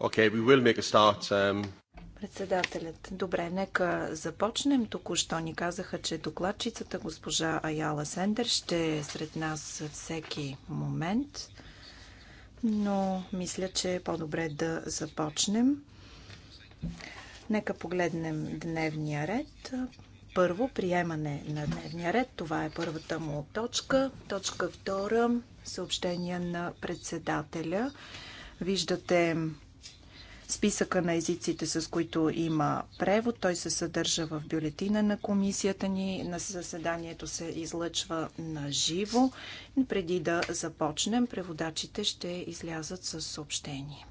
Okay, we will make a start. Um... Председателят. Добре, нека започнем. Току-що ни казаха, че докладчицата госпожа Аяла Сендер ще е сред нас всеки момент, но мисля, че е по-добре да започнем. Нека погледнем дневния ред. Първо, приемане на дневния ред. Това е първата му точка. Точка втора, съобщение на председателя. Виждате списъка на езиците, с които има превод. Той се съдържа в бюлетина на комисията ни. На заседанието се излъчва на живо. Преди да започнем, преводачите ще излязат с съобщение.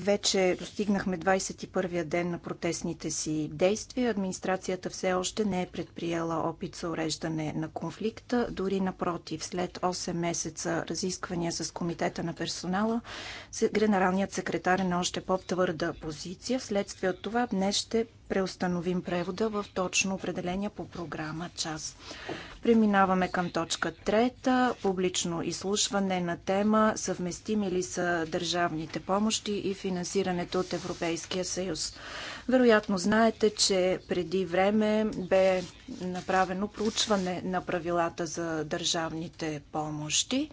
Вече достигнахме 21-я ден на протестните си действия. Администрацията все още не е предприела опит за уреждане на конфликта. Дори напротив, след 8 месеца разисквания с Комитета на персонала, генералният секретар е на още по-твърда позиция. Вследствие от това днес ще преустановим превода в точно определения по програма час. Преминаваме към точка трета. Публично изслушване на тема съвместими ли са държавните помощи и финансирането от Европейския съюз. Вероятно знаете, че преди време бе направено проучване на правилата за държавните помощи.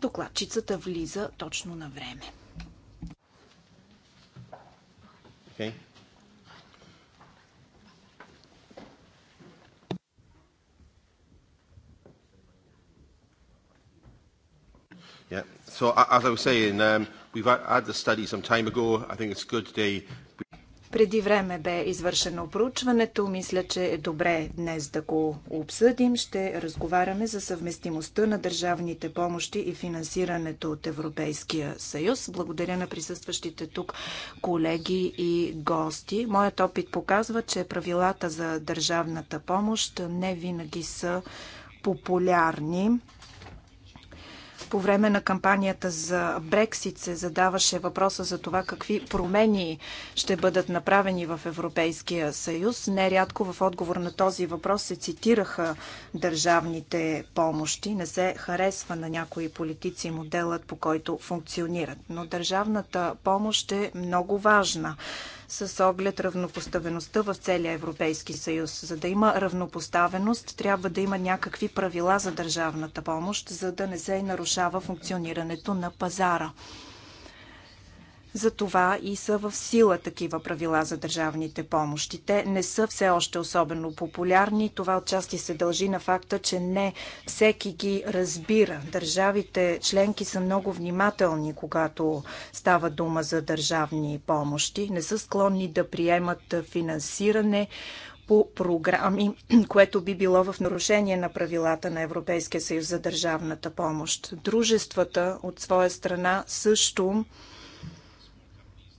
Докладчицата влиза точно на време. Okay. Yeah. So as I was saying, um, we've had the study some time ago. I think it's good today. Преди време бе извършено проучването. Мисля, че е добре днес да го обсъдим. Ще разговаряме за съвместимостта на държавните помощи и финансирането от Европейския съюз. Благодаря на присъстващите тук колеги и гости. Моят опит показва, че правилата за държавната помощ не винаги са популярни по време на кампанията за Брексит се задаваше въпроса за това какви промени ще бъдат направени в Европейския съюз. Нерядко в отговор на този въпрос се цитираха държавните помощи. Не се харесва на някои политици моделът, по който функционират. Но държавната помощ е много важна с оглед равнопоставеността в целия Европейски съюз. За да има равнопоставеност, трябва да има някакви правила за държавната помощ, за да не се нарушава функционирането на пазара. За това и са в сила такива правила за държавните помощи. Те не са все още особено популярни. Това отчасти се дължи на факта, че не всеки ги разбира. Държавите членки са много внимателни, когато става дума за държавни помощи. Не са склонни да приемат финансиране по програми, което би било в нарушение на правилата на Европейския съюз за държавната помощ. Дружествата от своя страна също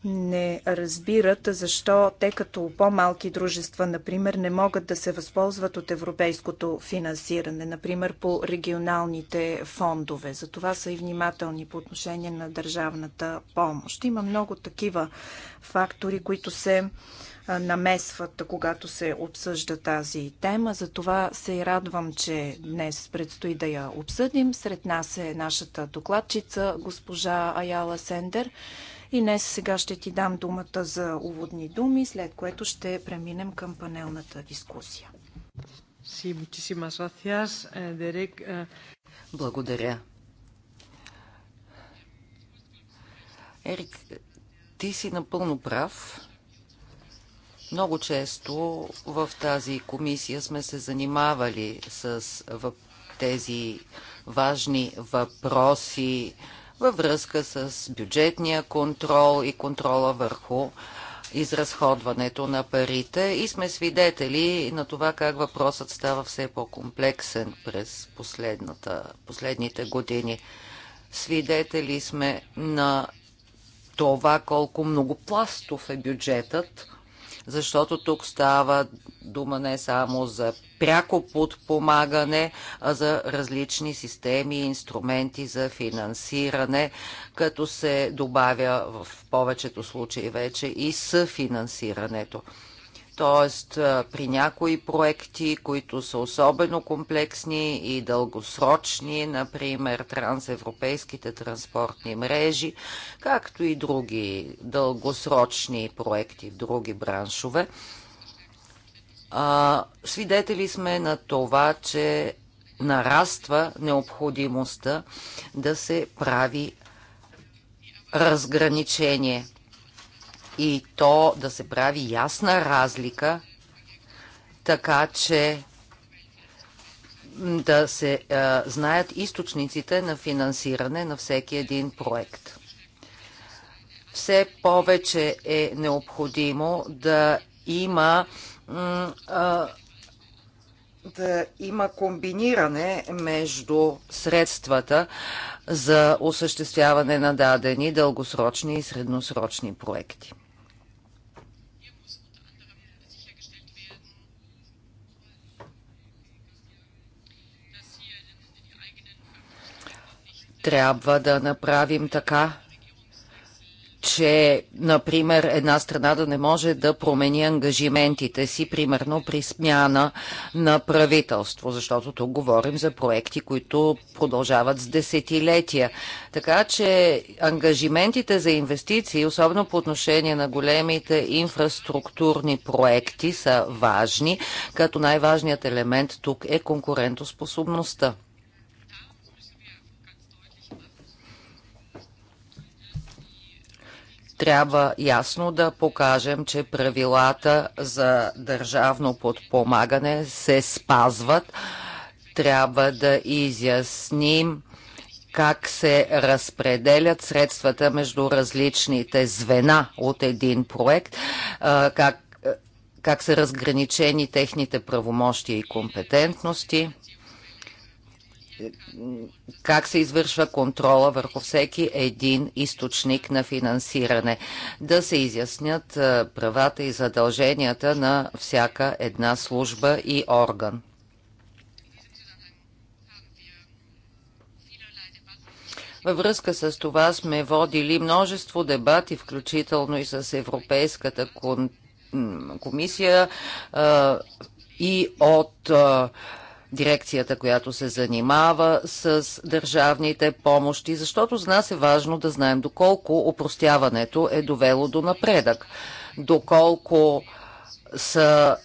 не разбират защо те като по-малки дружества, например, не могат да се възползват от европейското финансиране, например по регионалните фондове. За това са и внимателни по отношение на държавната помощ. Има много такива фактори, които се намесват, когато се обсъжда тази тема. Затова се и радвам, че днес предстои да я обсъдим. Сред нас е нашата докладчица, госпожа Аяла Сендер. И днес сега ще ти дам думата за уводни думи, след което ще преминем към панелната дискусия. Eh, eh, Благодаря. Ерик, ти си напълно прав. Много често в тази комисия сме се занимавали с тези важни въпроси, във връзка с бюджетния контрол и контрола върху изразходването на парите и сме свидетели на това как въпросът става все по-комплексен през последните години. Свидетели сме на това колко многопластов е бюджетът защото тук става дума не само за пряко подпомагане, а за различни системи и инструменти за финансиране, като се добавя в повечето случаи вече и съфинансирането. Т.е. при някои проекти, които са особено комплексни и дългосрочни, например трансевропейските транспортни мрежи, както и други дългосрочни проекти в други браншове, свидетели сме на това, че нараства необходимостта да се прави разграничение – и то да се прави ясна разлика, така че да се а, знаят източниците на финансиране на всеки един проект. Все повече е необходимо да има а, да има комбиниране между средствата за осъществяване на дадени дългосрочни и средносрочни проекти. Трябва да направим така, че, например, една страна да не може да промени ангажиментите си, примерно при смяна на правителство, защото тук говорим за проекти, които продължават с десетилетия. Така че ангажиментите за инвестиции, особено по отношение на големите инфраструктурни проекти, са важни, като най-важният елемент тук е конкурентоспособността. трябва ясно да покажем, че правилата за държавно подпомагане се спазват. Трябва да изясним как се разпределят средствата между различните звена от един проект, как, как са разграничени техните правомощия и компетентности как се извършва контрола върху всеки един източник на финансиране, да се изяснят правата и задълженията на всяка една служба и орган. Във връзка с това сме водили множество дебати, включително и с Европейската комисия и от дирекцията, която се занимава с държавните помощи, защото за нас е важно да знаем доколко опростяването е довело до напредък, доколко са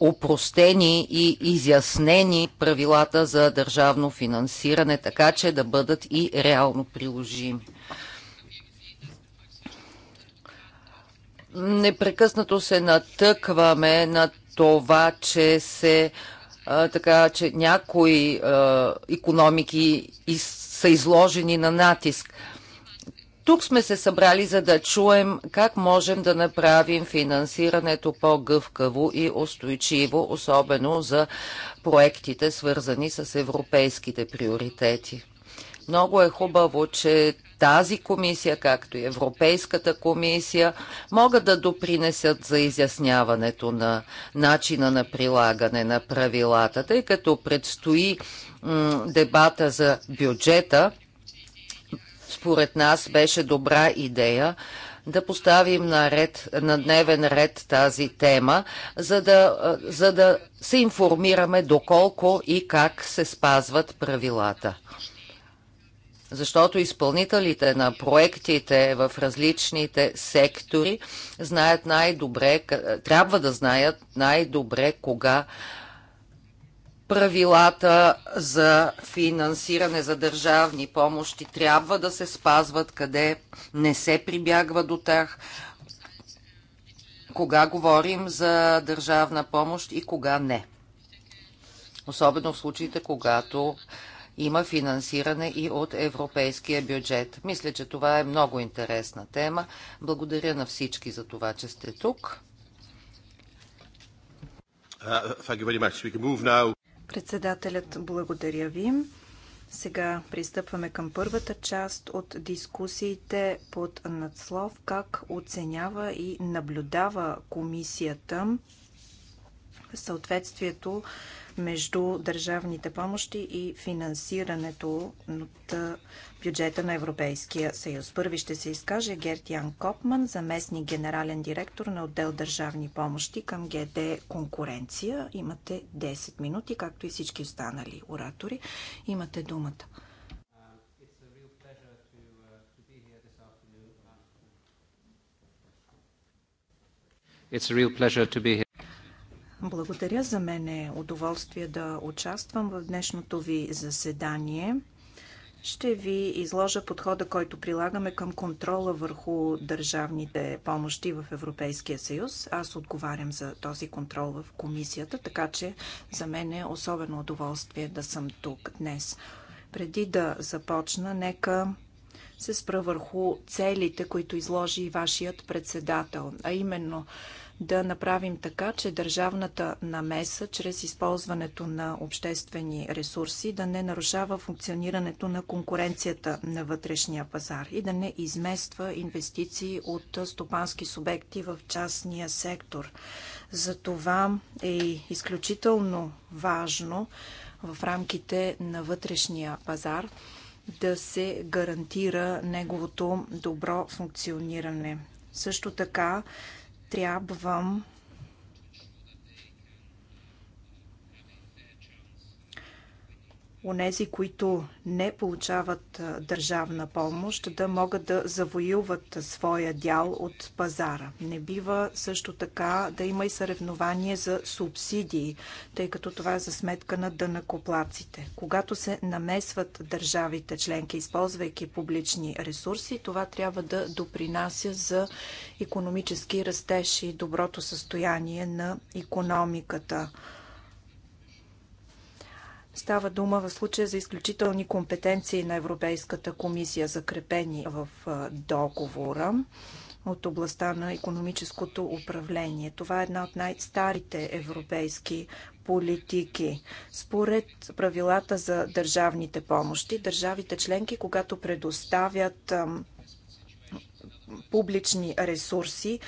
опростени и изяснени правилата за държавно финансиране, така че да бъдат и реално приложими. Непрекъснато се натъкваме на това, че се а, така че някои а, економики из, са изложени на натиск. Тук сме се събрали, за да чуем как можем да направим финансирането по-гъвкаво и устойчиво, особено за проектите, свързани с европейските приоритети. Много е хубаво, че тази комисия, както и Европейската комисия, могат да допринесат за изясняването на начина на прилагане на правилата, тъй като предстои дебата за бюджета. Според нас беше добра идея да поставим на, ред, на дневен ред тази тема, за да, за да се информираме доколко и как се спазват правилата защото изпълнителите на проектите в различните сектори знаят най-добре, трябва да знаят най-добре кога правилата за финансиране за държавни помощи трябва да се спазват, къде не се прибягва до тях, кога говорим за държавна помощ и кога не. Особено в случаите, когато има финансиране и от европейския бюджет. Мисля, че това е много интересна тема. Благодаря на всички за това, че сте тук. Uh, Председателят, благодаря ви. Сега пристъпваме към първата част от дискусиите под надслов как оценява и наблюдава комисията съответствието между държавните помощи и финансирането от бюджета на Европейския съюз. Първи ще се изкаже Герт Ян Копман, заместник генерален директор на отдел държавни помощи към ГД Конкуренция. Имате 10 минути, както и всички останали оратори. Имате думата. It's a real pleasure to be here. Благодаря. За мен е удоволствие да участвам в днешното ви заседание. Ще ви изложа подхода, който прилагаме към контрола върху държавните помощи в Европейския съюз. Аз отговарям за този контрол в комисията, така че за мен е особено удоволствие да съм тук днес. Преди да започна, нека се спра върху целите, които изложи и вашият председател, а именно да направим така, че държавната намеса чрез използването на обществени ресурси да не нарушава функционирането на конкуренцията на вътрешния пазар и да не измества инвестиции от стопански субекти в частния сектор. За това е изключително важно в рамките на вътрешния пазар да се гарантира неговото добро функциониране. Също така трябвам онези, които не получават държавна помощ, да могат да завоюват своя дял от пазара. Не бива също така да има и съревнование за субсидии, тъй като това е за сметка на дънакоплаците. Когато се намесват държавите членки, използвайки публични ресурси, това трябва да допринася за економически растеж и доброто състояние на економиката. Става дума в случая за изключителни компетенции на Европейската комисия, закрепени в договора от областта на економическото управление. Това е една от най-старите европейски политики. Според правилата за държавните помощи, държавите членки, когато предоставят публични ресурси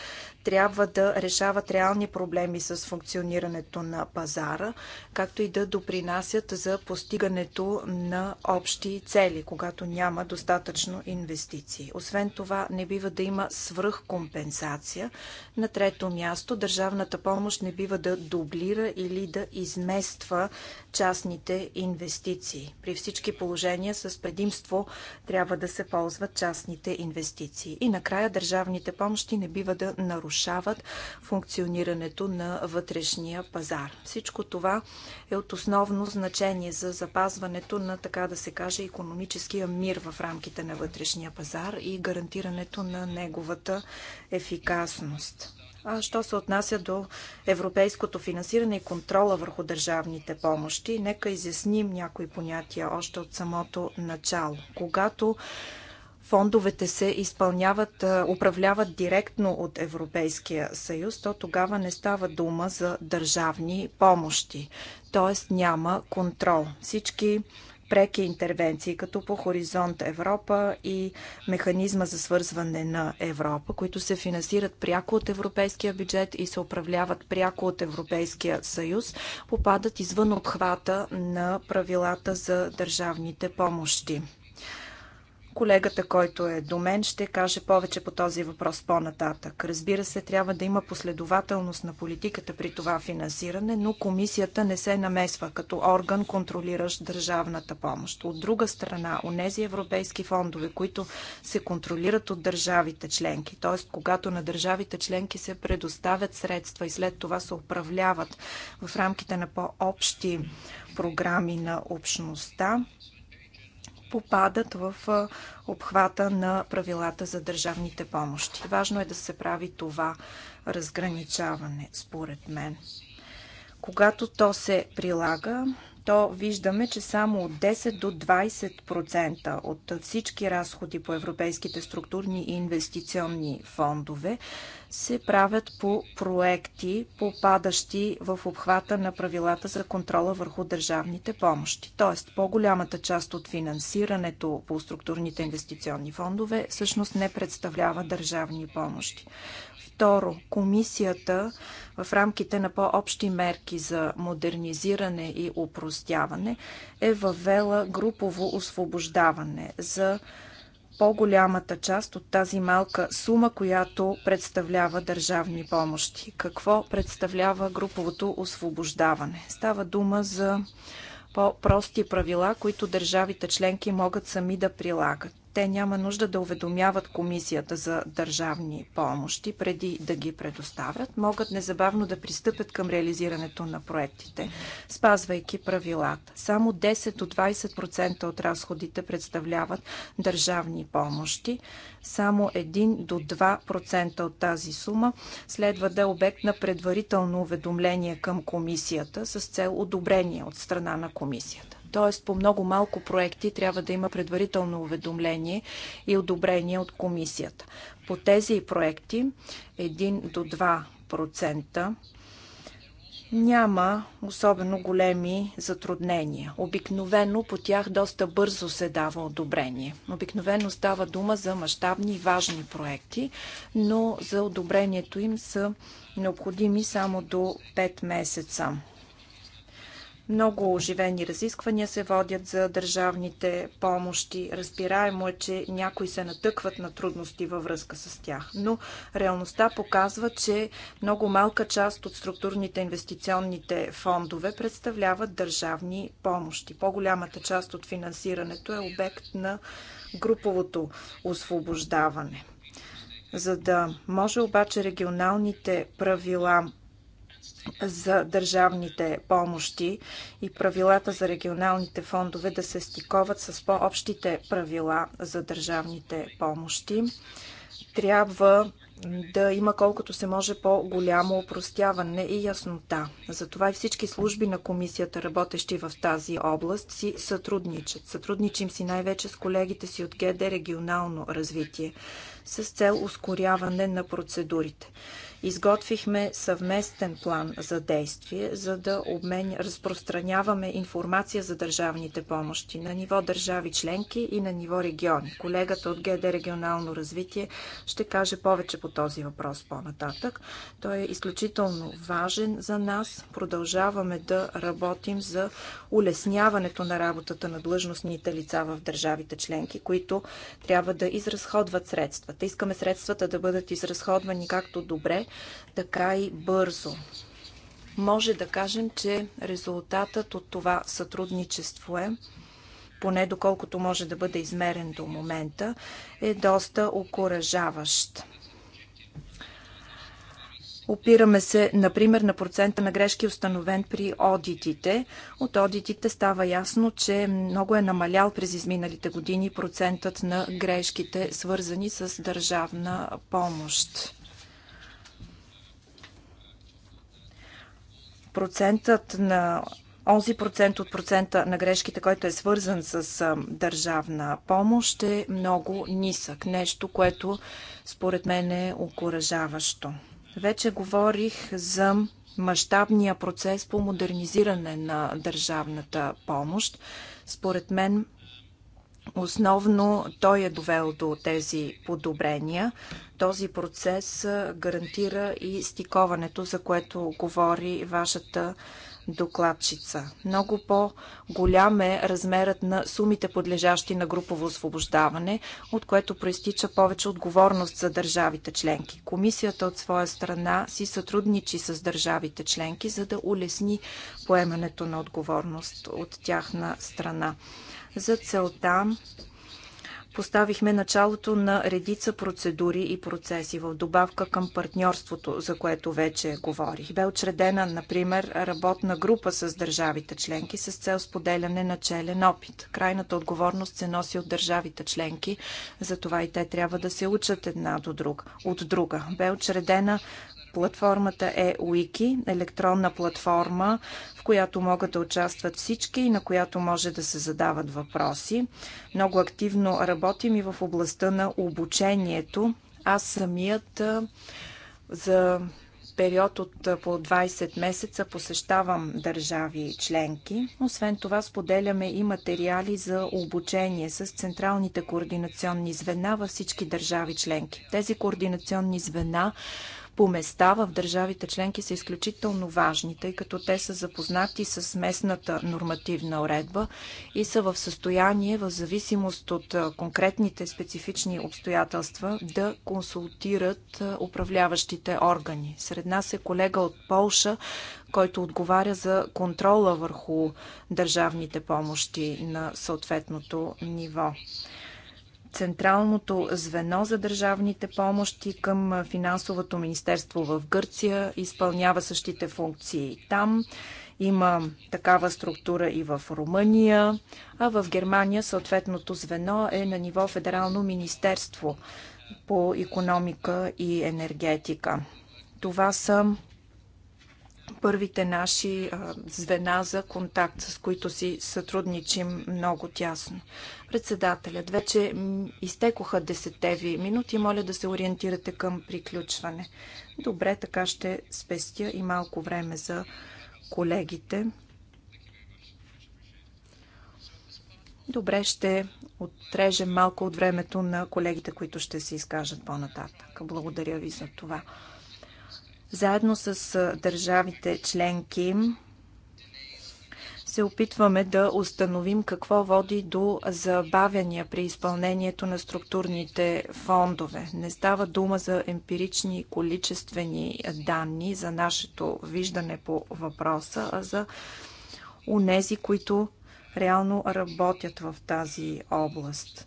трябва да решават реални проблеми с функционирането на пазара, както и да допринасят за постигането на общи цели, когато няма достатъчно инвестиции. Освен това, не бива да има свръхкомпенсация. На трето място, държавната помощ не бива да дублира или да измества частните инвестиции. При всички положения с предимство трябва да се ползват частните инвестиции. И накрая държавните помощи не бива да нарушават нарушават функционирането на вътрешния пазар. Всичко това е от основно значение за запазването на, така да се каже, економическия мир в рамките на вътрешния пазар и гарантирането на неговата ефикасност. А що се отнася до европейското финансиране и контрола върху държавните помощи, нека изясним някои понятия още от самото начало. Когато фондовете се изпълняват, управляват директно от Европейския съюз, то тогава не става дума за държавни помощи, т.е. няма контрол. Всички преки интервенции, като по Хоризонт Европа и механизма за свързване на Европа, които се финансират пряко от европейския бюджет и се управляват пряко от Европейския съюз, попадат извън обхвата на правилата за държавните помощи. Колегата, който е до мен, ще каже повече по този въпрос по-нататък. Разбира се, трябва да има последователност на политиката при това финансиране, но комисията не се намесва като орган, контролиращ държавната помощ. От друга страна, нези европейски фондове, които се контролират от държавите членки, т.е. когато на държавите членки се предоставят средства и след това се управляват в рамките на по-общи програми на общността, попадат в обхвата на правилата за държавните помощи. Важно е да се прави това разграничаване, според мен. Когато то се прилага, то виждаме, че само от 10 до 20% от всички разходи по европейските структурни и инвестиционни фондове се правят по проекти, попадащи в обхвата на правилата за контрола върху държавните помощи. Тоест, по-голямата част от финансирането по структурните инвестиционни фондове всъщност не представлява държавни помощи. Второ, комисията в рамките на по-общи мерки за модернизиране и упростяване е въвела групово освобождаване за по-голямата част от тази малка сума, която представлява държавни помощи. Какво представлява груповото освобождаване? Става дума за по-прости правила, които държавите членки могат сами да прилагат те няма нужда да уведомяват комисията за държавни помощи преди да ги предоставят. Могат незабавно да пристъпят към реализирането на проектите, спазвайки правилата. Само 10 до 20% от разходите представляват държавни помощи. Само 1 до 2% от тази сума следва да е обект на предварително уведомление към комисията с цел одобрение от страна на комисията. Тоест по много малко проекти трябва да има предварително уведомление и одобрение от комисията. По тези проекти 1 до 2% няма особено големи затруднения. Обикновено по тях доста бързо се дава одобрение. Обикновено става дума за мащабни и важни проекти, но за одобрението им са необходими само до 5 месеца. Много оживени разисквания се водят за държавните помощи. Разбираемо е, че някои се натъкват на трудности във връзка с тях. Но реалността показва, че много малка част от структурните инвестиционните фондове представляват държавни помощи. По-голямата част от финансирането е обект на груповото освобождаване. За да може обаче регионалните правила за държавните помощи и правилата за регионалните фондове да се стиковат с по-общите правила за държавните помощи. Трябва да има колкото се може по-голямо опростяване и яснота. Затова и всички служби на комисията, работещи в тази област, си сътрудничат. Сътрудничим си най-вече с колегите си от ГД Регионално развитие с цел ускоряване на процедурите. Изготвихме съвместен план за действие, за да обмен... разпространяваме информация за държавните помощи на ниво държави членки и на ниво региони. Колегата от ГД Регионално развитие ще каже повече по този въпрос по-нататък. Той е изключително важен за нас. Продължаваме да работим за улесняването на работата на длъжностните лица в държавите членки, които трябва да изразходват средствата. Искаме средствата да бъдат изразходвани както добре, така и бързо. Може да кажем, че резултатът от това сътрудничество е, поне доколкото може да бъде измерен до момента, е доста окоръжаващ. Опираме се, например, на процента на грешки, установен при одитите. От одитите става ясно, че много е намалял през изминалите години процентът на грешките, свързани с държавна помощ. процентът на онзи процент от процента на грешките, който е свързан с държавна помощ, е много нисък. Нещо, което според мен е окоръжаващо. Вече говорих за мащабния процес по модернизиране на държавната помощ. Според мен Основно той е довел до тези подобрения. Този процес гарантира и стиковането, за което говори вашата докладчица. Много по-голям е размерът на сумите, подлежащи на групово освобождаване, от което проистича повече отговорност за държавите членки. Комисията от своя страна си сътрудничи с държавите членки, за да улесни поемането на отговорност от тяхна страна. За целта поставихме началото на редица процедури и процеси в добавка към партньорството, за което вече говорих. Бе очредена, например, работна група с държавите членки с цел споделяне на челен опит. Крайната отговорност се носи от държавите членки, затова и те трябва да се учат една до друг, от друга. Бе очредена Платформата е Wiki, електронна платформа, в която могат да участват всички и на която може да се задават въпроси. Много активно работим и в областта на обучението. Аз самият за период от по 20 месеца посещавам държави членки. Освен това споделяме и материали за обучение с централните координационни звена във всички държави членки. Тези координационни звена по места в държавите членки са изключително важни, тъй като те са запознати с местната нормативна уредба и са в състояние, в зависимост от конкретните специфични обстоятелства, да консултират управляващите органи. Сред нас е колега от Полша, който отговаря за контрола върху държавните помощи на съответното ниво централното звено за държавните помощи към финансовото министерство в Гърция изпълнява същите функции там. Има такава структура и в Румъния, а в Германия съответното звено е на ниво Федерално министерство по економика и енергетика. Това са първите наши звена за контакт, с които си сътрудничим много тясно. Председателят, вече изтекоха десетте ви минути. Моля да се ориентирате към приключване. Добре, така ще спестя и малко време за колегите. Добре, ще отрежем малко от времето на колегите, които ще се изкажат по-нататък. Благодаря ви за това. Заедно с държавите членки се опитваме да установим какво води до забавяния при изпълнението на структурните фондове. Не става дума за емпирични количествени данни за нашето виждане по въпроса, а за унези, които реално работят в тази област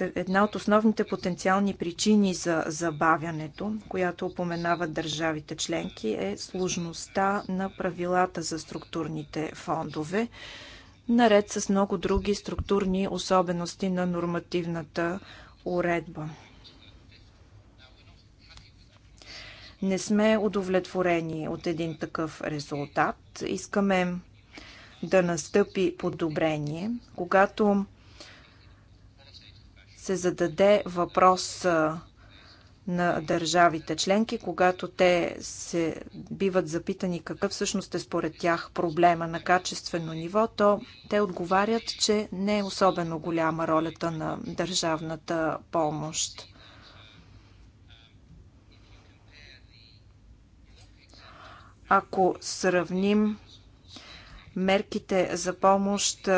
една от основните потенциални причини за забавянето, която упоменават държавите членки, е сложността на правилата за структурните фондове, наред с много други структурни особености на нормативната уредба. Не сме удовлетворени от един такъв резултат. Искаме да настъпи подобрение. Когато се зададе въпрос на държавите членки, когато те се биват запитани какъв всъщност е според тях проблема на качествено ниво, то те отговарят, че не е особено голяма ролята на държавната помощ. Ако сравним мерките за помощ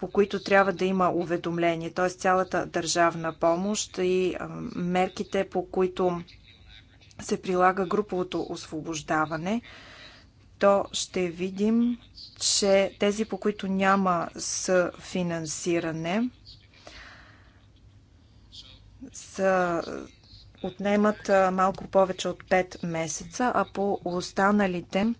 по които трябва да има уведомление, т.е. цялата държавна помощ и е, мерките, по които се прилага груповото освобождаване, то ще видим, че тези, по които няма съфинансиране, са отнемат е, малко повече от 5 месеца, а по останалите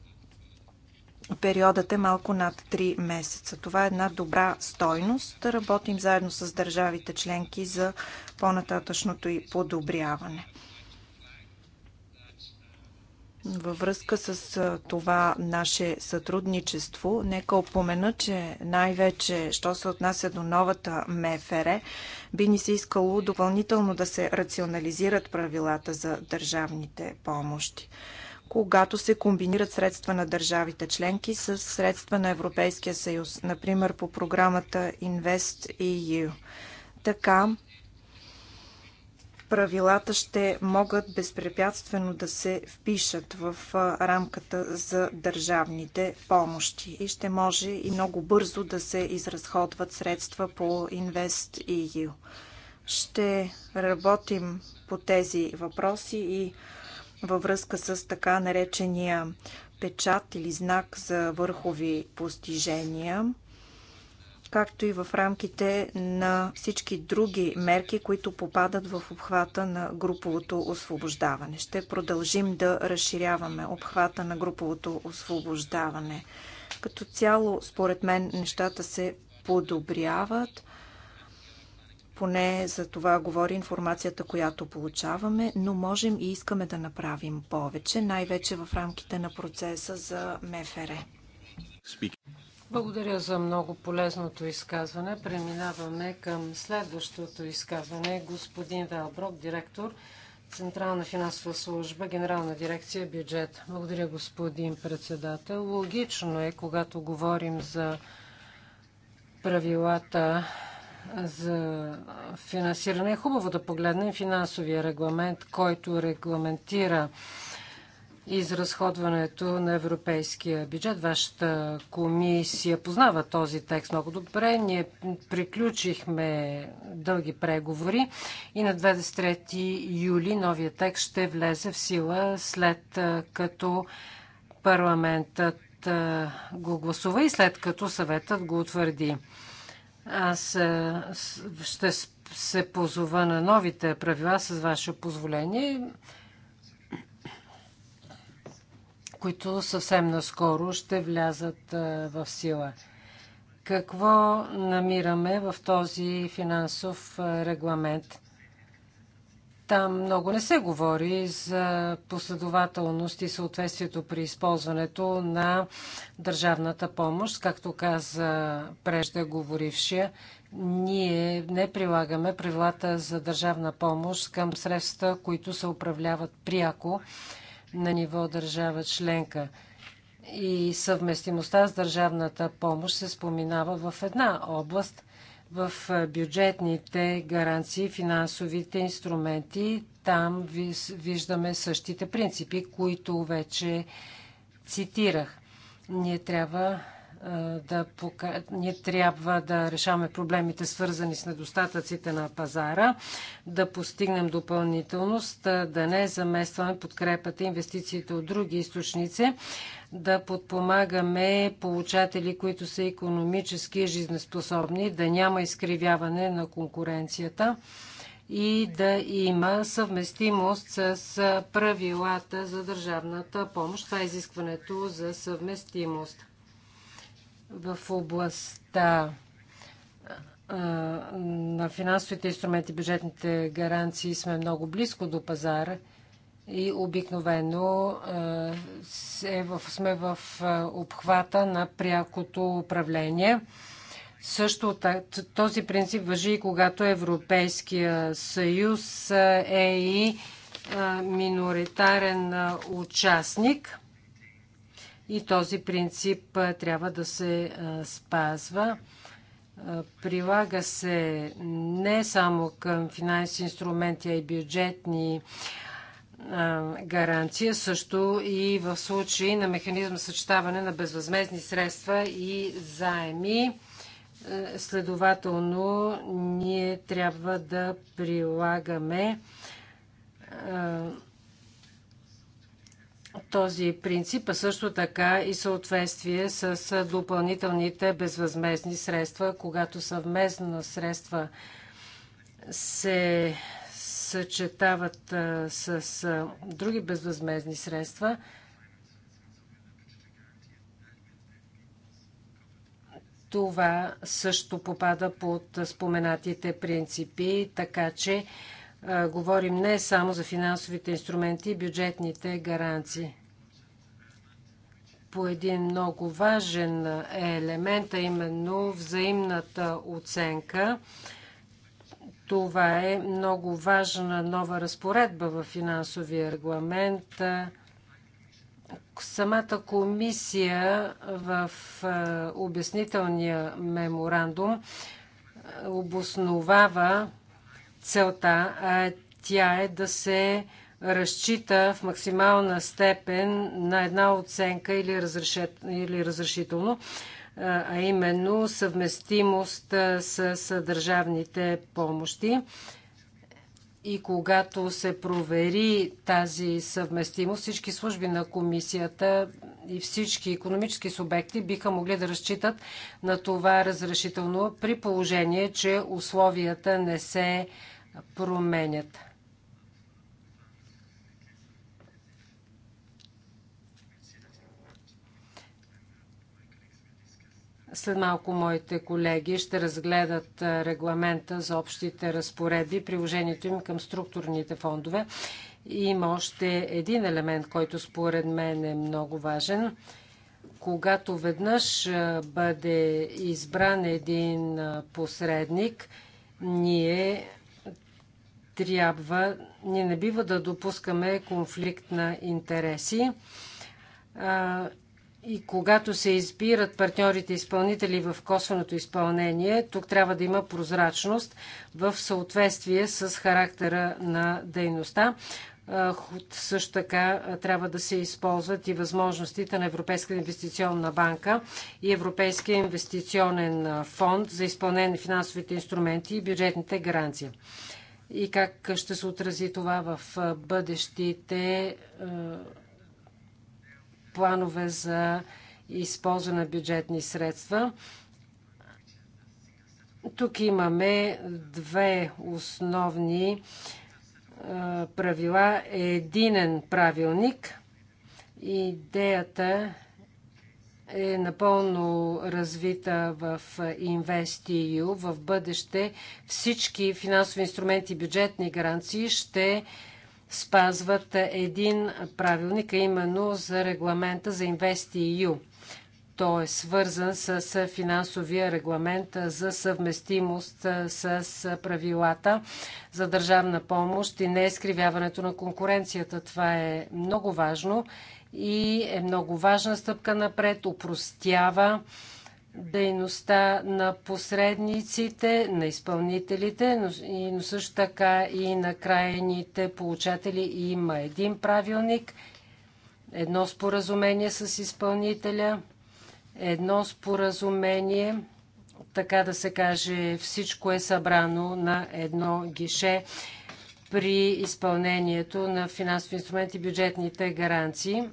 Периодът е малко над 3 месеца. Това е една добра стойност. Работим заедно с държавите членки за по-нататъчното и подобряване. Във връзка с това наше сътрудничество, нека опомена, че най-вече, що се отнася до новата МФР, би ни се искало допълнително да се рационализират правилата за държавните помощи когато се комбинират средства на държавите членки с средства на Европейския съюз, например по програмата Invest EU. Така правилата ще могат безпрепятствено да се впишат в рамката за държавните помощи и ще може и много бързо да се изразходват средства по Invest EU. Ще работим по тези въпроси и във връзка с така наречения печат или знак за върхови постижения, както и в рамките на всички други мерки, които попадат в обхвата на груповото освобождаване. Ще продължим да разширяваме обхвата на груповото освобождаване. Като цяло, според мен, нещата се подобряват. Поне за това говори информацията, която получаваме, но можем и искаме да направим повече, най-вече в рамките на процеса за МФР. Благодаря за много полезното изказване. Преминаваме към следващото изказване. Господин Велброк, директор Централна финансова служба, Генерална дирекция бюджет. Благодаря, господин председател. Логично е, когато говорим за правилата за финансиране, е хубаво да погледнем финансовия регламент, който регламентира изразходването на европейския бюджет. Вашата комисия познава този текст много добре. Ние приключихме дълги преговори и на 23 юли новия текст ще влезе в сила след като парламентът го гласува и след като съветът го утвърди. Аз е, ще се позова на новите правила с ваше позволение, които съвсем наскоро ще влязат е, в сила. Какво намираме в този финансов е, регламент? Там много не се говори за последователност и съответствието при използването на държавната помощ. Както каза преждеговорившия, ние не прилагаме правилата за държавна помощ към средства, които се управляват пряко на ниво държава членка. И съвместимостта с държавната помощ се споменава в една област – в бюджетните гаранции, финансовите инструменти, там виждаме същите принципи, които вече цитирах. Ние трябва да пока... ние трябва да решаваме проблемите, свързани с недостатъците на пазара, да постигнем допълнителност, да не заместваме подкрепата инвестициите от други източници, да подпомагаме получатели, които са економически жизнеспособни, да няма изкривяване на конкуренцията и да има съвместимост с правилата за държавната помощ. Това е изискването за съвместимост в областта на финансовите инструменти, бюджетните гаранции сме много близко до пазара и обикновено е сме в обхвата на прякото управление. Също този принцип въжи и когато Европейския съюз е и миноритарен участник и този принцип трябва да се спазва. Прилага се не само към финансови инструменти, а и бюджетни гаранция, също и в случай на механизъм съчетаване на безвъзмезни средства и заеми. Следователно, ние трябва да прилагаме този принцип, а също така и съответствие с допълнителните безвъзмезни средства, когато съвместно средства се съчетават с други безвъзмезни средства, това също попада под споменатите принципи, така че говорим не само за финансовите инструменти и бюджетните гаранции. По един много важен елемент, а именно взаимната оценка. Това е много важна нова разпоредба в финансовия регламент. Самата комисия в обяснителния меморандум обосновава целта, тя е да се разчита в максимална степен на една оценка или, разрешет, или разрешително, а именно съвместимост с, с държавните помощи. И когато се провери тази съвместимост, всички служби на комисията и всички економически субекти биха могли да разчитат на това разрешително при положение, че условията не се променят. След малко моите колеги ще разгледат регламента за общите разпоредби, приложението им към структурните фондове. И има още един елемент, който според мен е много важен. Когато веднъж бъде избран един посредник, ние трябва, ние не бива да допускаме конфликт на интереси. И когато се избират партньорите изпълнители в косвеното изпълнение, тук трябва да има прозрачност в съответствие с характера на дейността. Също така трябва да се използват и възможностите на Европейска инвестиционна банка и Европейския инвестиционен фонд за изпълнение на финансовите инструменти и бюджетните гаранции и как ще се отрази това в бъдещите планове за използване на бюджетни средства. Тук имаме две основни правила. Единен правилник. Идеята е напълно развита в InvestEU. В бъдеще всички финансови инструменти и бюджетни гаранции ще спазват един правилник, а именно за регламента за InvestEU. Той е свързан с финансовия регламент за съвместимост с правилата за държавна помощ и не изкривяването е на конкуренцията. Това е много важно и е много важна стъпка напред, упростява дейността на посредниците, на изпълнителите, но, също така и на крайните получатели. Има един правилник, едно споразумение с изпълнителя, едно споразумение, така да се каже, всичко е събрано на едно гише при изпълнението на финансови инструменти и бюджетните гаранции.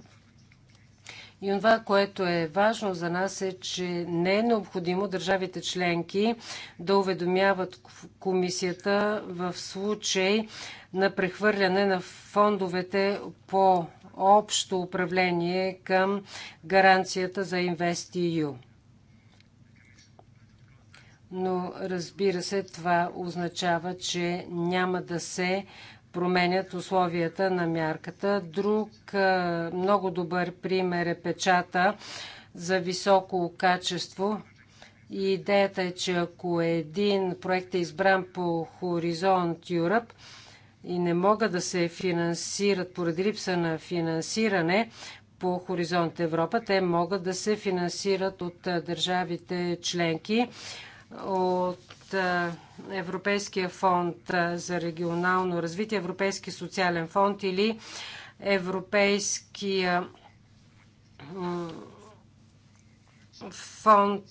И това, което е важно за нас е, че не е необходимо държавите членки да уведомяват комисията в случай на прехвърляне на фондовете по общо управление към гаранцията за InvestEU но разбира се, това означава, че няма да се променят условията на мярката. Друг много добър пример е печата за високо качество. И идеята е, че ако един проект е избран по Хоризонт Юръп и не могат да се финансират поради липса на финансиране по Хоризонт Европа, те могат да се финансират от държавите членки от Европейския фонд за регионално развитие, Европейски социален фонд или Европейския фонд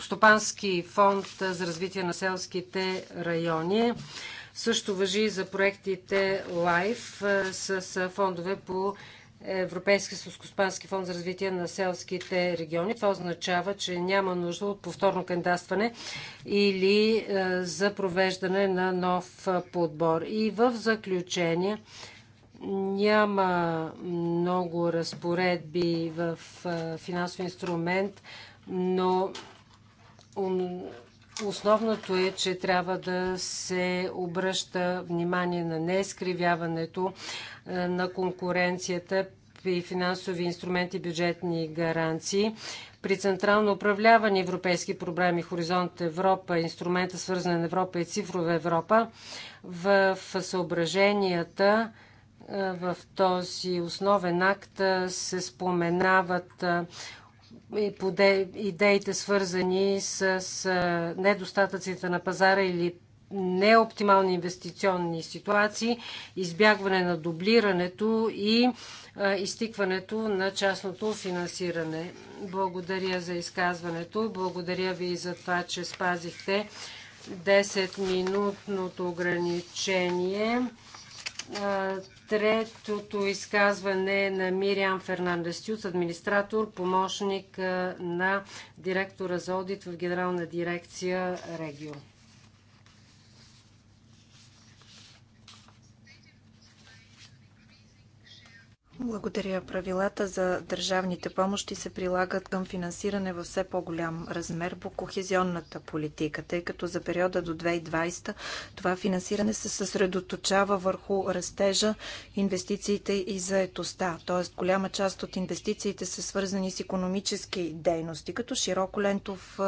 Стопански фонд за развитие на селските райони. Също въжи и за проектите LIFE с фондове по Европейския сълскоспански фонд за развитие на селските региони. Това означава, че няма нужда от повторно кандидатстване или е, за провеждане на нов е, подбор. И в заключение няма много разпоредби в е, финансов инструмент, но Основното е, че трябва да се обръща внимание на неизкривяването е, на конкуренцията при финансови инструменти, бюджетни гаранции. При централно управлявани европейски програми Хоризонт Европа, инструмента свързана на Европа и цифрова Европа, в съображенията е, в този основен акт е, се споменават и идеите свързани с недостатъците на пазара или неоптимални инвестиционни ситуации, избягване на дублирането и изтикването на частното финансиране. Благодаря за изказването. Благодаря ви за това, че спазихте 10-минутното ограничение. Третото изказване е на Мириан Фернандес Тюс, администратор, помощник на директора за одит в Генерална дирекция Регио. Благодаря. Правилата за държавните помощи се прилагат към финансиране в все по-голям размер по кохезионната политика, тъй като за периода до 2020 това финансиране се съсредоточава върху растежа, инвестициите и заетостта. Тоест голяма част от инвестициите са свързани с економически дейности, като широколентов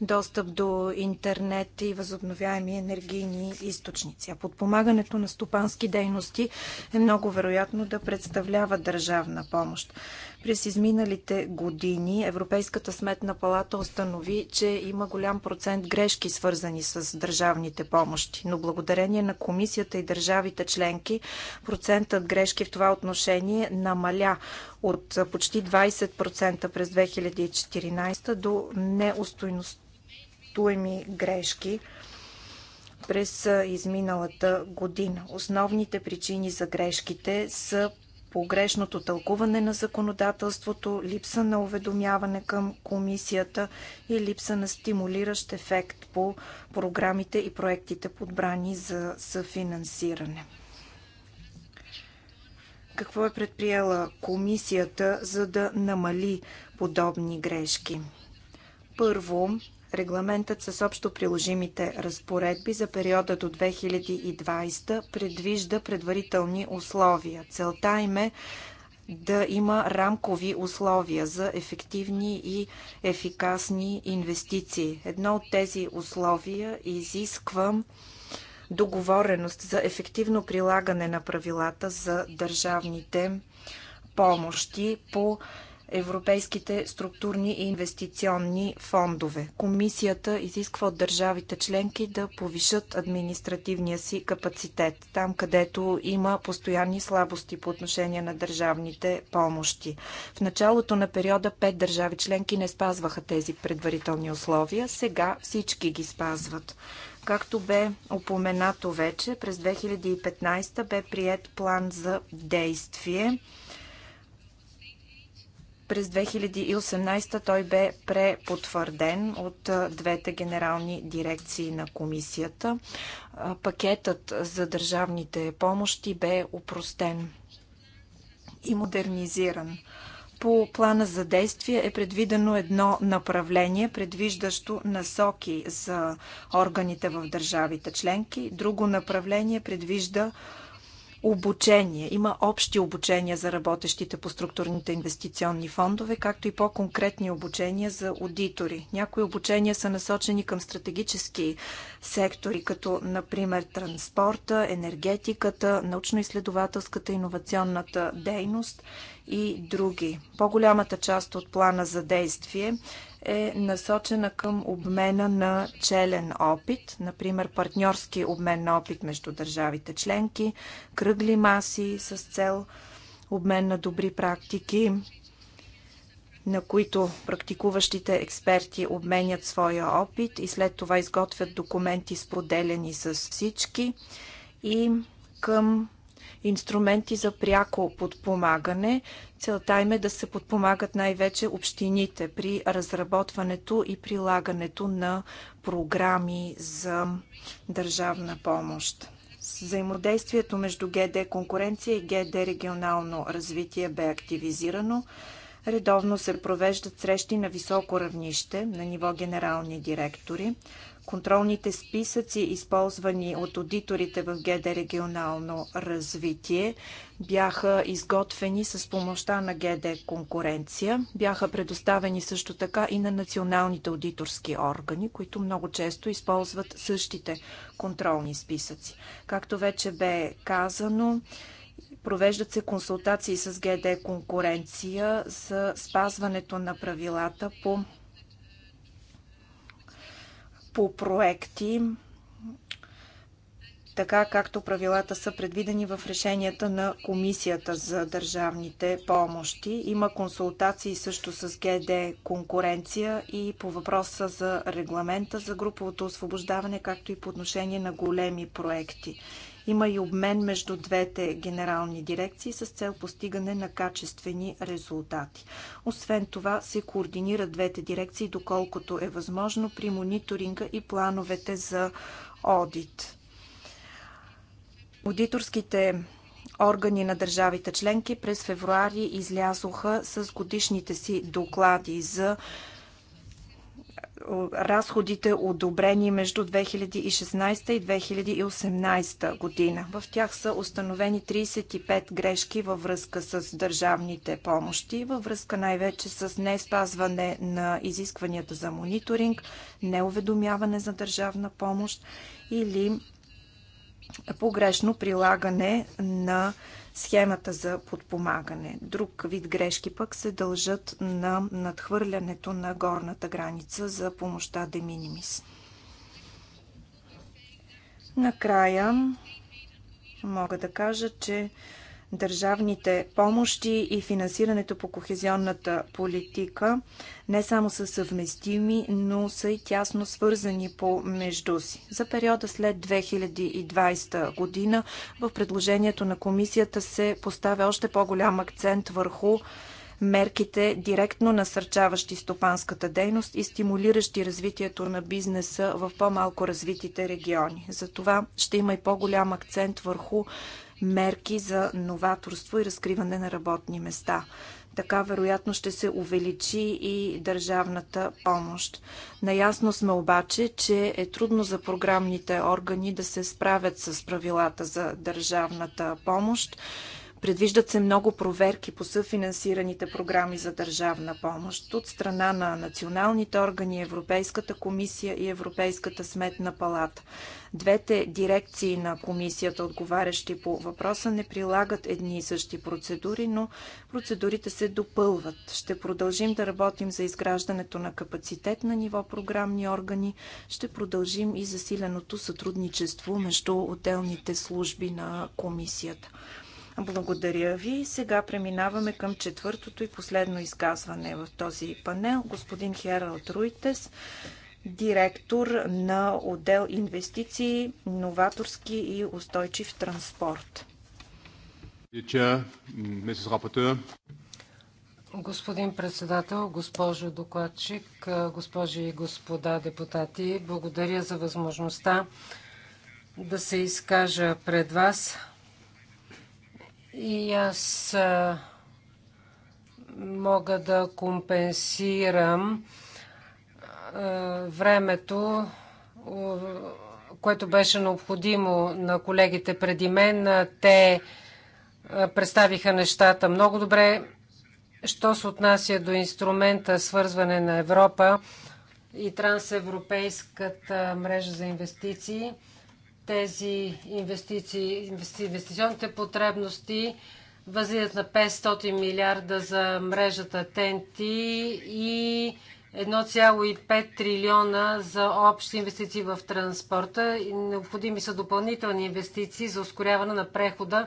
достъп до интернет и възобновяеми енергийни източници. А подпомагането на стопански дейности е много вероятно да представлява получават държавна помощ. През изминалите години Европейската сметна палата установи, че има голям процент грешки, свързани с държавните помощи. Но благодарение на комисията и държавите членки, процентът грешки в това отношение намаля от почти 20% през 2014 до неустойностуеми грешки през изминалата година. Основните причини за грешките са погрешното тълкуване на законодателството, липса на уведомяване към комисията и липса на стимулиращ ефект по програмите и проектите подбрани за съфинансиране. Какво е предприела комисията, за да намали подобни грешки? Първо, Регламентът с общо приложимите разпоредби за периода до 2020 предвижда предварителни условия. Целта им е да има рамкови условия за ефективни и ефикасни инвестиции. Едно от тези условия изисква договореност за ефективно прилагане на правилата за държавните помощи по европейските структурни и инвестиционни фондове. Комисията изисква от държавите членки да повишат административния си капацитет, там където има постоянни слабости по отношение на държавните помощи. В началото на периода пет държави членки не спазваха тези предварителни условия, сега всички ги спазват. Както бе упоменато вече, през 2015 бе прият план за действие през 2018 той бе препотвърден от двете генерални дирекции на комисията. Пакетът за държавните помощи бе упростен и модернизиран. По плана за действие е предвидено едно направление, предвиждащо насоки за органите в държавите членки. Друго направление предвижда Обучения Има общи обучения за работещите по структурните инвестиционни фондове, както и по-конкретни обучения за аудитори. Някои обучения са насочени към стратегически сектори, като например транспорта, енергетиката, научно-изследователската, иновационната дейност и други. По-голямата част от плана за действие е насочена към обмена на челен опит, например партньорски обмен на опит между държавите членки, кръгли маси с цел обмен на добри практики, на които практикуващите експерти обменят своя опит и след това изготвят документи, споделени с всички и към инструменти за пряко подпомагане. Целта им е да се подпомагат най-вече общините при разработването и прилагането на програми за държавна помощ. Взаимодействието между ГД конкуренция и ГД регионално развитие бе активизирано. Редовно се провеждат срещи на високо равнище на ниво генерални директори контролните списъци, използвани от аудиторите в ГД регионално развитие, бяха изготвени с помощта на ГД конкуренция. Бяха предоставени също така и на националните аудиторски органи, които много често използват същите контролни списъци. Както вече бе казано, Провеждат се консултации с ГД конкуренция за спазването на правилата по по проекти, така както правилата са предвидени в решенията на Комисията за държавните помощи. Има консултации също с ГД конкуренция и по въпроса за регламента за груповото освобождаване, както и по отношение на големи проекти. Има и обмен между двете генерални дирекции с цел постигане на качествени резултати. Освен това се координират двете дирекции доколкото е възможно при мониторинга и плановете за одит. Аудиторските органи на държавите членки през февруари излязоха с годишните си доклади за разходите одобрени между 2016 и 2018 година. В тях са установени 35 грешки във връзка с държавните помощи, във връзка най-вече с не спазване на изискванията за мониторинг, неуведомяване за държавна помощ или погрешно прилагане на схемата за подпомагане. Друг вид грешки пък се дължат на надхвърлянето на горната граница за помощта de minimis. Накрая мога да кажа, че държавните помощи и финансирането по кохезионната политика не само са съвместими, но са и тясно свързани между си. За периода след 2020 година в предложението на комисията се поставя още по-голям акцент върху мерките, директно насърчаващи стопанската дейност и стимулиращи развитието на бизнеса в по-малко развитите региони. Затова ще има и по-голям акцент върху мерки за новаторство и разкриване на работни места. Така вероятно ще се увеличи и държавната помощ. Наясно сме обаче, че е трудно за програмните органи да се справят с правилата за държавната помощ. Предвиждат се много проверки по съфинансираните програми за държавна помощ от страна на националните органи, Европейската комисия и Европейската сметна палата. Двете дирекции на комисията, отговарящи по въпроса, не прилагат едни и същи процедури, но процедурите се допълват. Ще продължим да работим за изграждането на капацитет на ниво програмни органи. Ще продължим и засиленото сътрудничество между отделните служби на комисията. Благодаря ви. Сега преминаваме към четвъртото и последно изказване в този панел. Господин Хералд Руйтес, директор на отдел инвестиции, новаторски и устойчив транспорт. Господин председател, госпожо докладчик, госпожи и господа депутати, благодаря за възможността да се изкажа пред вас и аз мога да компенсирам времето, което беше необходимо на колегите преди мен. Те представиха нещата много добре. Що се отнася до инструмента свързване на Европа и трансевропейската мрежа за инвестиции – тези инвестиции, инвестиционните потребности възлизат на 500 милиарда за мрежата ТНТ и 1,5 трилиона за общи инвестиции в транспорта. Необходими са допълнителни инвестиции за ускоряване на прехода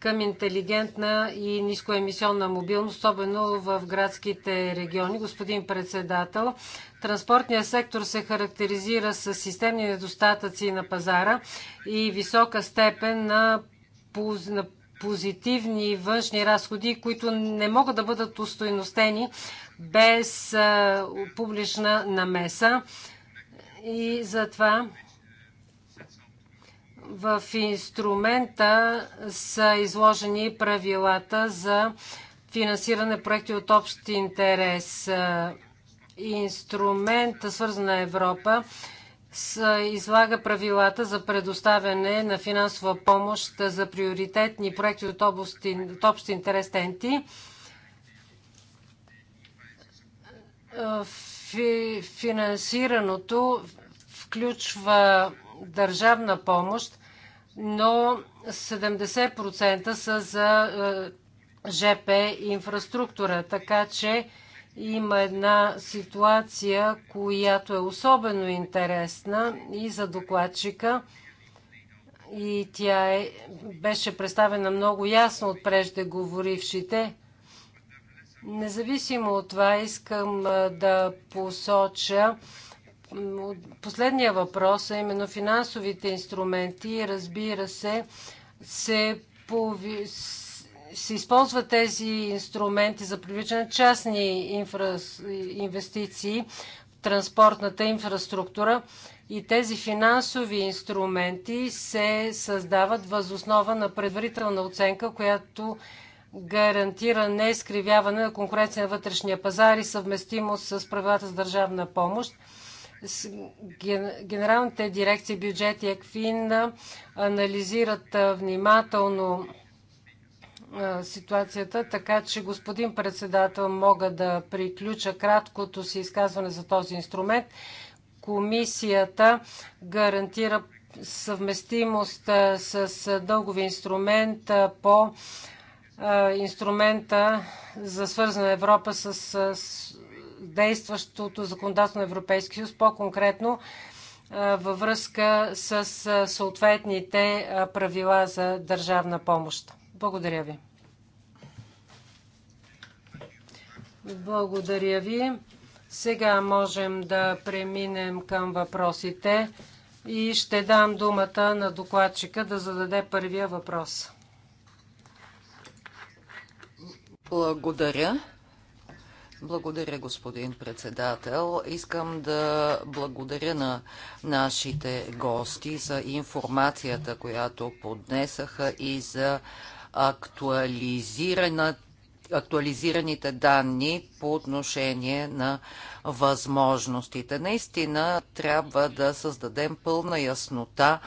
към интелигентна и нискоемисионна мобилност, особено в градските региони. Господин председател, транспортният сектор се характеризира с системни недостатъци на пазара и висока степен на, позитивни външни разходи, които не могат да бъдат устойностени без публична намеса. И затова в инструмента са изложени правилата за финансиране проекти от общ интерес. Инструмент Свързана Европа излага правилата за предоставяне на финансова помощ за приоритетни проекти от, общ интерес тенти, Финансираното включва държавна помощ, но 70% са за е, ЖП инфраструктура. Така че има една ситуация, която е особено интересна и за докладчика. И тя е, беше представена много ясно от преждеговорившите. Независимо от това, искам е, да посоча Последния въпрос е именно финансовите инструменти. Разбира се, се, пови... се използват тези инструменти за привличане частни инфра... инвестиции в транспортната инфраструктура и тези финансови инструменти се създават възоснова на предварителна оценка, която гарантира неизкривяване на конкуренция на вътрешния пазар и съвместимост с правилата за държавна помощ. Генералните дирекции бюджет и ЕКФИН анализират внимателно ситуацията, така че господин председател мога да приключа краткото си изказване за този инструмент. Комисията гарантира съвместимост с дългови инструмент по инструмента за свързана Европа с действащото законодателство на Европейския съюз, по-конкретно във връзка с съответните правила за държавна помощ. Благодаря ви. Благодаря ви. Сега можем да преминем към въпросите и ще дам думата на докладчика да зададе първия въпрос. Благодаря. Благодаря, господин председател. Искам да благодаря на нашите гости за информацията, която поднесаха и за актуализираната актуализираните данни по отношение на възможностите. Наистина трябва да създадем пълна яснота,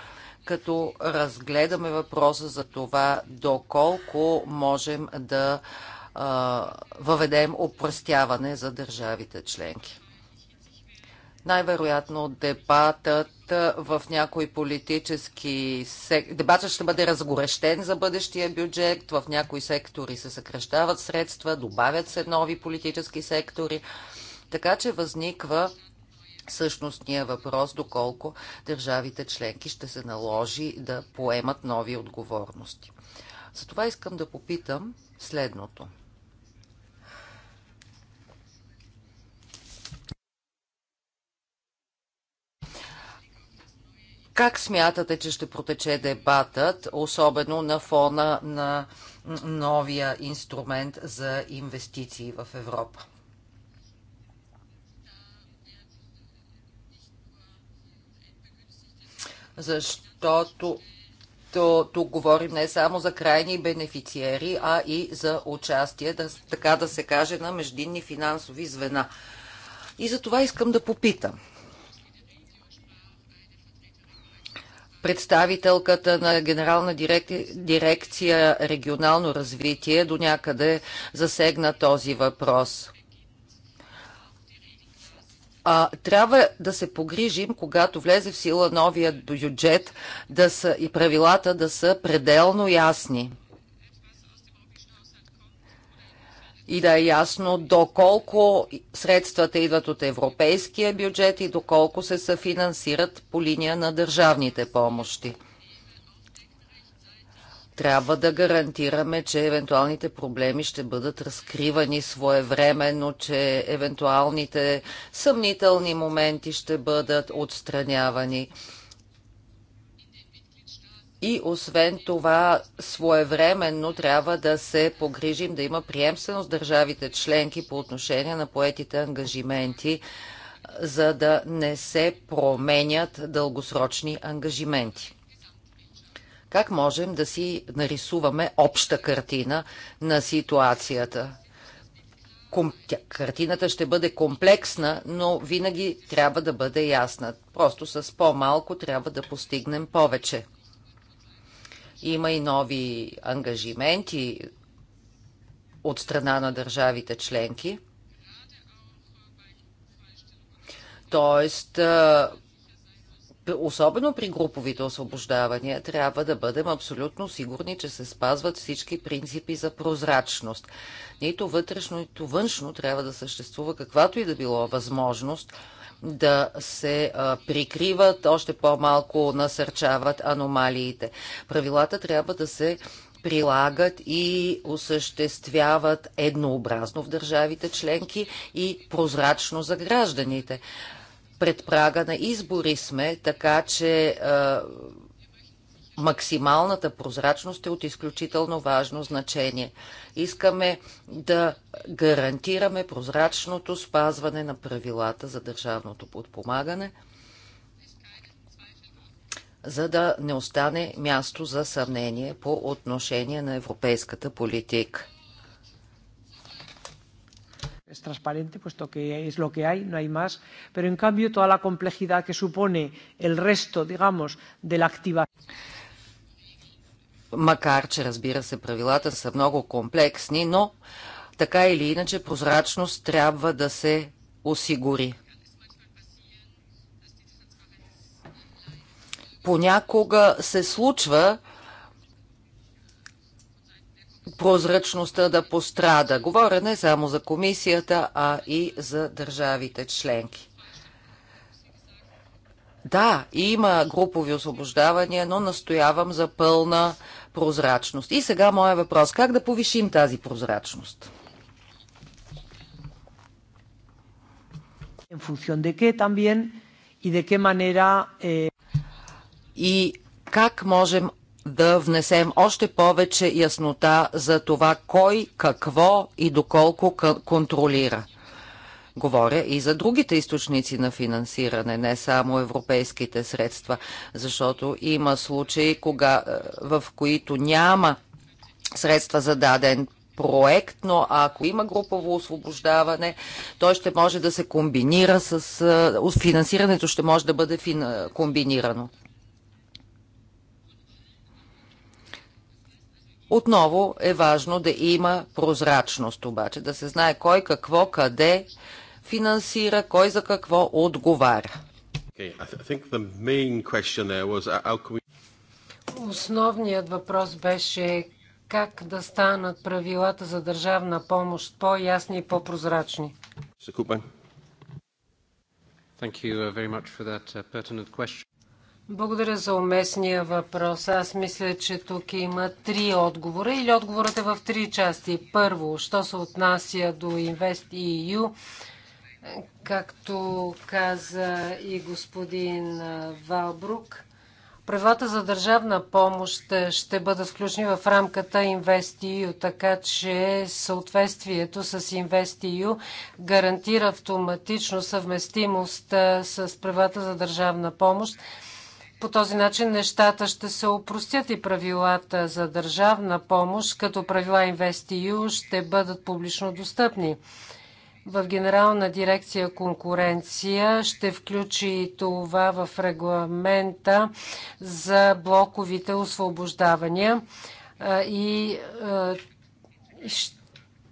като разгледаме въпроса за това доколко можем да въведем опростяване за държавите членки. Най-вероятно дебатът в някои политически сектори, дебатът ще бъде разгорещен за бъдещия бюджет, в някои сектори се съкръщават средства, добавят се нови политически сектори, така че възниква същностния въпрос, доколко държавите членки ще се наложи да поемат нови отговорности. Затова искам да попитам следното – Как смятате, че ще протече дебатът, особено на фона на новия инструмент за инвестиции в Европа? Защото то, тук говорим не само за крайни бенефициери, а и за участие, да, така да се каже, на междинни финансови звена. И за това искам да попитам. представителката на Генерална дирекция регионално развитие до някъде засегна този въпрос. А, трябва да се погрижим, когато влезе в сила новия бюджет, да са и правилата да са пределно ясни. и да е ясно доколко средствата идват от европейския бюджет и доколко се съфинансират по линия на държавните помощи. Трябва да гарантираме, че евентуалните проблеми ще бъдат разкривани своевременно, че евентуалните съмнителни моменти ще бъдат отстранявани. И освен това, своевременно трябва да се погрижим да има приемственост държавите членки по отношение на поетите ангажименти, за да не се променят дългосрочни ангажименти. Как можем да си нарисуваме обща картина на ситуацията? Ком... Картината ще бъде комплексна, но винаги трябва да бъде ясна. Просто с по-малко трябва да постигнем повече. Има и нови ангажименти от страна на държавите членки. Тоест, особено при груповите освобождавания, трябва да бъдем абсолютно сигурни, че се спазват всички принципи за прозрачност. Нито вътрешно, нито външно трябва да съществува каквато и да било възможност да се прикриват, още по-малко насърчават аномалиите. Правилата трябва да се прилагат и осъществяват еднообразно в държавите членки и прозрачно за гражданите. Пред прага на избори сме, така че максималната прозрачност е от изключително важно значение. Искаме да гарантираме прозрачното спазване на правилата за държавното подпомагане, за да не остане място за съмнение по отношение на европейската политика. es transparente, puesto que es lo que hay, no hay más. Pero en cambio, toda la complejidad que supone el resto, digamos, de la activación макар че разбира се правилата са много комплексни, но така или иначе прозрачност трябва да се осигури. Понякога се случва прозрачността да пострада. Говоря не само за комисията, а и за държавите членки. Да, има групови освобождавания, но настоявам за пълна прозрачност прозрачност. И сега моя въпрос. Как да повишим тази прозрачност? En función de qué también y de qué manera... Eh, и как можем да внесем още повече яснота за това кой, какво и доколко контролира. Говоря и за другите източници на финансиране, не само европейските средства, защото има случаи, кога, е, в които няма средства за даден проект, но ако има групово освобождаване, то ще може да се комбинира с... Е, финансирането ще може да бъде фин... комбинирано. Отново е важно да има прозрачност обаче, да се знае кой какво, къде финансира, кой за какво отговаря. Uh, Основният въпрос беше как да станат правилата за държавна помощ по-ясни и по-прозрачни. Uh, uh, Благодаря за уместния въпрос. Аз мисля, че тук има три отговора или отговорът е в три части. Първо, що се отнася до InvestEU, Както каза и господин Валбрук, правилата за държавна помощ ще бъдат включени в рамката InvestEU, така че съответствието с InvestEU гарантира автоматично съвместимост с правилата за държавна помощ. По този начин нещата ще се опростят и правилата за държавна помощ, като правила InvestEU ще бъдат публично достъпни в Генерална дирекция конкуренция ще включи това в регламента за блоковите освобождавания и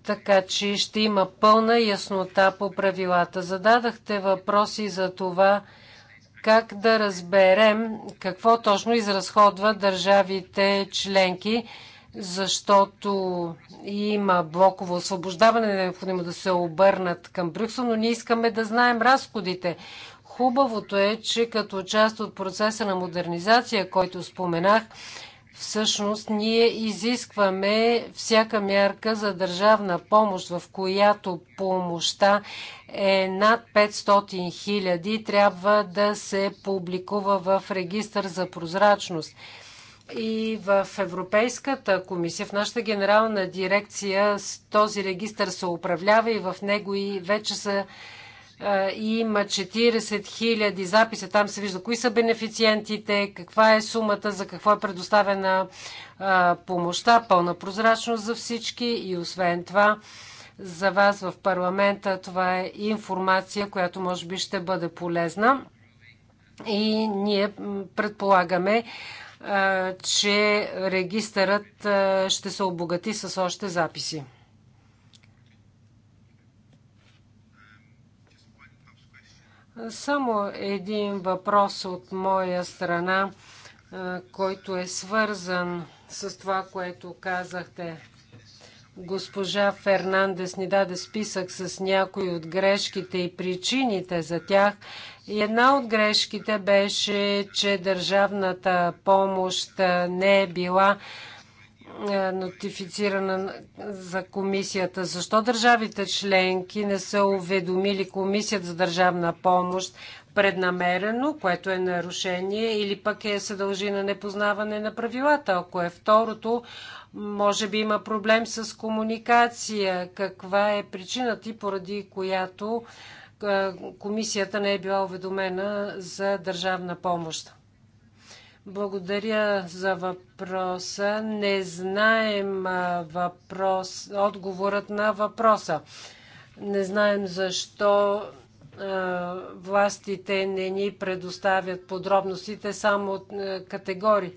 така че ще има пълна яснота по правилата. Зададахте въпроси за това как да разберем какво точно изразходват държавите членки защото има блоково освобождаване, е необходимо да се обърнат към Брюксел, но ние искаме да знаем разходите. Хубавото е, че като част от процеса на модернизация, който споменах, всъщност ние изискваме всяка мярка за държавна помощ, в която помощта е над 500 хиляди, трябва да се публикува в регистър за прозрачност. И в Европейската комисия, в нашата генерална дирекция, този регистр се управлява и в него и вече са и има 40 хиляди записи. Там се вижда кои са бенефициентите, каква е сумата, за какво е предоставена помощта, пълна прозрачност за всички и освен това за вас в парламента това е информация, която може би ще бъде полезна. И ние предполагаме че регистърът ще се обогати с още записи. Само един въпрос от моя страна, който е свързан с това, което казахте. Госпожа Фернандес ни даде списък с някои от грешките и причините за тях и една от грешките беше, че държавната помощ не е била нотифицирана за комисията. Защо държавите членки не са уведомили комисията за държавна помощ преднамерено, което е нарушение, или пък е се дължи на непознаване на правилата? Ако е второто, може би има проблем с комуникация. Каква е причината и поради която комисията не е била уведомена за държавна помощ. Благодаря за въпроса. Не знаем въпрос, отговорът на въпроса. Не знаем защо властите не ни предоставят подробностите само от категории.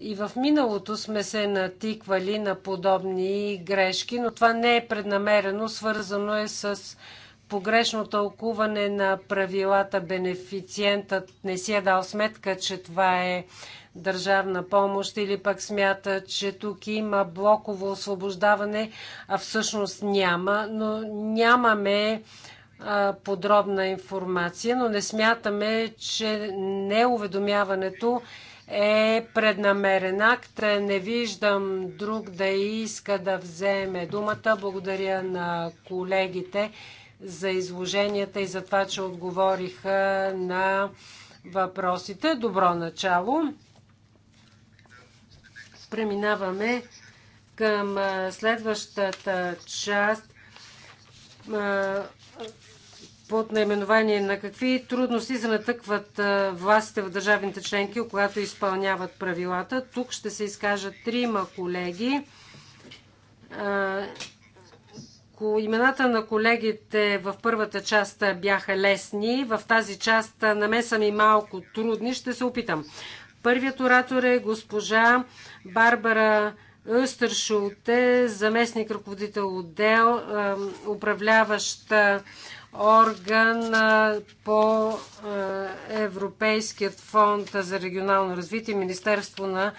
И в миналото сме се натиквали на подобни грешки, но това не е преднамерено, свързано е с погрешно тълкуване на правилата. Бенефициентът не си е дал сметка, че това е държавна помощ или пък смята, че тук има блоково освобождаване, а всъщност няма, но нямаме подробна информация, но не смятаме, че неуведомяването е преднамерен акт. Не виждам друг да иска да вземе думата. Благодаря на колегите за изложенията и за това, че отговориха на въпросите. Добро начало. Преминаваме към следващата част под наименование на какви трудности се натъкват властите в държавните членки, когато изпълняват правилата. Тук ще се изкажат трима колеги. Ако Имената на колегите в първата част бяха лесни, в тази част на мен са ми малко трудни, ще се опитам. Първият оратор е госпожа Барбара Österschulте, заместник ръководител отдел, управляващ орган по Европейският фонд за регионално развитие, Министерство на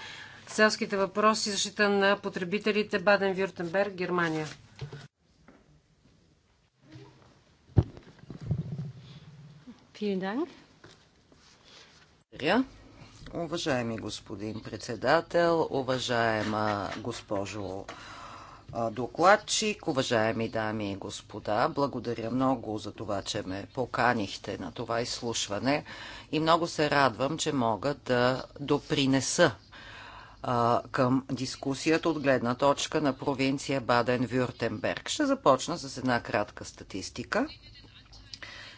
селските въпроси, защита на потребителите, Баден-Вюртенберг, Германия. Благодаря. Уважаеми господин председател, уважаема госпожо докладчик, уважаеми дами и господа, благодаря много за това, че ме поканихте на това изслушване и много се радвам, че мога да допринеса към дискусията от гледна точка на провинция Баден-Вюртемберг. Ще започна с една кратка статистика.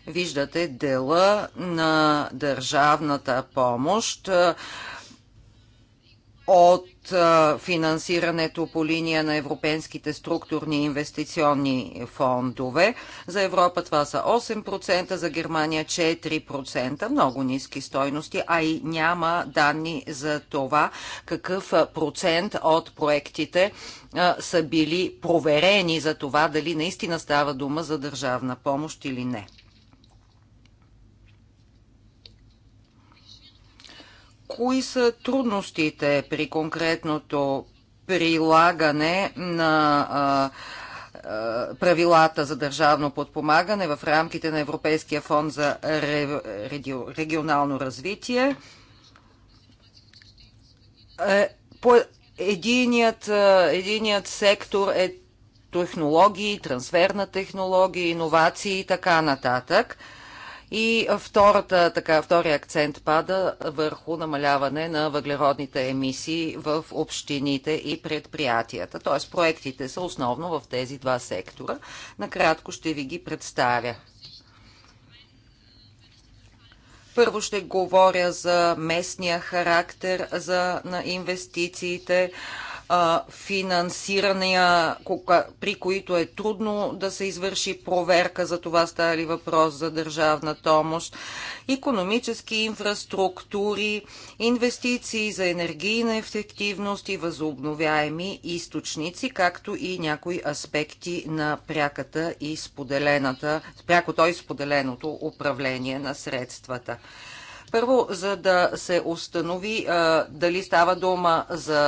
Виждате дела на държавната помощ от финансирането по линия на европейските структурни инвестиционни фондове. За Европа това са 8%, за Германия 4%, много ниски стойности, а и няма данни за това какъв процент от проектите са били проверени за това дали наистина става дума за държавна помощ или не. кои са трудностите при конкретното прилагане на а, а, правилата за държавно подпомагане в рамките на Европейския фонд за ре, регионално развитие. Е, по единият, единият сектор е технологии, трансферна технология, иновации и така нататък – и втората, така, втория акцент пада върху намаляване на въглеродните емисии в общините и предприятията. Т.е. проектите са основно в тези два сектора. Накратко ще ви ги представя. Първо ще говоря за местния характер за, на инвестициите. А, финансирания, при които е трудно да се извърши проверка, за това става ли въпрос за държавна помощ, економически инфраструктури, инвестиции за енергийна ефективност и възобновяеми източници, както и някои аспекти на пряката и споделената, прякото и споделеното управление на средствата. Първо, за да се установи дали става дума за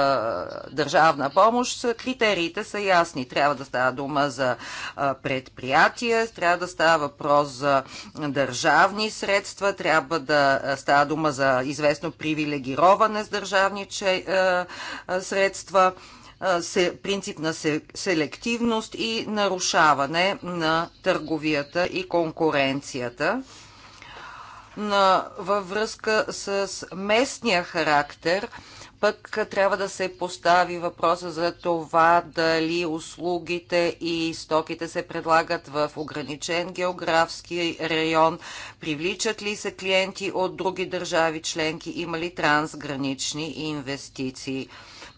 държавна помощ, критериите са ясни. Трябва да става дума за предприятие, трябва да става въпрос за държавни средства, трябва да става дума за известно привилегироване с държавни средства принцип на селективност и нарушаване на търговията и конкуренцията на, във връзка с местния характер, пък трябва да се постави въпроса за това дали услугите и стоките се предлагат в ограничен географски район, привличат ли се клиенти от други държави членки, има ли трансгранични инвестиции.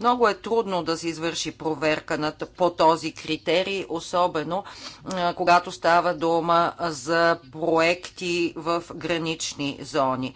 Много е трудно да се извърши проверка по този критерий, особено когато става дума за проекти в гранични зони.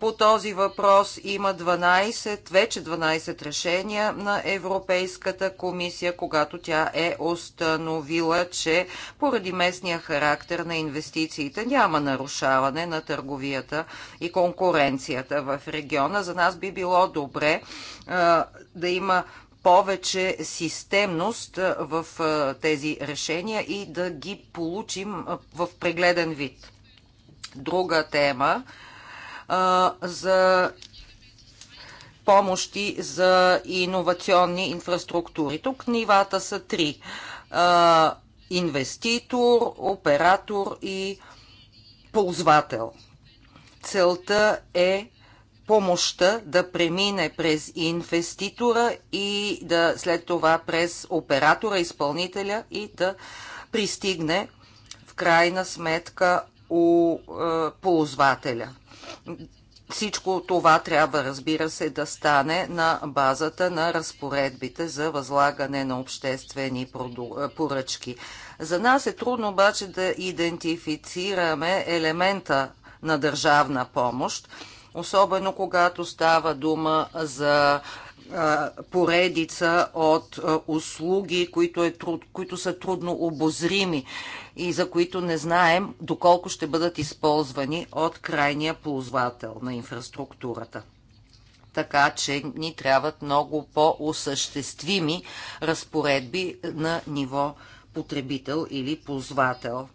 По този въпрос има 12, вече 12 решения на Европейската комисия, когато тя е установила, че поради местния характер на инвестициите няма нарушаване на търговията и конкуренцията в региона. За нас би било добре а, да има повече системност в а, тези решения и да ги получим а, в прегледен вид. Друга тема а, за помощи за иновационни инфраструктури. Тук нивата са три. А, инвеститор, оператор и ползвател. Целта е помощта да премине през инвеститора и да след това през оператора, изпълнителя и да пристигне в крайна сметка у е, ползвателя. Всичко това трябва, разбира се, да стане на базата на разпоредбите за възлагане на обществени поръчки. За нас е трудно обаче да идентифицираме елемента на държавна помощ, особено когато става дума за поредица от услуги, които, е труд, които са трудно обозрими и за които не знаем доколко ще бъдат използвани от крайния ползвател на инфраструктурата. Така че ни трябват много по-осъществими разпоредби на ниво потребител или ползвател.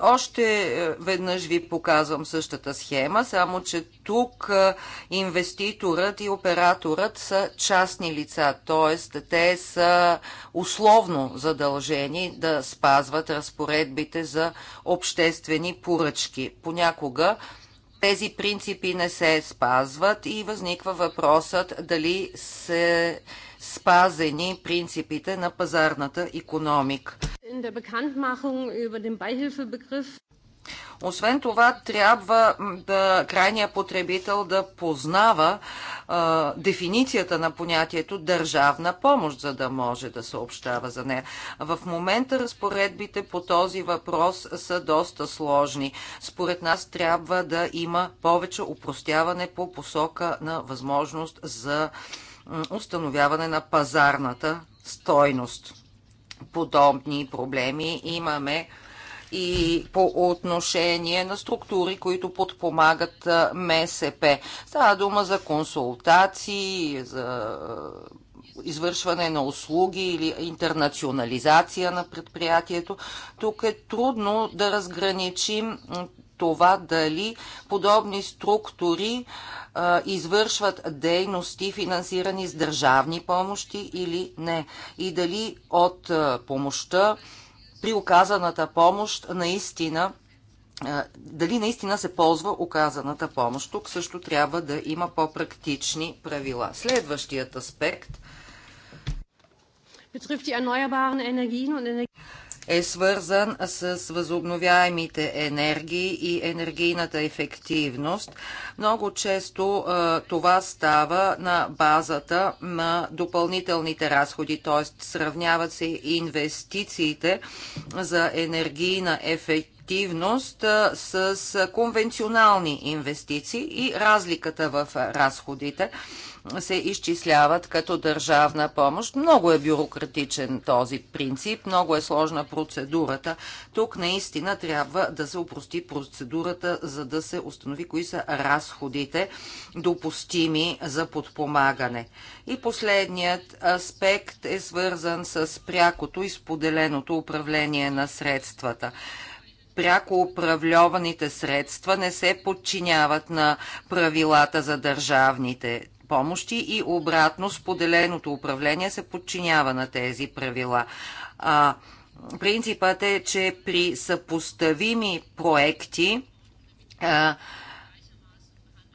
Още е, веднъж ви показвам същата схема, само че тук е, инвеститорът и операторът са частни лица, т.е. те са условно задължени да спазват разпоредбите за обществени поръчки. Понякога тези принципи не се спазват и възниква въпросът дали се спазени принципите на пазарната економика. Освен това, трябва да, крайния потребител да познава а, дефиницията на понятието държавна помощ, за да може да съобщава за нея. В момента разпоредбите по този въпрос са доста сложни. Според нас трябва да има повече упростяване по посока на възможност за установяване на пазарната стойност. Подобни проблеми имаме и по отношение на структури, които подпомагат МСП. Става дума за консултации, за извършване на услуги или интернационализация на предприятието. Тук е трудно да разграничим това дали подобни структури а, извършват дейности, финансирани с държавни помощи или не. И дали от а, помощта при оказаната помощ наистина дали наистина се ползва оказаната помощ. Тук също трябва да има по-практични правила. Следващият аспект е свързан с възобновяемите енергии и енергийната ефективност. Много често това става на базата на допълнителните разходи, т.е. сравняват се инвестициите за енергийна ефективност с конвенционални инвестиции и разликата в разходите се изчисляват като държавна помощ. Много е бюрократичен този принцип, много е сложна процедурата. Тук наистина трябва да се упрости процедурата, за да се установи кои са разходите допустими за подпомагане. И последният аспект е свързан с прякото и споделеното управление на средствата пряко управляваните средства не се подчиняват на правилата за държавните помощи и обратно споделеното управление се подчинява на тези правила. А, принципът е, че при съпоставими проекти а,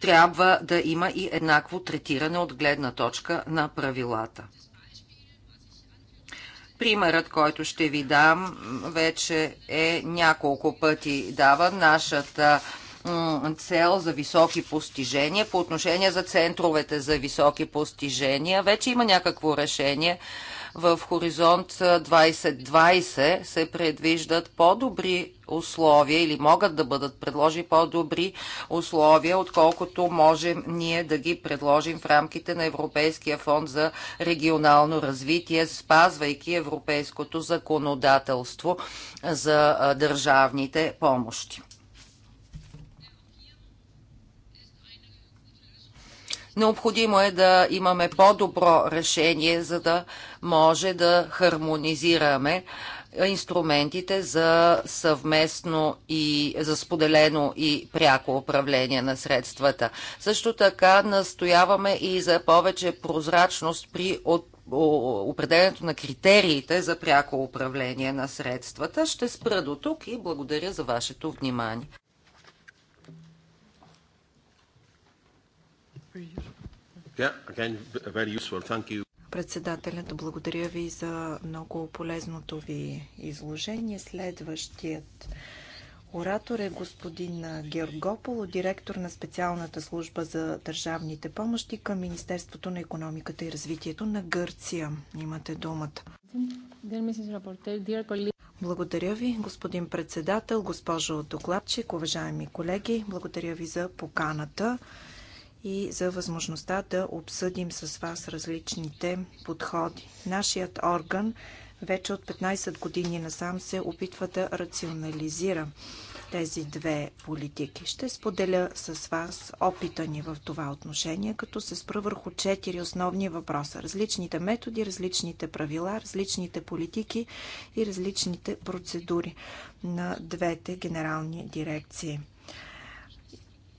трябва да има и еднакво третиране от гледна точка на правилата. Примерът, който ще ви дам, вече е няколко пъти дава Нашата цел за високи постижения. По отношение за центровете за високи постижения, вече има някакво решение. В Хоризонт 2020 се предвиждат по-добри условия или могат да бъдат предложи по-добри условия, отколкото можем ние да ги предложим в рамките на Европейския фонд за регионално развитие, спазвайки европейското законодателство за държавните помощи. Необходимо е да имаме по-добро решение, за да може да хармонизираме инструментите за съвместно и за споделено и пряко управление на средствата. Също така настояваме и за повече прозрачност при от определенето на критериите за пряко управление на средствата. Ще спра до тук и благодаря за вашето внимание. Председателят, благодаря ви за много полезното ви изложение. Следващият оратор е господин Георгополо, директор на специалната служба за държавните помощи към Министерството на економиката и развитието на Гърция. Имате думата. Благодаря ви, господин председател, госпожо докладчик, уважаеми колеги. Благодаря ви за поканата и за възможността да обсъдим с вас различните подходи. Нашият орган вече от 15 години насам се опитва да рационализира тези две политики. Ще споделя с вас опита ни в това отношение, като се спра върху четири основни въпроса. Различните методи, различните правила, различните политики и различните процедури на двете генерални дирекции.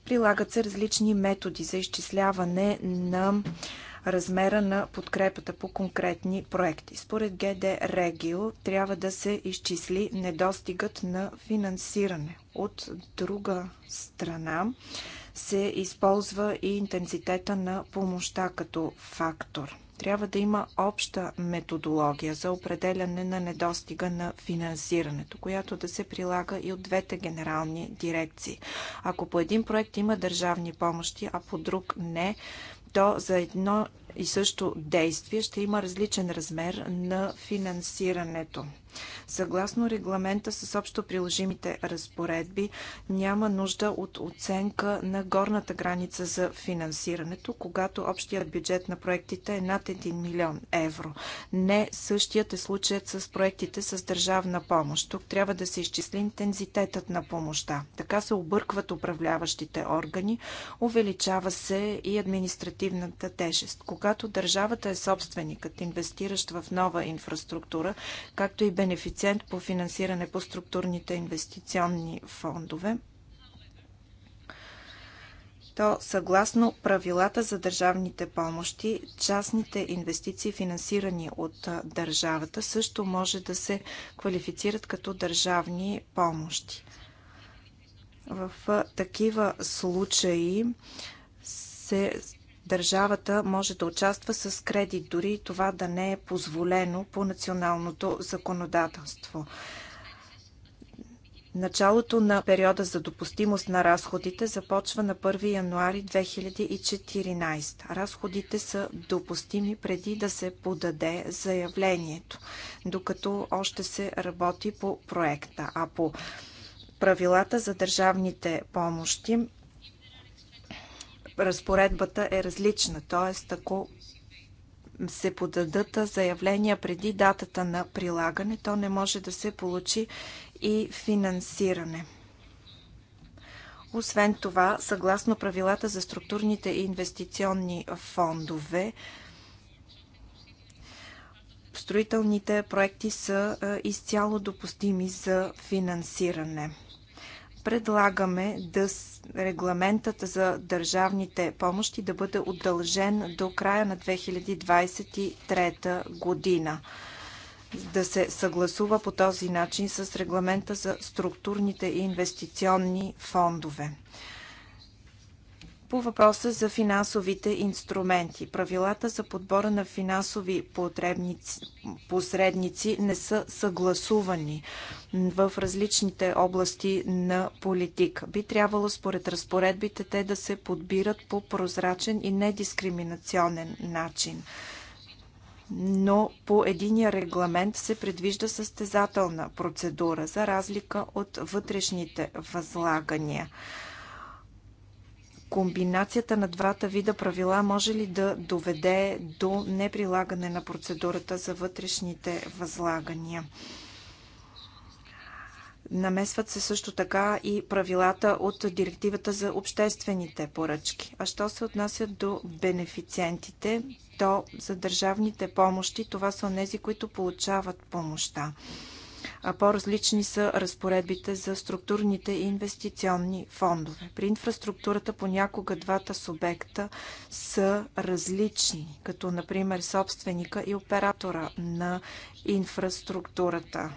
Прилагат се различни методи за изчисляване на размера на подкрепата по конкретни проекти. Според ГД Регио трябва да се изчисли недостигът на финансиране. От друга страна се използва и интензитета на помощта като фактор. Трябва да има обща методология за определяне на недостига на финансирането, която да се прилага и от двете генерални дирекции. Ако по един проект има държавни помощи, а по друг не, то за едно и също действие ще има различен размер на финансирането. Съгласно регламента с общо приложимите разпоредби няма нужда от оценка на горната граница за финансирането, когато общият бюджет на проектите е над 1 милион евро. Не същият е случаят с проектите с държавна помощ. Тук трябва да се изчисли интензитетът на помощта. Така се объркват управляващите органи, увеличава се и административната тежест. Когато държавата е собственикът, инвестиращ в нова инфраструктура, както и бенефициент по финансиране по структурните инвестиционни фондове, то съгласно правилата за държавните помощи, частните инвестиции, финансирани от държавата, също може да се квалифицират като държавни помощи. В такива случаи се държавата може да участва с кредит, дори и това да не е позволено по националното законодателство. Началото на периода за допустимост на разходите започва на 1 януари 2014. Разходите са допустими преди да се подаде заявлението, докато още се работи по проекта. А по правилата за държавните помощи разпоредбата е различна. Т.е. ако се подадат заявления преди датата на прилагане, то не може да се получи и финансиране. Освен това, съгласно правилата за структурните и инвестиционни фондове, строителните проекти са е, изцяло допустими за финансиране. Предлагаме да се регламентът за държавните помощи да бъде удължен до края на 2023 година. Да се съгласува по този начин с регламента за структурните и инвестиционни фондове. По въпроса за финансовите инструменти. Правилата за подбора на финансови посредници не са съгласувани в различните области на политика. Би трябвало според разпоредбите те да се подбират по прозрачен и недискриминационен начин но по единия регламент се предвижда състезателна процедура, за разлика от вътрешните възлагания комбинацията на двата вида правила може ли да доведе до неприлагане на процедурата за вътрешните възлагания? Намесват се също така и правилата от директивата за обществените поръчки. А що се отнася до бенефициентите, то за държавните помощи това са онези, които получават помощта а по-различни са разпоредбите за структурните и инвестиционни фондове. При инфраструктурата понякога двата субекта са различни, като например собственика и оператора на инфраструктурата.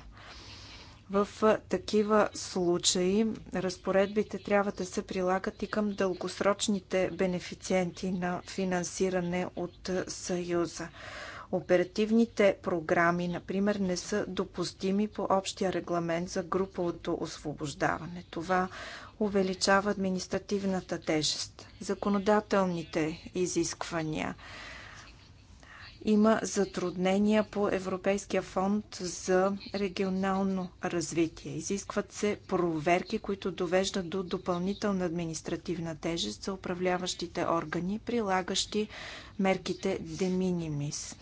В такива случаи разпоредбите трябва да се прилагат и към дългосрочните бенефициенти на финансиране от Съюза. Оперативните програми, например, не са допустими по общия регламент за груповото освобождаване. Това увеличава административната тежест. Законодателните изисквания – има затруднения по Европейския фонд за регионално развитие. Изискват се проверки, които довеждат до допълнителна административна тежест за управляващите органи, прилагащи мерките de minimis.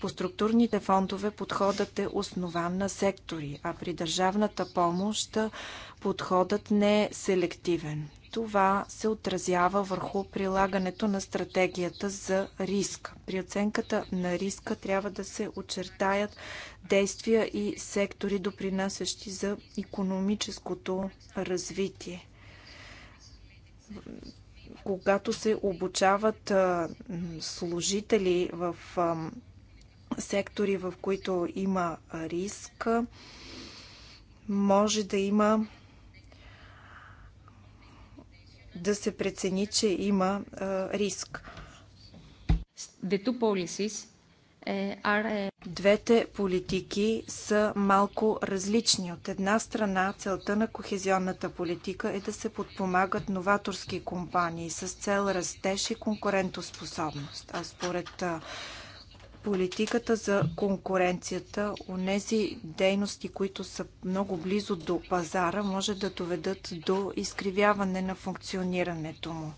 По структурните фондове подходът е основан на сектори, а при държавната помощ подходът не е селективен. Това се отразява върху прилагането на стратегията за риск. При оценката на риска трябва да се очертаят действия и сектори, допринасящи за економическото развитие когато се обучават служители в сектори, в които има риск, може да има да се прецени, че има риск. Е, е. Двете политики са малко различни. От една страна, целта на кохезионната политика е да се подпомагат новаторски компании с цел растеж и конкурентоспособност. А според политиката за конкуренцията, онези дейности, които са много близо до пазара, може да доведат до изкривяване на функционирането му.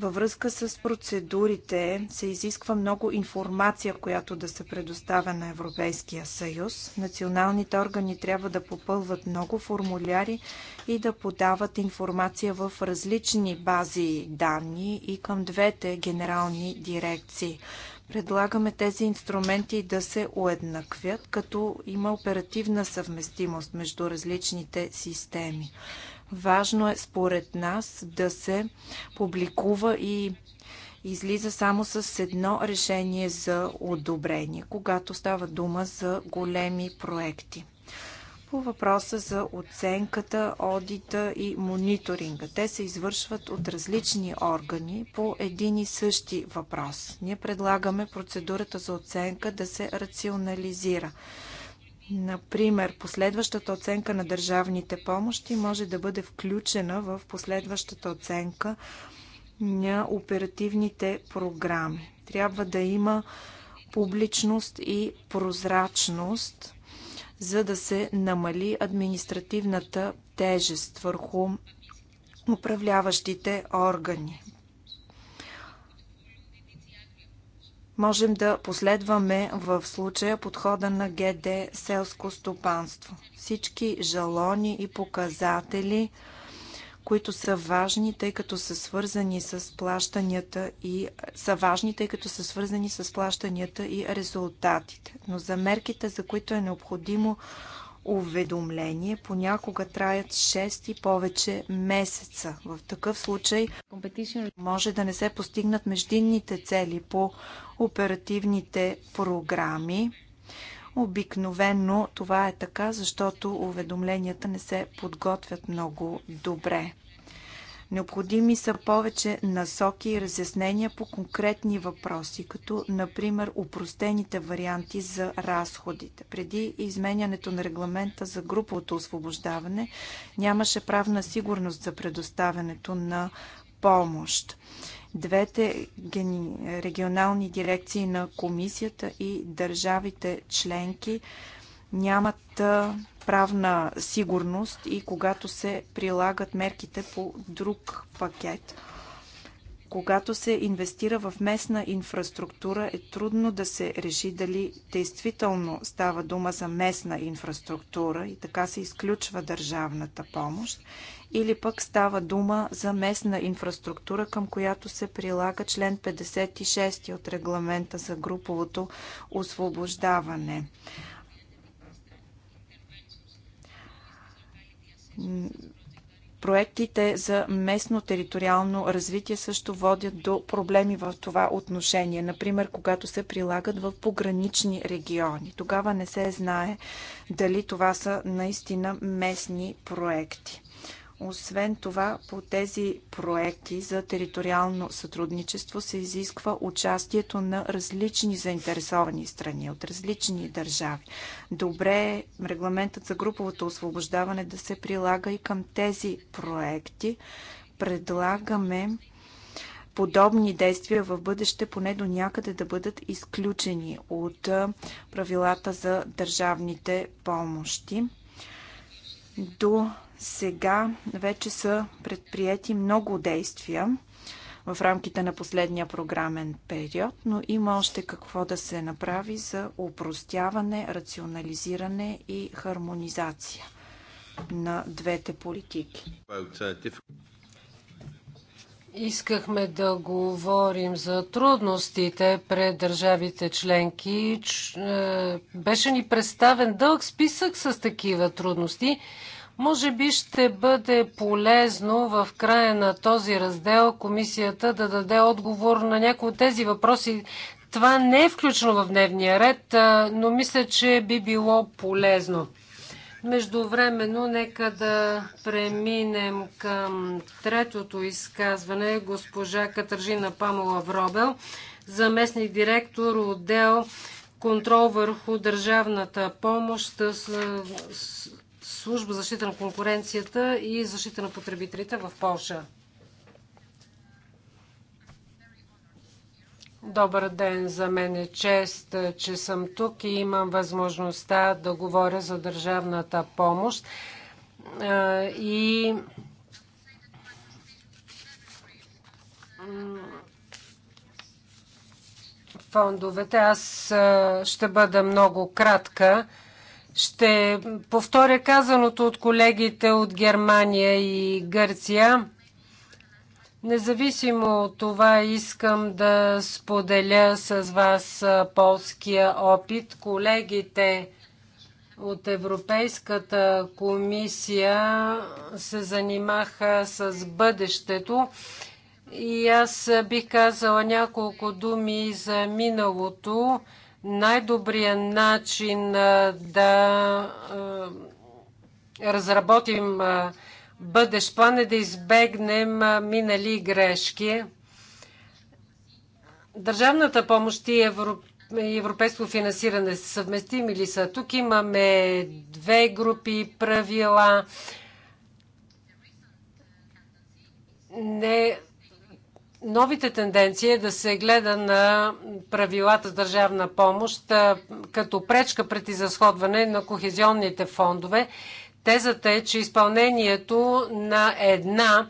Във връзка с процедурите се изисква много информация, която да се предоставя на Европейския съюз. Националните органи трябва да попълват много формуляри и да подават информация в различни бази данни и към двете генерални дирекции. Предлагаме тези инструменти да се уеднаквят, като има оперативна съвместимост между различните системи. Важно е според нас да се публикува и излиза само с едно решение за одобрение, когато става дума за големи проекти по въпроса за оценката, одита и мониторинга. Те се извършват от различни органи по един и същи въпрос. Ние предлагаме процедурата за оценка да се рационализира. Например, последващата оценка на държавните помощи може да бъде включена в последващата оценка на оперативните програми. Трябва да има публичност и прозрачност за да се намали административната тежест върху управляващите органи. Можем да последваме в случая подхода на ГД селско стопанство. Всички жалони и показатели – които са важни, тъй като са свързани с плащанията и са важни, тъй като са свързани с плащанията и резултатите. Но за мерките, за които е необходимо уведомление, понякога траят 6 и повече месеца. В такъв случай може да не се постигнат междинните цели по оперативните програми Обикновено това е така, защото уведомленията не се подготвят много добре. Необходими са повече насоки и разяснения по конкретни въпроси, като например упростените варианти за разходите. Преди изменянето на регламента за груповото освобождаване нямаше правна сигурност за предоставянето на помощ двете регионални дирекции на комисията и държавите членки нямат правна сигурност и когато се прилагат мерките по друг пакет. Когато се инвестира в местна инфраструктура, е трудно да се реши дали действително става дума за местна инфраструктура и така се изключва държавната помощ или пък става дума за местна инфраструктура, към която се прилага член 56 от регламента за груповото освобождаване. Проектите за местно териториално развитие също водят до проблеми в това отношение. Например, когато се прилагат в погранични региони. Тогава не се знае дали това са наистина местни проекти. Освен това, по тези проекти за териториално сътрудничество се изисква участието на различни заинтересовани страни от различни държави. Добре е регламентът за груповото освобождаване да се прилага и към тези проекти. Предлагаме подобни действия в бъдеще поне до някъде да бъдат изключени от правилата за държавните помощи. До сега вече са предприяти много действия в рамките на последния програмен период, но има още какво да се направи за упростяване, рационализиране и хармонизация на двете политики. Uh, Искахме да говорим за трудностите пред държавите членки. Е, беше ни представен дълъг списък с такива трудности. Може би ще бъде полезно в края на този раздел комисията да даде отговор на някои от тези въпроси. Това не е включено в дневния ред, е, но мисля, че би било полезно. Междувременно, нека да преминем към третото изказване. Госпожа Катържина Памола Вробел, заместник директор отдел контрол върху държавната помощ, служба защита на конкуренцията и защита на потребителите в Польша. Добър ден! За мен е чест, че съм тук и имам възможността да говоря за държавната помощ и фондовете. Аз ще бъда много кратка. Ще повторя казаното от колегите от Германия и Гърция. Независимо от това, искам да споделя с вас полския опит. Колегите от Европейската комисия се занимаха с бъдещето. И аз бих казала няколко думи за миналото. Най-добрият начин да разработим Бъдеш план е да избегнем минали грешки. Държавната помощ и европейско финансиране са съвместими ли са? Тук имаме две групи правила. Не... Новите тенденции е да се гледа на правилата с държавна помощ като пречка пред изразходване на кохезионните фондове Тезата е, че изпълнението на една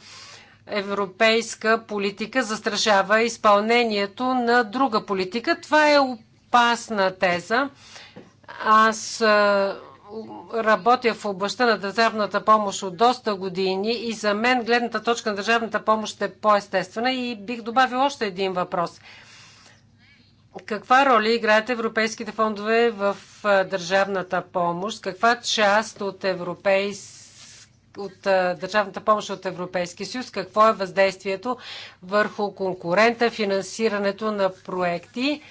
европейска политика застрашава изпълнението на друга политика. Това е опасна теза. Аз е, работя в областта на държавната помощ от доста години и за мен гледната точка на държавната помощ е по-естествена и бих добавил още един въпрос – каква роля играят европейските фондове в държавната помощ? Каква част от, европейски от държавната помощ от Европейския съюз? Какво е въздействието върху конкурента, финансирането на проекти?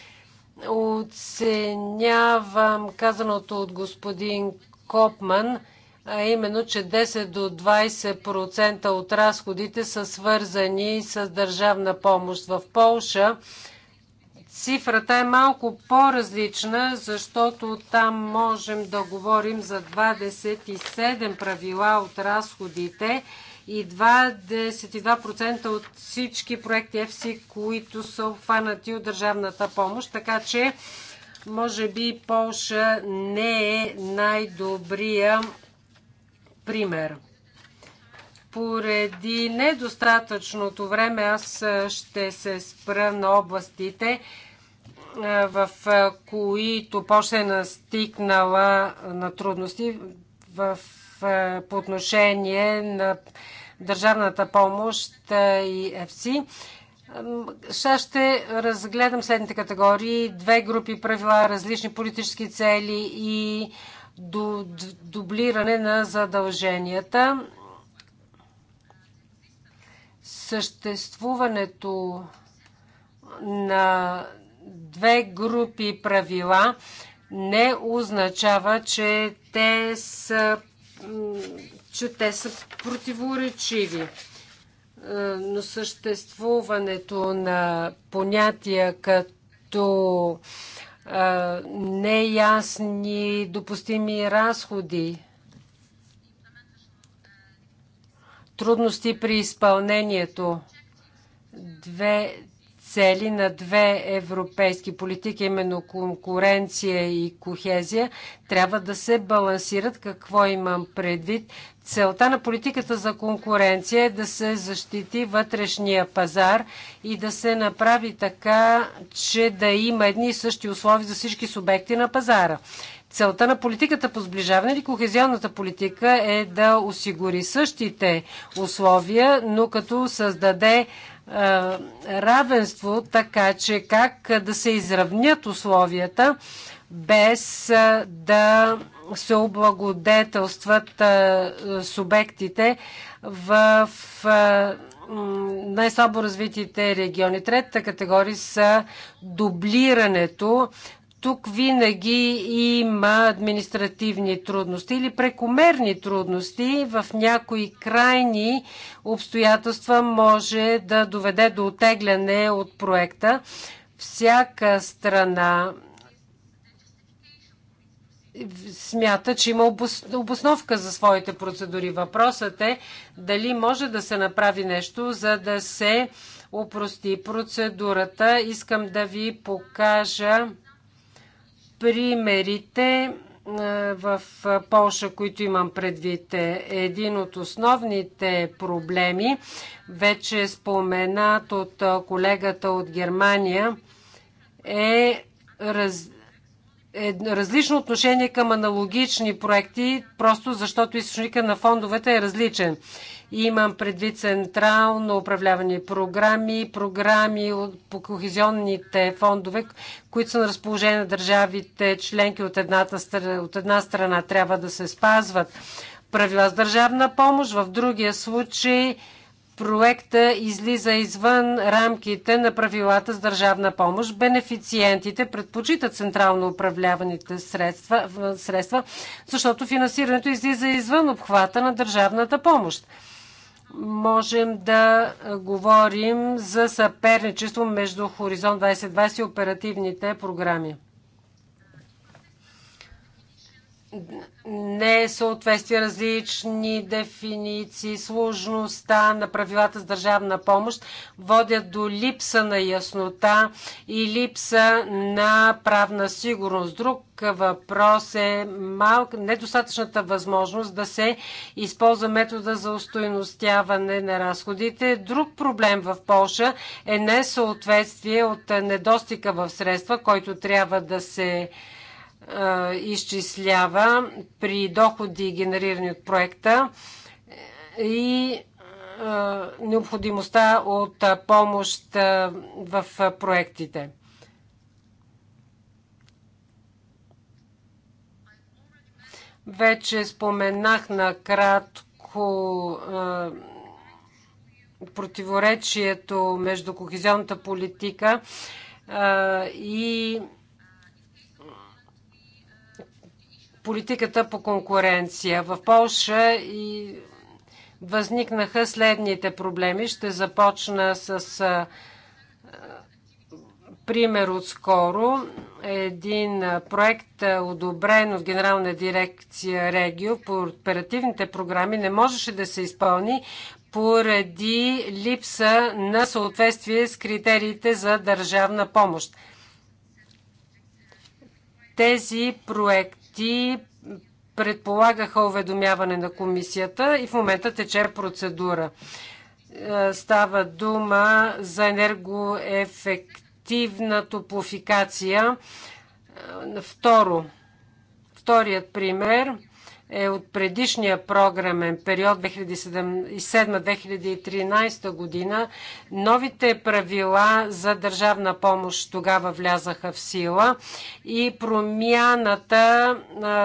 Оценявам казаното от господин Копман, а именно, че 10 до 20% от разходите са свързани с държавна помощ в Полша Цифрата е малко по-различна, защото там можем да говорим за 27 правила от разходите и 22% от всички проекти FC, които са обхванати от държавната помощ. Така че, може би, Полша не е най-добрия пример. Поради недостатъчното време аз ще се спра на областите, е, в е, които Польша е настигнала е, на трудности в, по отношение на държавната помощ и ЕФСИ. Сега ще разгледам следните категории. Две групи правила, различни политически цели и дублиране на задълженията. Съществуването на две групи правила не означава, че те са, че те са противоречиви. Е, но съществуването на понятия като е, неясни допустими разходи, трудности при изпълнението, две цели на две европейски политики, именно конкуренция и кохезия, трябва да се балансират. Какво имам предвид? Целта на политиката за конкуренция е да се защити вътрешния пазар и да се направи така, че да има едни и същи условия за всички субекти на пазара. Целта на политиката по сближаване или кохезионната политика е да осигури същите условия, но като създаде е, равенство, така че как да се изравнят условията, без е, да се облагодетелстват е, субектите в най-слабо развитите региони. Третата категория са дублирането тук винаги има административни трудности или прекомерни трудности. В някои крайни обстоятелства може да доведе до отегляне от проекта. Всяка страна смята, че има обосновка за своите процедури. Въпросът е дали може да се направи нещо, за да се опрости процедурата. Искам да ви покажа Примерите е, в Польша, които имам предвид, е един от основните проблеми. Вече споменат от е, колегата от Германия е раз, е различно отношение към аналогични проекти, просто защото източника на фондовете е различен. Имам предвид централно управлявани програми, програми по кохезионните фондове, които са на разположение на държавите членки от, едната, от една страна трябва да се спазват правила с държавна помощ, в другия случай проекта излиза извън рамките на правилата с държавна помощ. Бенефициентите предпочитат централно управляваните средства, средства защото финансирането излиза извън обхвата на държавната помощ можем да говорим за съперничество между Хоризонт 2020 и оперативните програми. Е съответствие различни дефиниции, сложността на правилата с държавна помощ водят до липса на яснота и липса на правна сигурност. Друг въпрос е малко недостатъчната възможност да се използва метода за устойностяване на разходите. Друг проблем в Польша е несъответствие от недостига в средства, който трябва да се изчислява при доходи, генерирани от проекта е, и необходимостта от помощ в проектите. Вече споменах накратко противоречието между кохезионната политика и политиката по конкуренция. В Польша и възникнаха следните проблеми. Ще започна с пример от скоро. Един проект, одобрен от Генерална дирекция Регио по оперативните програми, не можеше да се изпълни поради липса на съответствие с критериите за държавна помощ. Тези проекти ти предполагаха уведомяване на комисията и в момента тече процедура. Е, става дума за енергоефективна топлофикация. Е, второ, вторият пример е от предишния програмен период 2007-2013 година. Новите правила за държавна помощ тогава влязаха в сила и промяната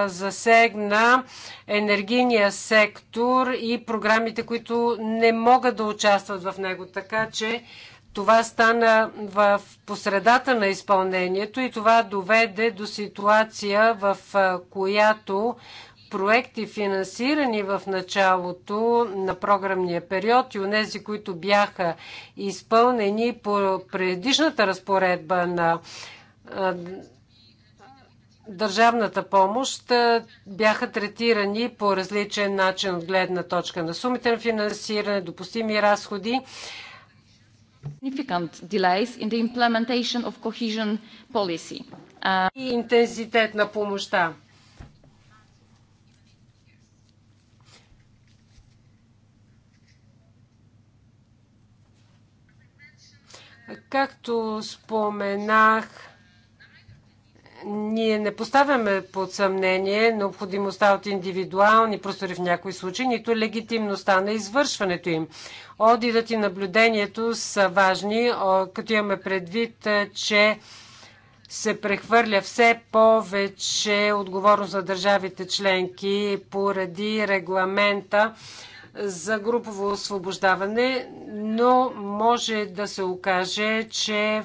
засегна енергийния сектор и програмите, които не могат да участват в него. Така че това стана в посредата на изпълнението и това доведе до ситуация, в която проекти, финансирани в началото на програмния период и онези, които бяха изпълнени по предишната разпоредба на държавната помощ бяха третирани по различен начин от гледна точка на сумите на финансиране, допустими разходи. И интензитет на помощта. Както споменах, ние не поставяме под съмнение необходимостта от индивидуални простори в някои случаи, нито легитимността на извършването им. Одитът и наблюдението са важни, като имаме предвид, е, че се прехвърля все повече отговорност на държавите членки поради регламента за групово освобождаване, но може да се окаже, че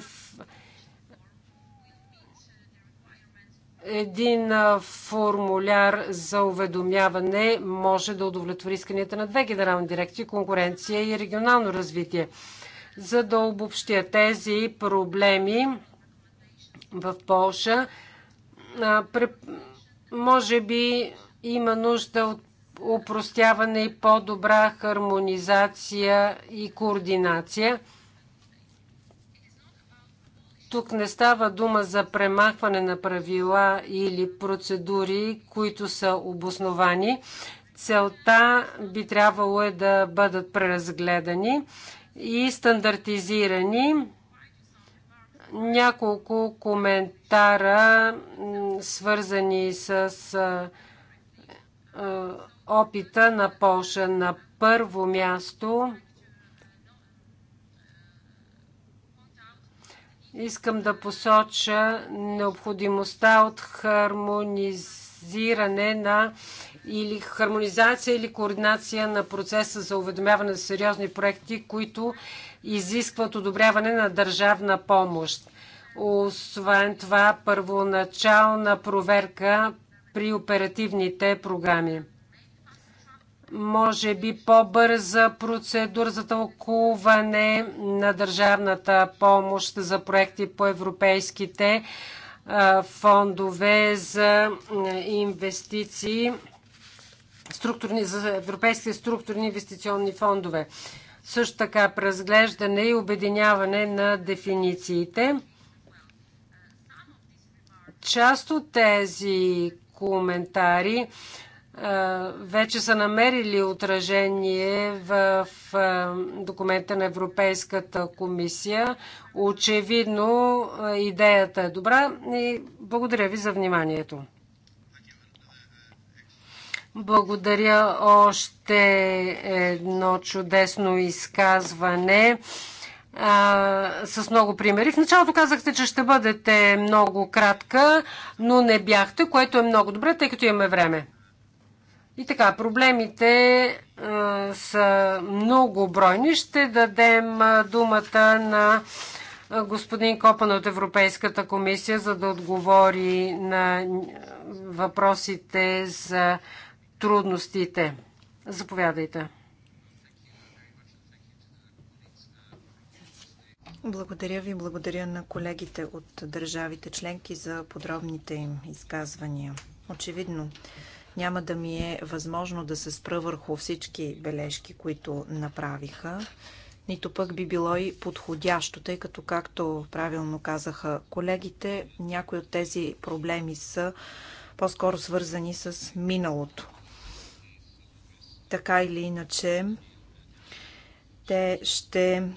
един формуляр за уведомяване може да удовлетвори исканията на две генерални дирекции конкуренция и регионално развитие. За да обобщя тези проблеми в Полша, може би има нужда от упростяване и по-добра хармонизация и координация. Тук не става дума за премахване на правила или процедури, които са обосновани. Целта би трябвало е да бъдат преразгледани и стандартизирани. Няколко коментара, свързани с опита на Полша. На първо място искам да посоча необходимостта от хармонизиране на или хармонизация или координация на процеса за уведомяване за сериозни проекти, които изискват одобряване на държавна помощ. Освен това, първоначална проверка при оперативните програми може би по-бърза процедура за тълкуване на държавната помощ за проекти по европейските фондове за инвестиции, структурни, за европейските структурни инвестиционни фондове. Също така преразглеждане и обединяване на дефинициите. Част от тези коментари вече са намерили отражение в документа на Европейската комисия. Очевидно идеята е добра и благодаря ви за вниманието. Благодаря още едно чудесно изказване а, с много примери. В началото казахте, че ще бъдете много кратка, но не бяхте, което е много добре, тъй като имаме време. И така, проблемите а, са много бройни. Ще дадем а, думата на а, господин Копан от Европейската комисия, за да отговори на въпросите за трудностите. Заповядайте. Благодаря ви, благодаря на колегите от държавите членки за подробните им изказвания. Очевидно, няма да ми е възможно да се спра върху всички бележки, които направиха, нито пък би било и подходящо, тъй като, както правилно казаха колегите, някои от тези проблеми са по-скоро свързани с миналото. Така или иначе, те ще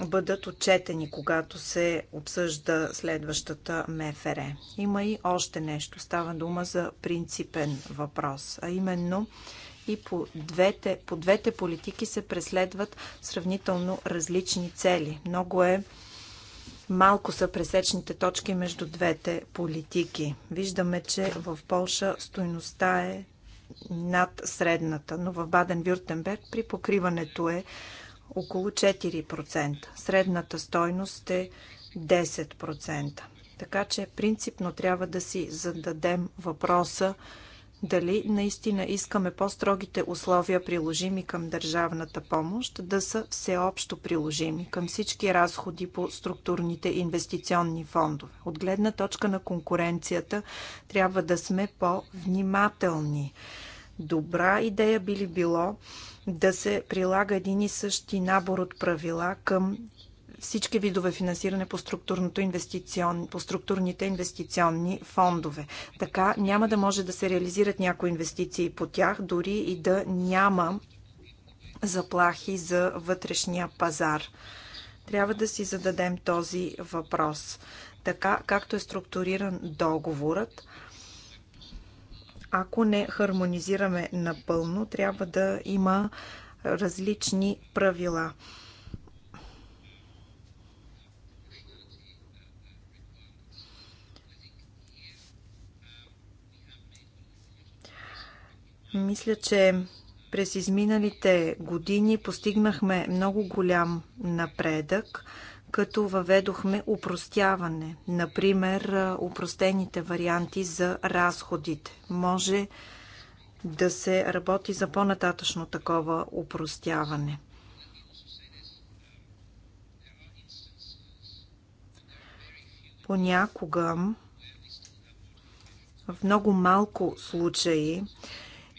бъдат отчетени, когато се обсъжда следващата МФР. Има и още нещо. Става дума за принципен въпрос, а именно и по двете, по двете политики се преследват сравнително различни цели. Много е малко са пресечните точки между двете политики. Виждаме, че в Полша стойността е над средната, но в Баден-Вюртенберг при покриването е около 4%. Средната стойност е 10%. Така че принципно трябва да си зададем въпроса дали наистина искаме по-строгите условия, приложими към държавната помощ, да са всеобщо приложими към всички разходи по структурните инвестиционни фондове. От гледна точка на конкуренцията трябва да сме по-внимателни добра идея би ли било да се прилага един и същи набор от правила към всички видове финансиране по, инвестицион, по структурните инвестиционни фондове. Така няма да може да се реализират някои инвестиции по тях, дори и да няма заплахи за вътрешния пазар. Трябва да си зададем този въпрос. Така, както е структуриран договорът, ако не хармонизираме напълно, трябва да има различни правила. Мисля, че през изминалите години постигнахме много голям напредък като въведохме упростяване. Например, упростените варианти за разходите. Може да се работи за по-нататъчно такова упростяване. Понякога в много малко случаи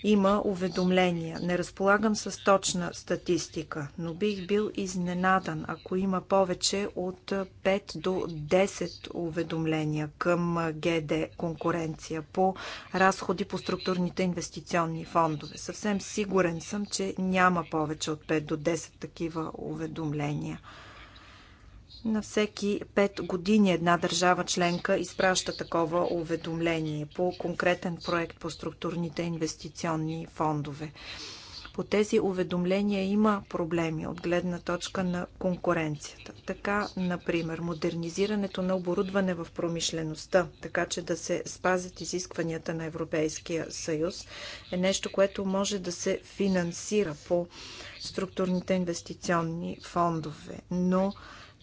има уведомления. Не разполагам с точна статистика, но бих бил изненадан, ако има повече от 5 до 10 уведомления към ГД конкуренция по разходи по структурните инвестиционни фондове. Съвсем сигурен съм, че няма повече от 5 до 10 такива уведомления. На всеки 5 години една държава членка изпраща такова уведомление по конкретен проект по структурните инвестиционни фондове. По тези уведомления има проблеми от гледна точка на конкуренцията. Така, например, модернизирането на оборудване в промишлеността, така че да се спазят изискванията на Европейския съюз, е нещо, което може да се финансира по структурните инвестиционни фондове. Но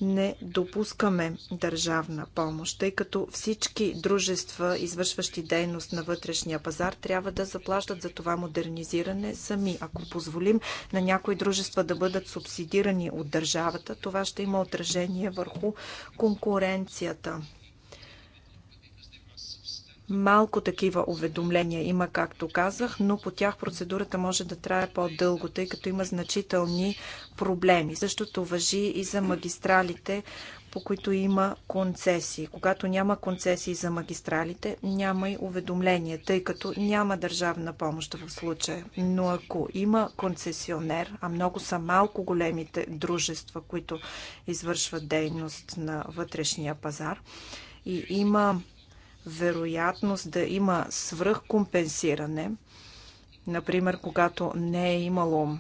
не допускаме държавна помощ, тъй като всички дружества, извършващи дейност на вътрешния пазар, трябва да заплащат за това модернизиране сами. Ако позволим на някои дружества да бъдат субсидирани от държавата, това ще има отражение върху конкуренцията. Малко такива уведомления има, както казах, но по тях процедурата може да трае по-дълго, тъй като има значителни проблеми. Същото въжи и за магистралите, по които има концесии. Когато няма концесии за магистралите, няма и уведомление, тъй като няма държавна помощ в случая. Но ако има концесионер, а много са малко големите дружества, които извършват дейност на вътрешния пазар, и има вероятност да има свръхкомпенсиране, например, когато не е имало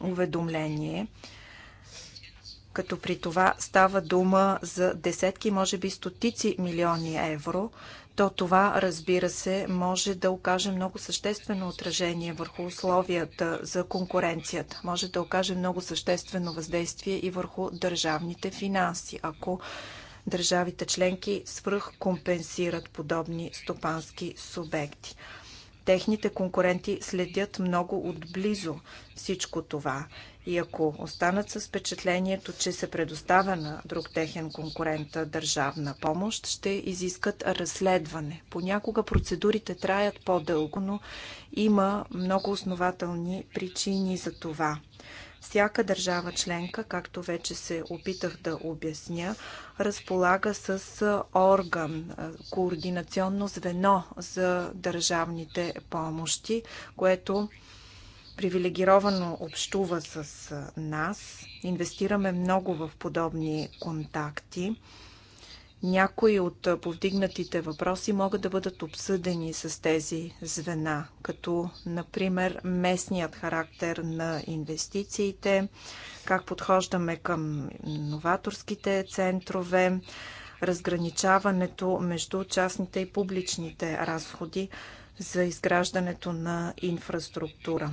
уведомление, като при това става дума за десетки, може би стотици милиони евро, то това, разбира се, може да окаже много съществено отражение върху условията за конкуренцията. Може да окаже много съществено въздействие и върху държавните финанси, ако държавите членки свръхкомпенсират подобни стопански субекти техните конкуренти следят много отблизо всичко това. И ако останат с впечатлението, че се предоставя на друг техен конкурент държавна помощ, ще изискат разследване. Понякога процедурите траят по-дълго, но има много основателни причини за това. Всяка държава членка, както вече се опитах да обясня, разполага с орган, координационно звено за държавните помощи, което привилегировано общува с нас. Инвестираме много в подобни контакти. Някои от повдигнатите въпроси могат да бъдат обсъдени с тези звена, като например местният характер на инвестициите, как подхождаме към новаторските центрове, разграничаването между частните и публичните разходи за изграждането на инфраструктура.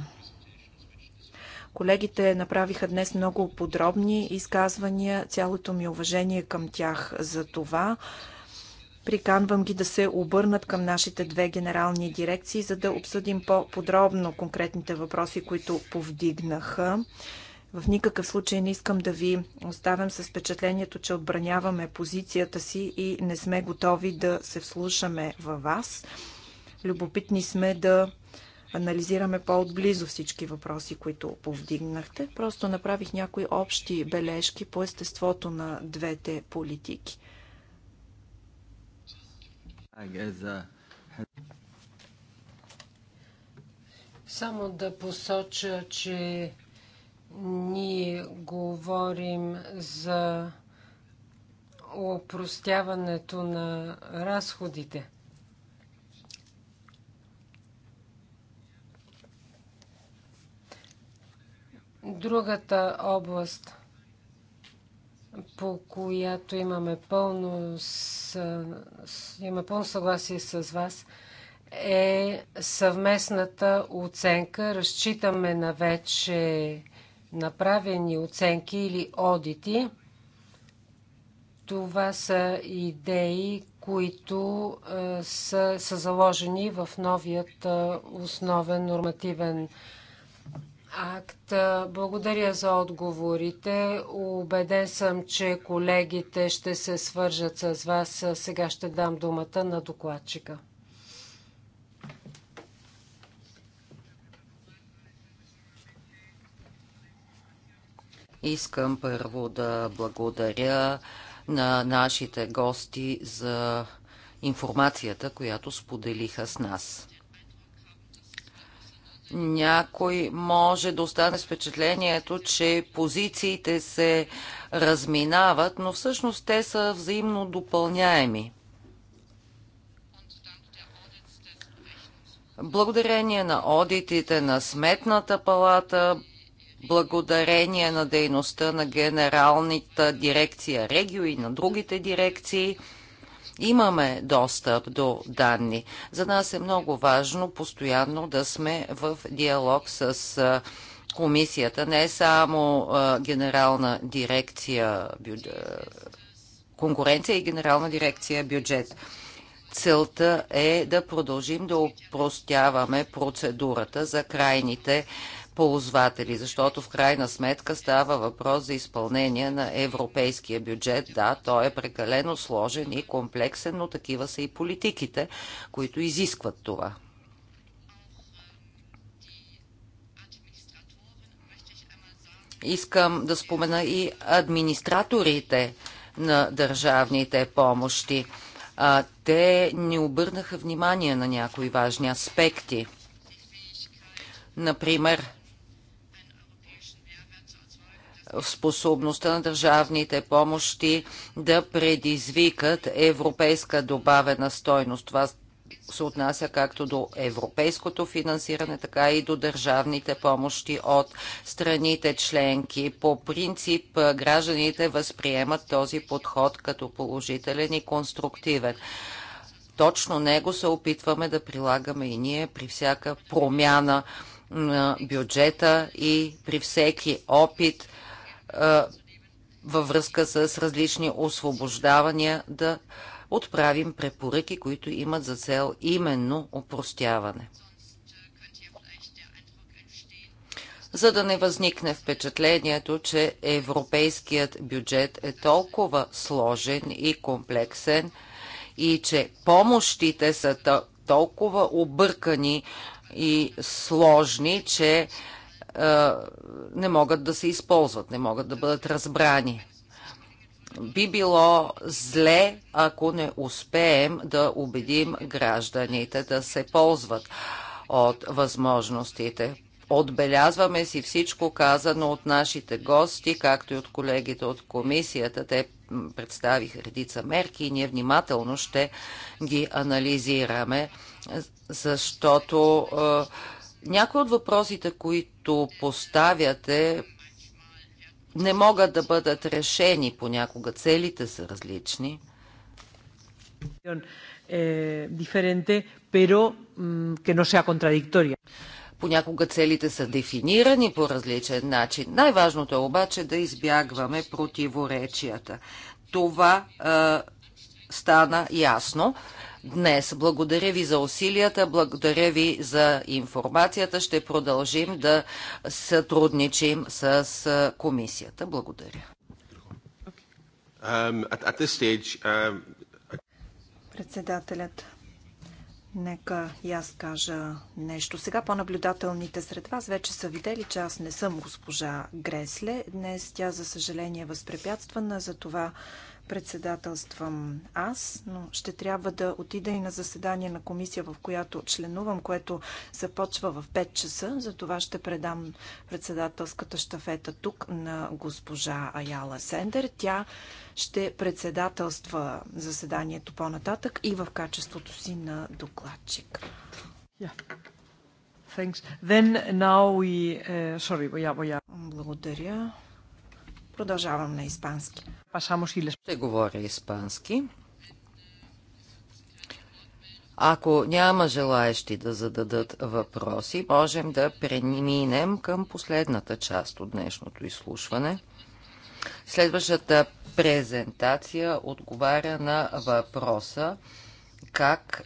Колегите направиха днес много подробни изказвания. Цялото ми уважение към тях за това. Приканвам ги да се обърнат към нашите две генерални дирекции, за да обсъдим по-подробно конкретните въпроси, които повдигнаха. В никакъв случай не искам да ви оставям с впечатлението, че отбраняваме позицията си и не сме готови да се вслушаме във вас. Любопитни сме да анализираме по-отблизо всички въпроси, които повдигнахте. Просто направих някои общи бележки по естеството на двете политики. Само да посоча, че ние говорим за опростяването на разходите. Другата област, по която имаме пълно, с, имаме пълно съгласие с вас, е съвместната оценка. Разчитаме на вече направени оценки или одити. Това са идеи, които е, са, са заложени в новият е, основен нормативен акт. Благодаря за отговорите. Убеден съм, че колегите ще се свържат с вас. Сега ще дам думата на докладчика. Искам първо да благодаря на нашите гости за информацията, която споделиха с нас някой може да остане с впечатлението, че позициите се разминават, но всъщност те са взаимно допълняеми. Благодарение на одитите на Сметната палата, благодарение на дейността на Генералната дирекция Регио и на другите дирекции – имаме достъп до данни. За нас е много важно постоянно да сме в диалог с комисията, не само генерална дирекция конкуренция и генерална дирекция бюджет. Целта е да продължим да упростяваме процедурата за крайните ползватели, защото в крайна сметка става въпрос за изпълнение на европейския бюджет. Да, той е прекалено сложен и комплексен, но такива са и политиките, които изискват това. Искам да спомена и администраторите на държавните помощи. А, те не обърнаха внимание на някои важни аспекти. Например, способността на държавните помощи да предизвикат европейска добавена стойност. Това се отнася както до европейското финансиране, така и до държавните помощи от страните членки. По принцип гражданите възприемат този подход като положителен и конструктивен. Точно него се опитваме да прилагаме и ние при всяка промяна на бюджета и при всеки опит – във връзка с различни освобождавания да отправим препоръки, които имат за цел именно упростяване. за да не възникне впечатлението, че европейският бюджет е толкова сложен и комплексен и че помощите са толкова объркани и сложни, че не могат да се използват, не могат да бъдат разбрани. Би било зле, ако не успеем да убедим гражданите да се ползват от възможностите. Отбелязваме си всичко казано от нашите гости, както и от колегите от комисията. Те представиха редица мерки и ние внимателно ще ги анализираме, защото е, някои от въпросите, които които поставяте, не могат да бъдат решени понякога. Целите са различни. Е, понякога целите са дефинирани по различен начин. Най-важното е обаче да избягваме противоречията. Това е, стана ясно днес. Благодаря ви за усилията, благодаря ви за информацията. Ще продължим да сътрудничим с комисията. Благодаря. Um, um, Председателят, нека и аз кажа нещо. Сега по-наблюдателните сред вас вече са видели, че аз не съм госпожа Гресле. Днес тя, за съжаление, е възпрепятствана, това председателствам аз, но ще трябва да отида и на заседание на комисия, в която членувам, което започва в 5 часа. За това ще предам председателската штафета тук на госпожа Аяла Сендер. Тя ще председателства заседанието по-нататък и в качеството си на докладчик. Yeah. Thanks. Then now we... Uh, sorry, Благодаря. Продължавам на испански. Ще говоря испански. Ако няма желаещи да зададат въпроси, можем да преминем към последната част от днешното изслушване. Следващата презентация отговаря на въпроса как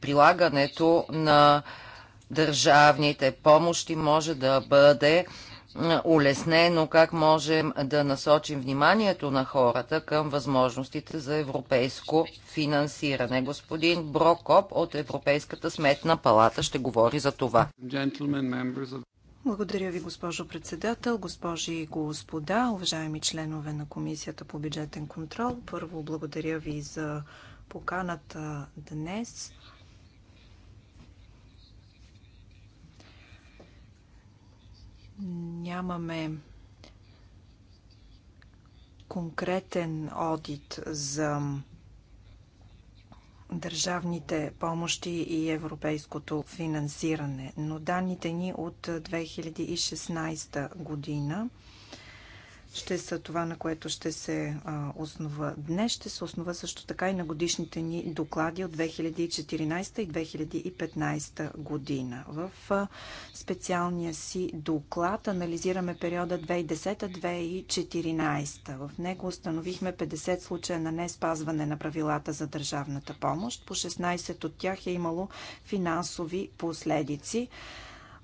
прилагането на държавните помощи може да бъде улеснено как можем да насочим вниманието на хората към възможностите за европейско финансиране. Господин Брокоп от Европейската сметна палата ще говори за това. Благодаря ви, госпожо председател, госпожи и господа, уважаеми членове на Комисията по бюджетен контрол. Първо, благодаря ви за поканата днес Нямаме конкретен одит за държавните помощи и европейското финансиране, но данните ни от 2016 година ще са това, на което ще се основа днес. Ще се основа също така и на годишните ни доклади от 2014 и 2015 година. В специалния си доклад анализираме периода 2010-2014. В него установихме 50 случая на не спазване на правилата за държавната помощ. По 16 от тях е имало финансови последици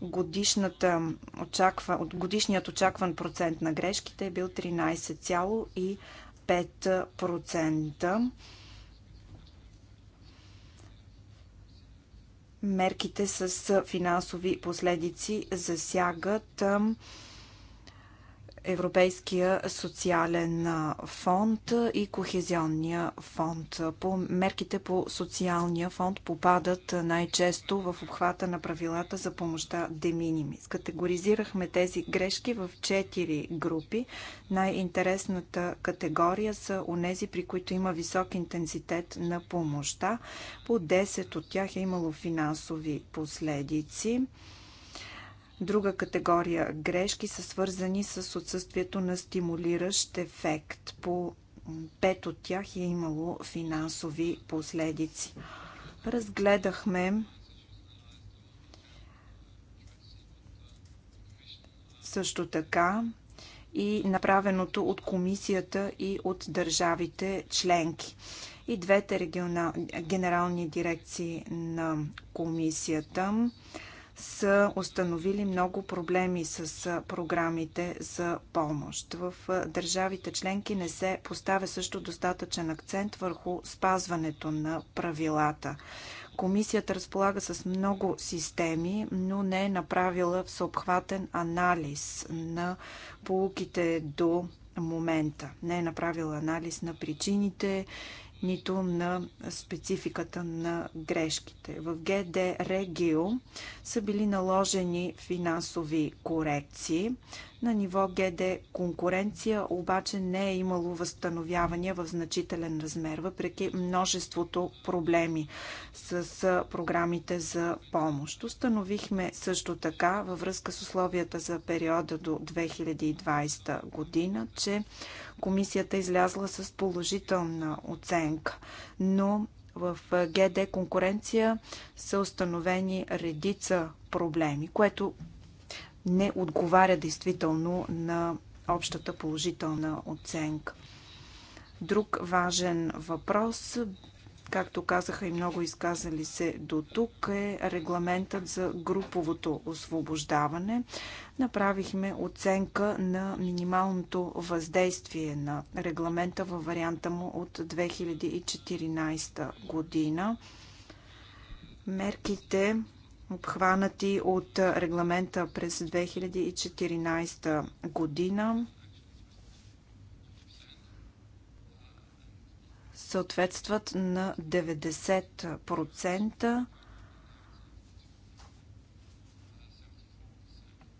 годишната очаква, годишният очакван процент на грешките е бил 13,5%. Мерките с финансови последици засягат Европейския социален фонд и Кохезионния фонд. По мерките по социалния фонд попадат най-често в обхвата на правилата за помощта de Категоризирахме тези грешки в четири групи. Най-интересната категория са онези, при които има висок интензитет на помощта. По 10 от тях е имало финансови последици. Друга категория грешки са свързани с отсъствието на стимулиращ ефект. По пет от тях е имало финансови последици. Разгледахме също така и направеното от комисията и от държавите членки. И двете регионал... генерални дирекции на комисията са установили много проблеми с програмите за помощ. В държавите членки не се поставя също достатъчен акцент върху спазването на правилата. Комисията разполага с много системи, но не е направила всеобхватен анализ на полуките до момента. Не е направила анализ на причините нито на спецификата на грешките. В ГД Регио са били наложени финансови корекции. На ниво ГД конкуренция обаче не е имало възстановявания в значителен размер, въпреки множеството проблеми с програмите за помощ. Установихме също така във връзка с условията за периода до 2020 година, че комисията е излязла с положителна оценка, но в ГД конкуренция са установени редица проблеми, което не отговаря действително на общата положителна оценка. Друг важен въпрос, както казаха и много изказали се до тук, е регламентът за груповото освобождаване. Направихме оценка на минималното въздействие на регламента във варианта му от 2014 година. Мерките обхванати от регламента през 2014 година. съответстват на 90%,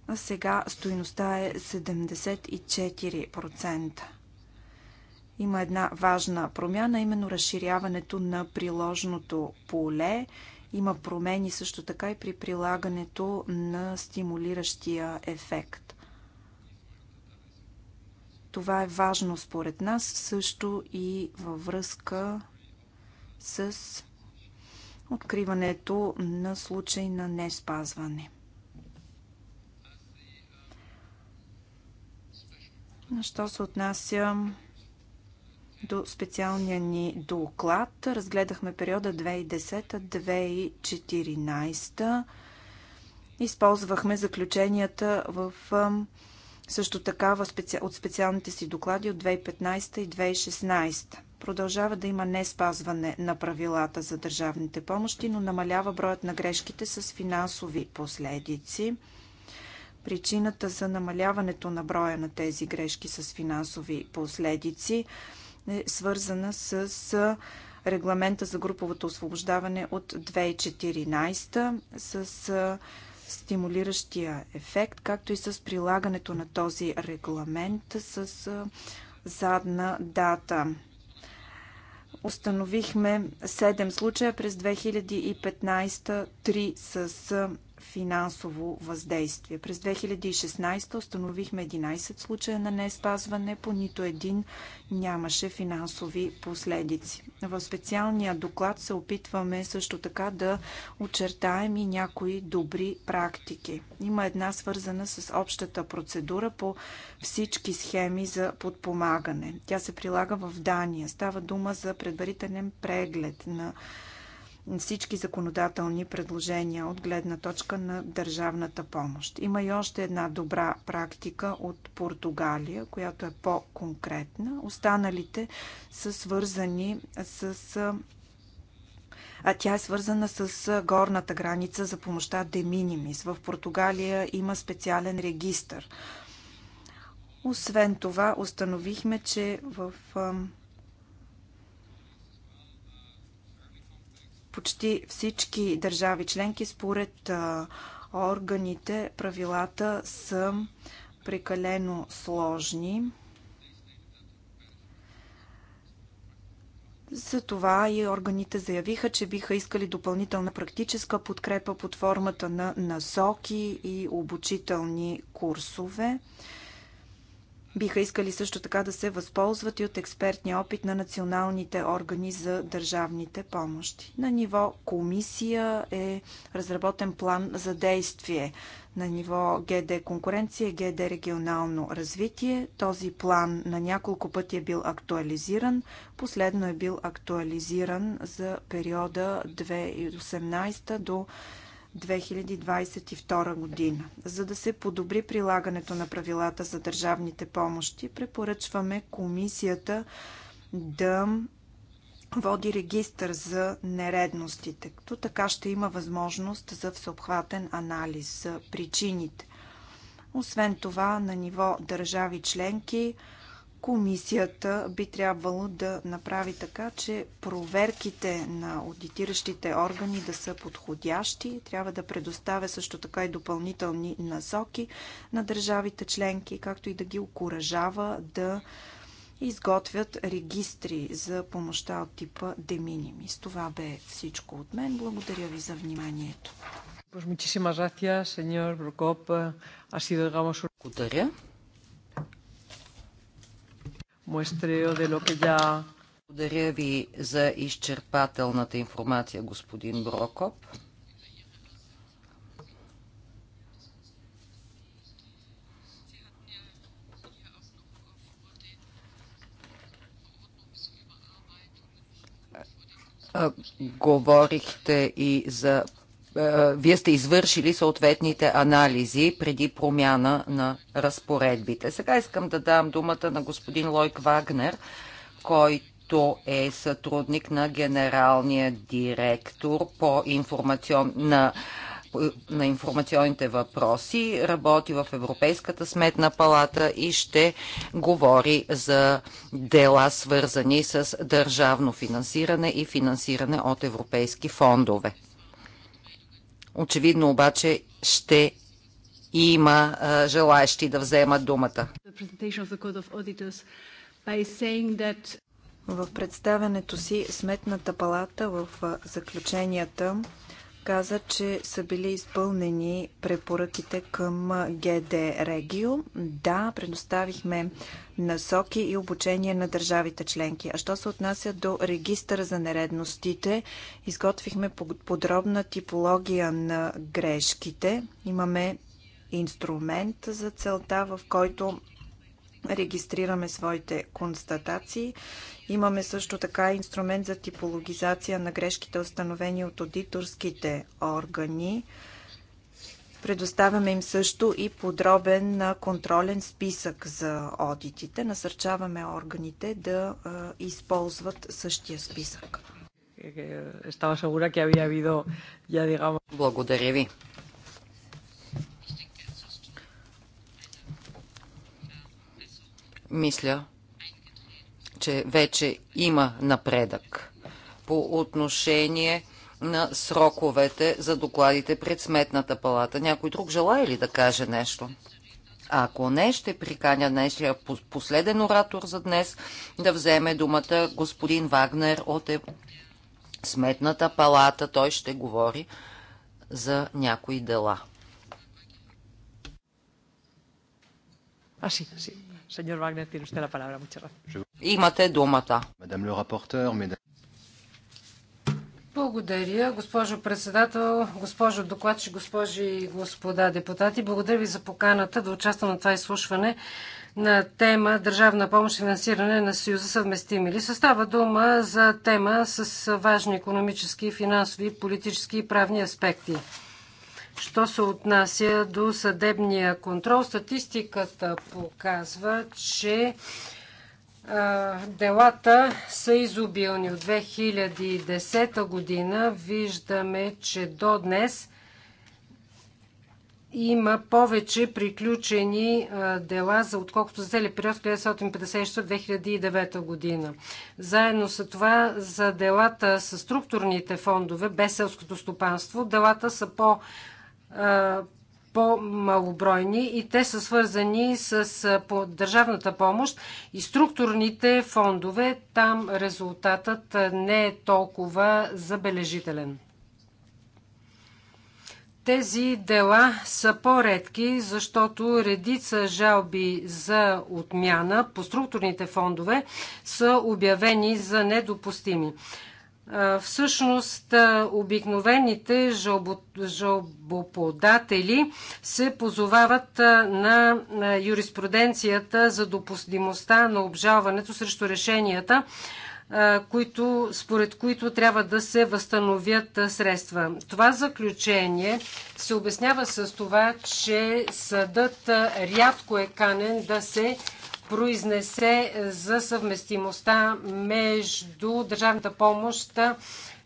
а сега стоиността е 74%. Има една важна промяна, именно разширяването на приложното поле – има промени също така и при прилагането на стимулиращия ефект. Това е важно според нас също и във връзка с откриването на случай на неспазване. На що се отнася до специалния ни доклад. Разгледахме периода 2010-2014. Използвахме заключенията в също така от специалните си доклади от 2015 и 2016. Продължава да има не спазване на правилата за държавните помощи, но намалява броят на грешките с финансови последици. Причината за намаляването на броя на тези грешки с финансови последици е свързана с регламента за груповото освобождаване от 2014 с стимулиращия ефект, както и с прилагането на този регламент с задна дата. Установихме 7 случая през 2015, 3 с финансово въздействие. През 2016 установихме 11 случая на неспазване, по нито един нямаше финансови последици. В специалния доклад се опитваме също така да очертаем и някои добри практики. Има една свързана с общата процедура по всички схеми за подпомагане. Тя се прилага в Дания. Става дума за предварителен преглед на всички законодателни предложения от гледна точка на държавната помощ. Има и още една добра практика от Португалия, която е по-конкретна. Останалите са свързани с. А тя е свързана с горната граница за помощта де минимис. В Португалия има специален регистр. Освен това, установихме, че в почти всички държави членки, според органите, правилата са прекалено сложни. Затова и органите заявиха, че биха искали допълнителна практическа подкрепа под формата на насоки и обучителни курсове. Биха искали също така да се възползват и от експертния опит на националните органи за държавните помощи. На ниво комисия е разработен план за действие. На ниво ГД конкуренция, ГД регионално развитие. Този план на няколко пъти е бил актуализиран. Последно е бил актуализиран за периода 2018 до 2022 година. За да се подобри прилагането на правилата за държавните помощи, препоръчваме комисията да води регистър за нередностите, като така ще има възможност за всеобхватен анализ за причините. Освен това, на ниво държави членки Комисията би трябвало да направи така, че проверките на аудитиращите органи да са подходящи. Трябва да предоставя също така и допълнителни насоки на държавите членки, както и да ги окоръжава да изготвят регистри за помощта от типа Деминими. С Това бе всичко от мен. Благодаря ви за вниманието. Благодаря. Благодаря ви за изчерпателната информация, господин Брокоп. говорихте и за е, вие сте извършили съответните анализи преди промяна на разпоредбите. Сега искам да дам думата на господин Лойк Вагнер, който е сътрудник на генералния директор по информацион... на на информационните въпроси, работи в Европейската сметна палата и ще говори за дела свързани с държавно финансиране и финансиране от европейски фондове. Очевидно обаче ще има а, желаещи да вземат думата. В представянето си Сметната палата в заключенията каза, че са били изпълнени препоръките към ГД Регио. Да, предоставихме насоки и обучение на държавите членки. А що се отнася до регистъра за нередностите, изготвихме подробна типология на грешките. Имаме инструмент за целта, в който регистрираме своите констатации. Имаме също така инструмент за типологизация на грешките, установени от аудиторските органи. Предоставяме им също и подробен контролен списък за одитите. Насърчаваме органите да използват същия списък. Благодаря ви. Мисля, че вече има напредък по отношение на сроковете за докладите пред Сметната палата. Някой друг желая ли да каже нещо? А ако не, ще приканя днешния последен оратор за днес да вземе думата господин Вагнер от Сметната палата. Той ще говори за някои дела. А, си, си. Señor Wagner, tiene usted la palabra. Muchas gracias. Имате думата. Благодаря, госпожо председател, госпожо докладчик, госпожи и господа депутати. Благодаря ви за поканата да участвам на това изслушване на тема Държавна помощ и финансиране на Съюза съвместими ли. Състава дума за тема с важни економически, финансови, политически и правни аспекти. Що се отнася до съдебния контрол, статистиката показва, че делата са изобилни. От 2010 година виждаме, че до днес има повече приключени дела, отколкото за целият период 1956-2009 година. Заедно с това за делата с структурните фондове, без селското стопанство, делата са по- по-малобройни и те са свързани с по държавната помощ и структурните фондове. Там резултатът не е толкова забележителен. Тези дела са по-редки, защото редица жалби за отмяна по структурните фондове са обявени за недопустими. Всъщност, обикновените жалбоподатели се позовават на юриспруденцията за допустимостта на обжалването срещу решенията, които, според които трябва да се възстановят средства. Това заключение се обяснява с това, че съдът рядко е канен да се произнесе за съвместимостта между държавната помощ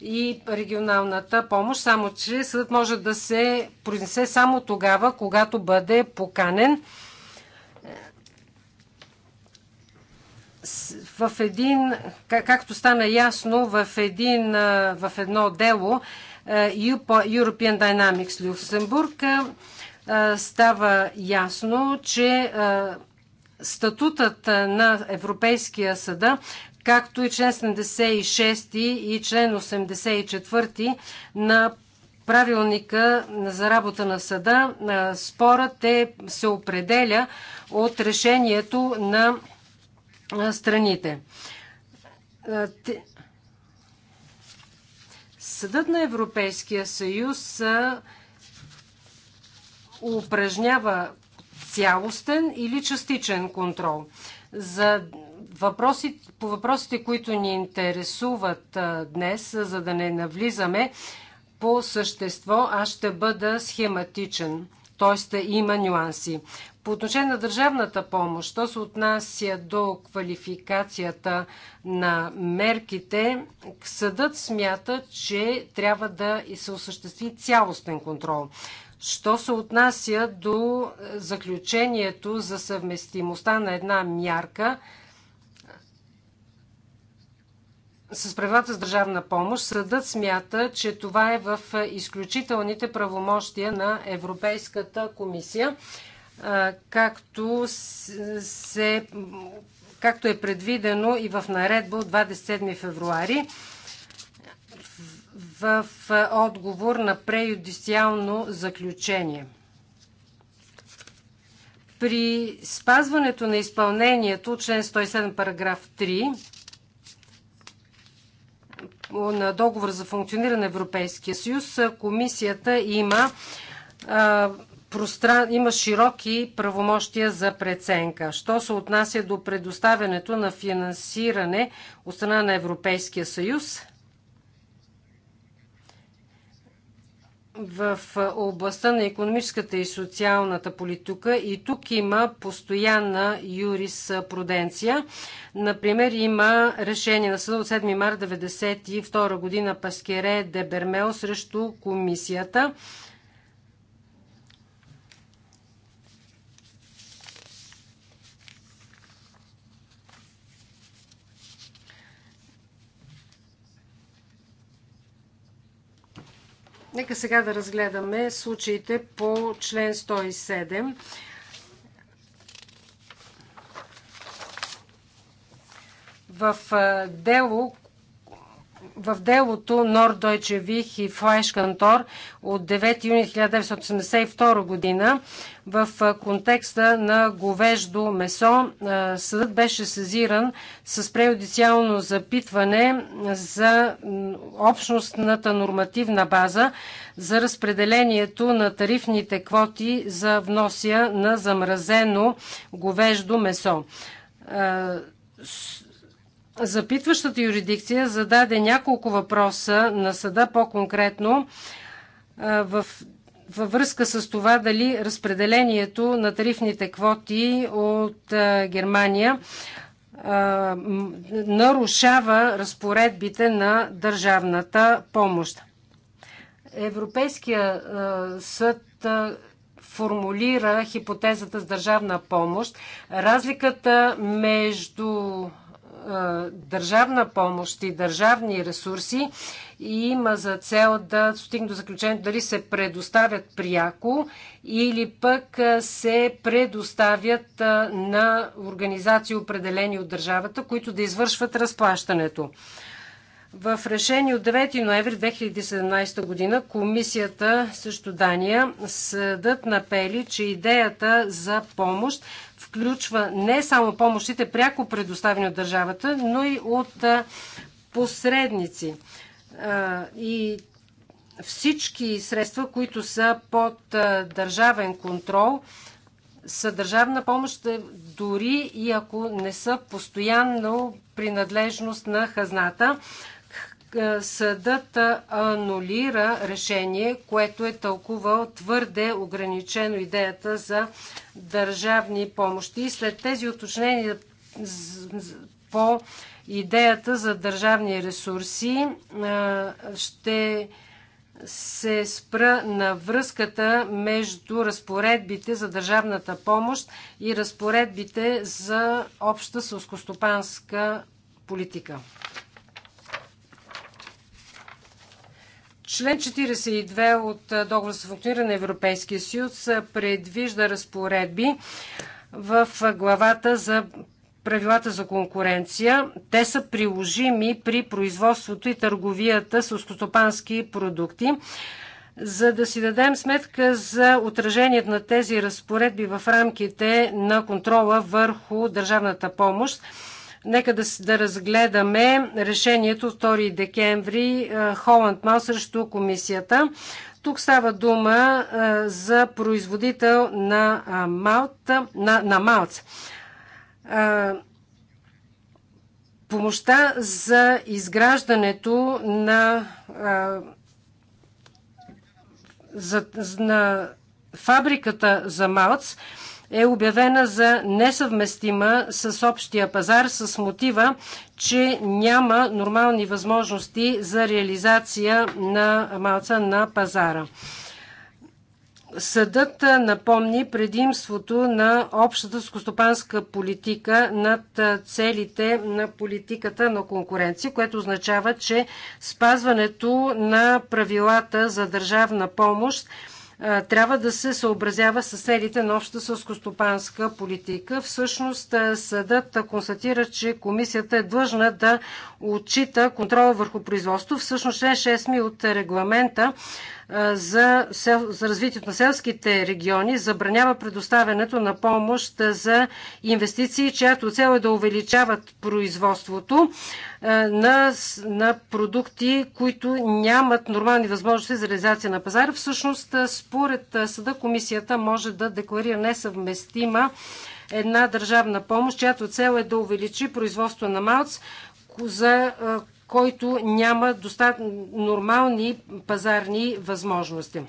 и регионалната помощ, само че съдът може да се произнесе само тогава, когато бъде поканен. В един, както стана ясно, в, един, в едно дело European Dynamics Люксембург става ясно, че статутът на Европейския съда, както и член 76 и член 84 на правилника за работа на съда, спорът е, се определя от решението на страните. Съдът на Европейския съюз упражнява цялостен или частичен контрол. За въпроси, по въпросите, които ни интересуват днес, за да не навлизаме по същество, аз ще бъда схематичен, т.е. има нюанси. По отношение на държавната помощ, що се отнася до квалификацията на мерките, съдът смята, че трябва да се осъществи цялостен контрол. Що се отнася до заключението за съвместимостта на една мярка с правилата с държавна помощ, съдът смята, че това е в изключителните правомощия на Европейската комисия, както, се, както е предвидено и в наредба от 27 февруари в отговор на преюдициално заключение. При спазването на изпълнението, член 107, параграф 3 на договор за функциониране на Европейския съюз, комисията има, а, простран... има широки правомощия за преценка. Що се отнася до предоставянето на финансиране от страна на Европейския съюз, в областта на економическата и социалната политика и тук има постоянна юриспруденция. Например, има решение на съда от 7 марта 1992 година Паскере Дебермел срещу комисията Нека сега да разгледаме случаите по член 107. В дело, в делото Нордойче Вих и Флайшкантор от 9 юни 1982 година в контекста на говеждо месо съдът беше сезиран с преюдициално запитване за общностната нормативна база за разпределението на тарифните квоти за вносия на замразено говеждо месо Запитващата юридикция зададе няколко въпроса на съда по-конкретно в във връзка с това дали разпределението на тарифните квоти от Германия нарушава разпоредбите на държавната помощ. Европейския съд формулира хипотезата с държавна помощ. Разликата между е, държавна помощ и държавни ресурси и има за цел да стигне до заключението дали се предоставят пряко или пък е, се предоставят е, на организации определени от държавата, които да извършват разплащането. В решение от 9 ноември 2017 година комисията също Дания съдът напели, че идеята за помощ включва не само помощите пряко предоставени от държавата, но и от посредници. И всички средства, които са под държавен контрол, са държавна помощ, е, дори и ако не са постоянно принадлежност на хазната. Е, съдът анулира решение, което е тълкувал твърде ограничено идеята за държавни помощи. След тези уточнения по идеята за държавни ресурси е, ще се спра на връзката между разпоредбите за държавната помощ и разпоредбите за обща сълскостопанска политика. Член 42 от договора за функциониране на Европейския съюз предвижда разпоредби в главата за правилата за конкуренция. Те са приложими при производството и търговията с ускотопански продукти. За да си дадем сметка за отражението на тези разпоредби в рамките на контрола върху държавната помощ, Нека да, да разгледаме решението 2 декември е, Холандман срещу комисията. Тук става дума е, за производител на, е, малта, на, на малц. Помощта за изграждането на, за, на фабриката за малц е обявена за несъвместима с общия пазар с мотива, че няма нормални възможности за реализация на малца на пазара. Съдът напомни предимството на общата скостопанска политика над целите на политиката на конкуренция, което означава, че спазването на правилата за държавна помощ трябва да се съобразява с целите на общата сълскостопанска политика. Всъщност съдът констатира, че комисията е длъжна да отчита контрола върху производство. Всъщност член 6 от регламента за, сел, за развитието на селските региони забранява предоставянето на помощ за инвестиции, чиято цел е да увеличават производството на, на продукти, които нямат нормални възможности за реализация на пазара. Всъщност, според съда, комисията може да декларира несъвместима една държавна помощ, чиято цел е да увеличи производство на малц, за който няма достатъчно нормални пазарни възможности.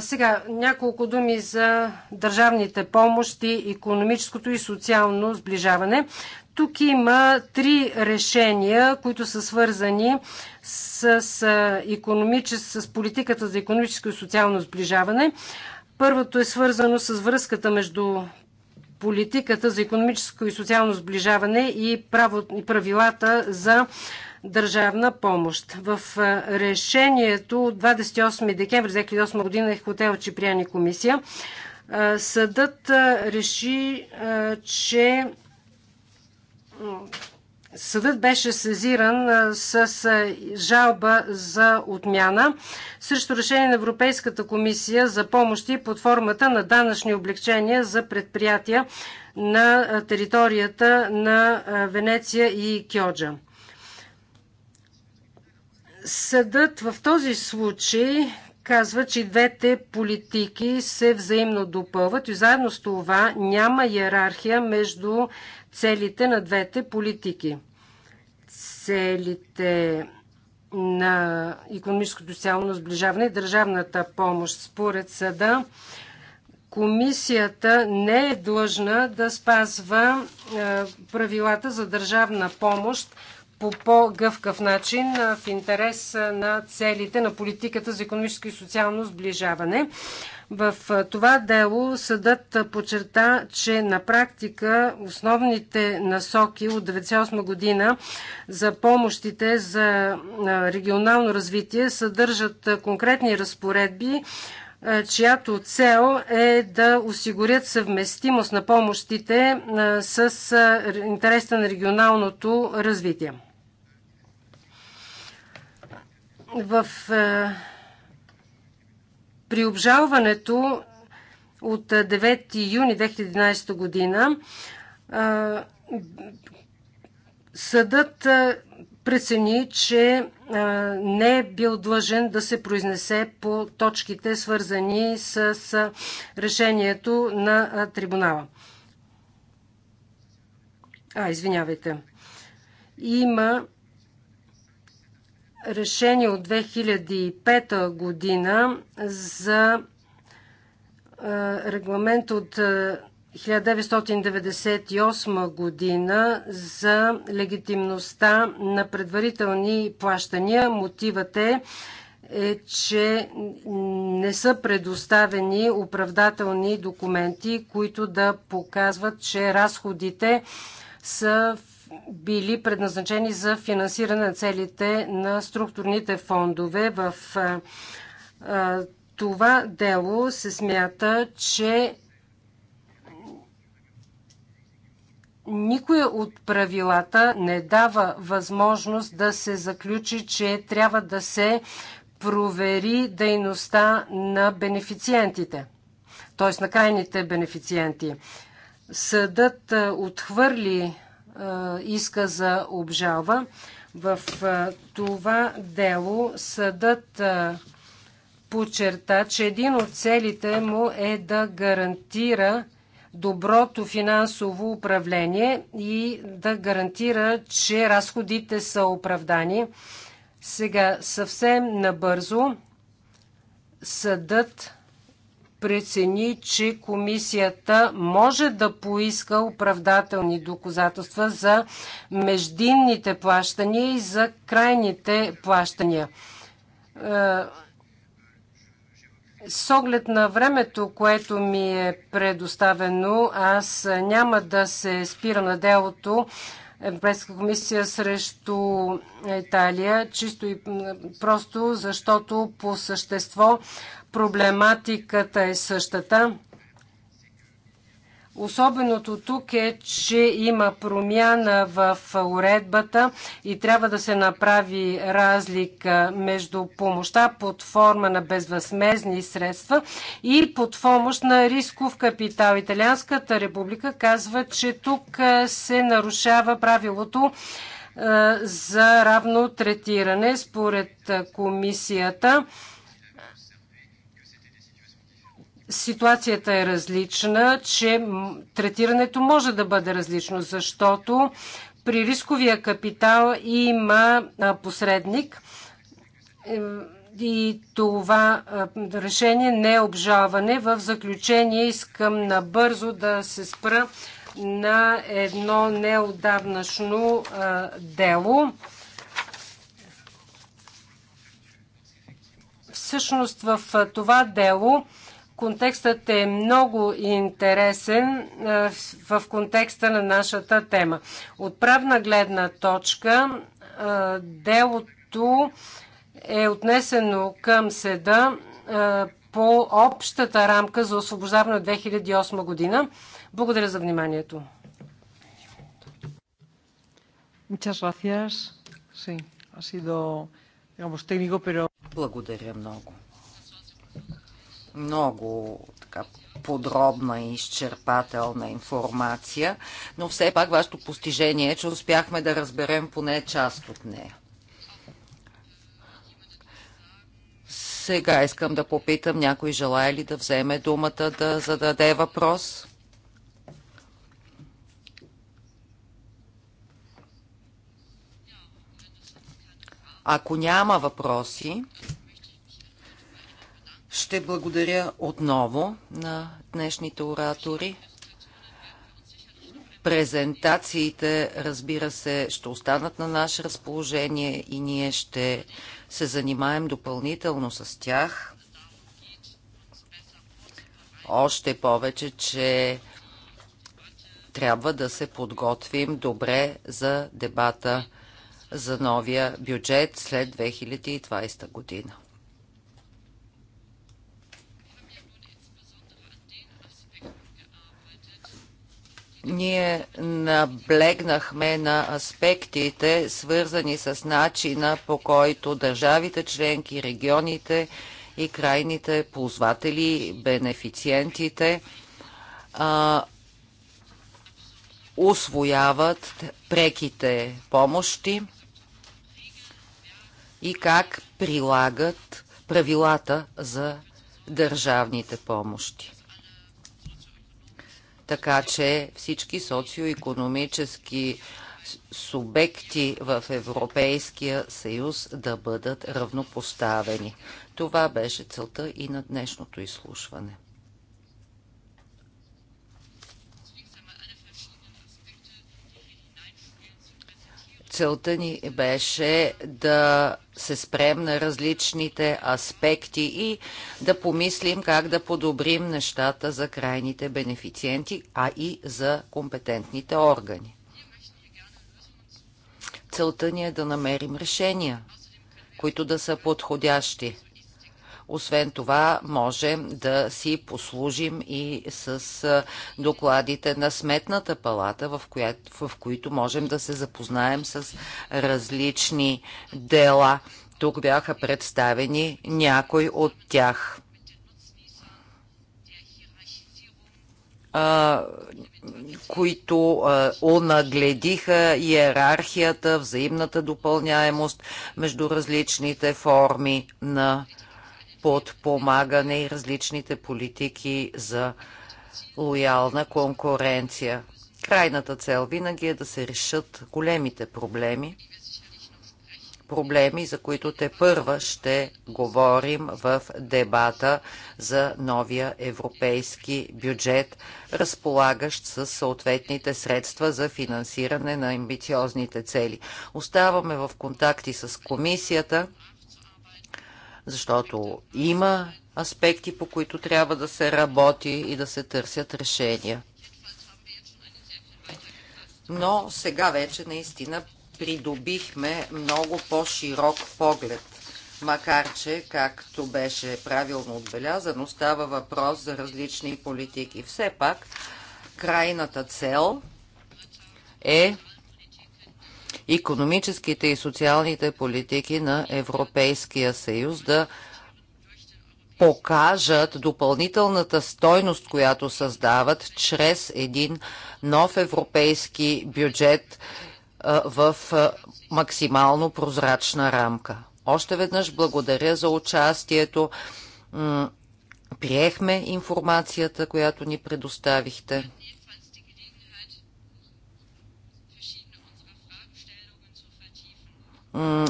Сега няколко думи за държавните помощи, економическото и социално сближаване. Тук има три решения, които са свързани с, с, с политиката за економическо и социално сближаване. Първото е свързано с връзката между политиката за економическо и социално сближаване и, правилата за държавна помощ. В решението от 28 декември 2008 година е хотел Чиприяни комисия. Съдът реши, че Съдът беше сезиран с жалба за отмяна срещу решение на Европейската комисия за помощи под формата на данъчни облегчения за предприятия на територията на Венеция и Кьоджа. Съдът в този случай казва, че двете политики се взаимно допълват и заедно с това няма иерархия между целите на двете политики. Целите на економическото социално сближаване и държавната помощ. Според съда, комисията не е длъжна да спазва е, правилата за държавна помощ по по-гъвкав начин е, в интерес на целите на политиката за економическо и социално сближаване. В това дело съдът подчерта, че на практика основните насоки от 1998 година за помощите за регионално развитие съдържат конкретни разпоредби, чиято цел е да осигурят съвместимост на помощите с интересите на регионалното развитие. В при обжалването от 9 юни 2011 година съдът прецени, че не е бил длъжен да се произнесе по точките, свързани с решението на трибунала. А, извинявайте. Има решение от 2005 година за регламент от 1998 година за легитимността на предварителни плащания. Мотивът е, е, че не са предоставени оправдателни документи, които да показват, че разходите са били предназначени за финансиране на целите на структурните фондове. В това дело се смята, че никое от правилата не дава възможност да се заключи, че трябва да се провери дейността на бенефициентите, т.е. на крайните бенефициенти. Съдът отхвърли иска за обжалва. В това дело съдът подчерта, че един от целите му е да гарантира доброто финансово управление и да гарантира, че разходите са оправдани. Сега съвсем набързо съдът прецени, че комисията може да поиска оправдателни доказателства за междинните плащания и за крайните плащания. Е, с оглед на времето, което ми е предоставено, аз няма да се спира на делото Европейска комисия срещу Италия, чисто и просто защото по същество Проблематиката е същата. Особеното тук е, че има промяна в уредбата и трябва да се направи разлика между помощта под форма на безвъзмезни средства и под помощ на рисков капитал. Италианската република казва, че тук се нарушава правилото за равно третиране според комисията ситуацията е различна, че третирането може да бъде различно, защото при рисковия капитал има посредник е, и това решение не е обжаване. В заключение искам набързо да се спра на едно неодавнашно дело. Всъщност в това дело Контекстът е много интересен е, в контекста на нашата тема. От правна гледна точка е, делото е отнесено към седа е, по общата рамка за освобождаване от 2008 година. Благодаря за вниманието. Благодаря много много така, подробна и изчерпателна информация, но все пак вашето постижение е, че успяхме да разберем поне част от нея. Сега искам да попитам, някой желая ли да вземе думата да зададе въпрос? Ако няма въпроси, ще благодаря отново на днешните оратори. Презентациите, разбира се, ще останат на наше разположение и ние ще се занимаем допълнително с тях. Още повече, че трябва да се подготвим добре за дебата за новия бюджет след 2020 година. ние наблегнахме на аспектите, свързани с начина по който държавите членки, регионите и крайните ползватели, бенефициентите а, освояват преките помощи и как прилагат правилата за държавните помощи така че всички социо-економически субекти в Европейския съюз да бъдат равнопоставени. Това беше целта и на днешното изслушване. целта ни беше да се спрем на различните аспекти и да помислим как да подобрим нещата за крайните бенефициенти, а и за компетентните органи. Целта ни е да намерим решения, които да са подходящи – освен това, можем да си послужим и с докладите на Сметната палата, в, коя, в които можем да се запознаем с различни дела. Тук бяха представени някои от тях. които унагледиха иерархията, взаимната допълняемост между различните форми на подпомагане и различните политики за лоялна конкуренция. Крайната цел винаги е да се решат големите проблеми, проблеми, за които те първа ще говорим в дебата за новия европейски бюджет, разполагащ с съответните средства за финансиране на амбициозните цели. Оставаме в контакти с комисията – защото има аспекти, по които трябва да се работи и да се търсят решения. Но сега вече наистина придобихме много по-широк поглед. Макар че, както беше правилно отбелязано, става въпрос за различни политики. Все пак, крайната цел е економическите и социалните политики на Европейския съюз да покажат допълнителната стойност, която създават чрез един нов европейски бюджет в максимално прозрачна рамка. Още веднъж благодаря за участието. Приехме информацията, която ни предоставихте.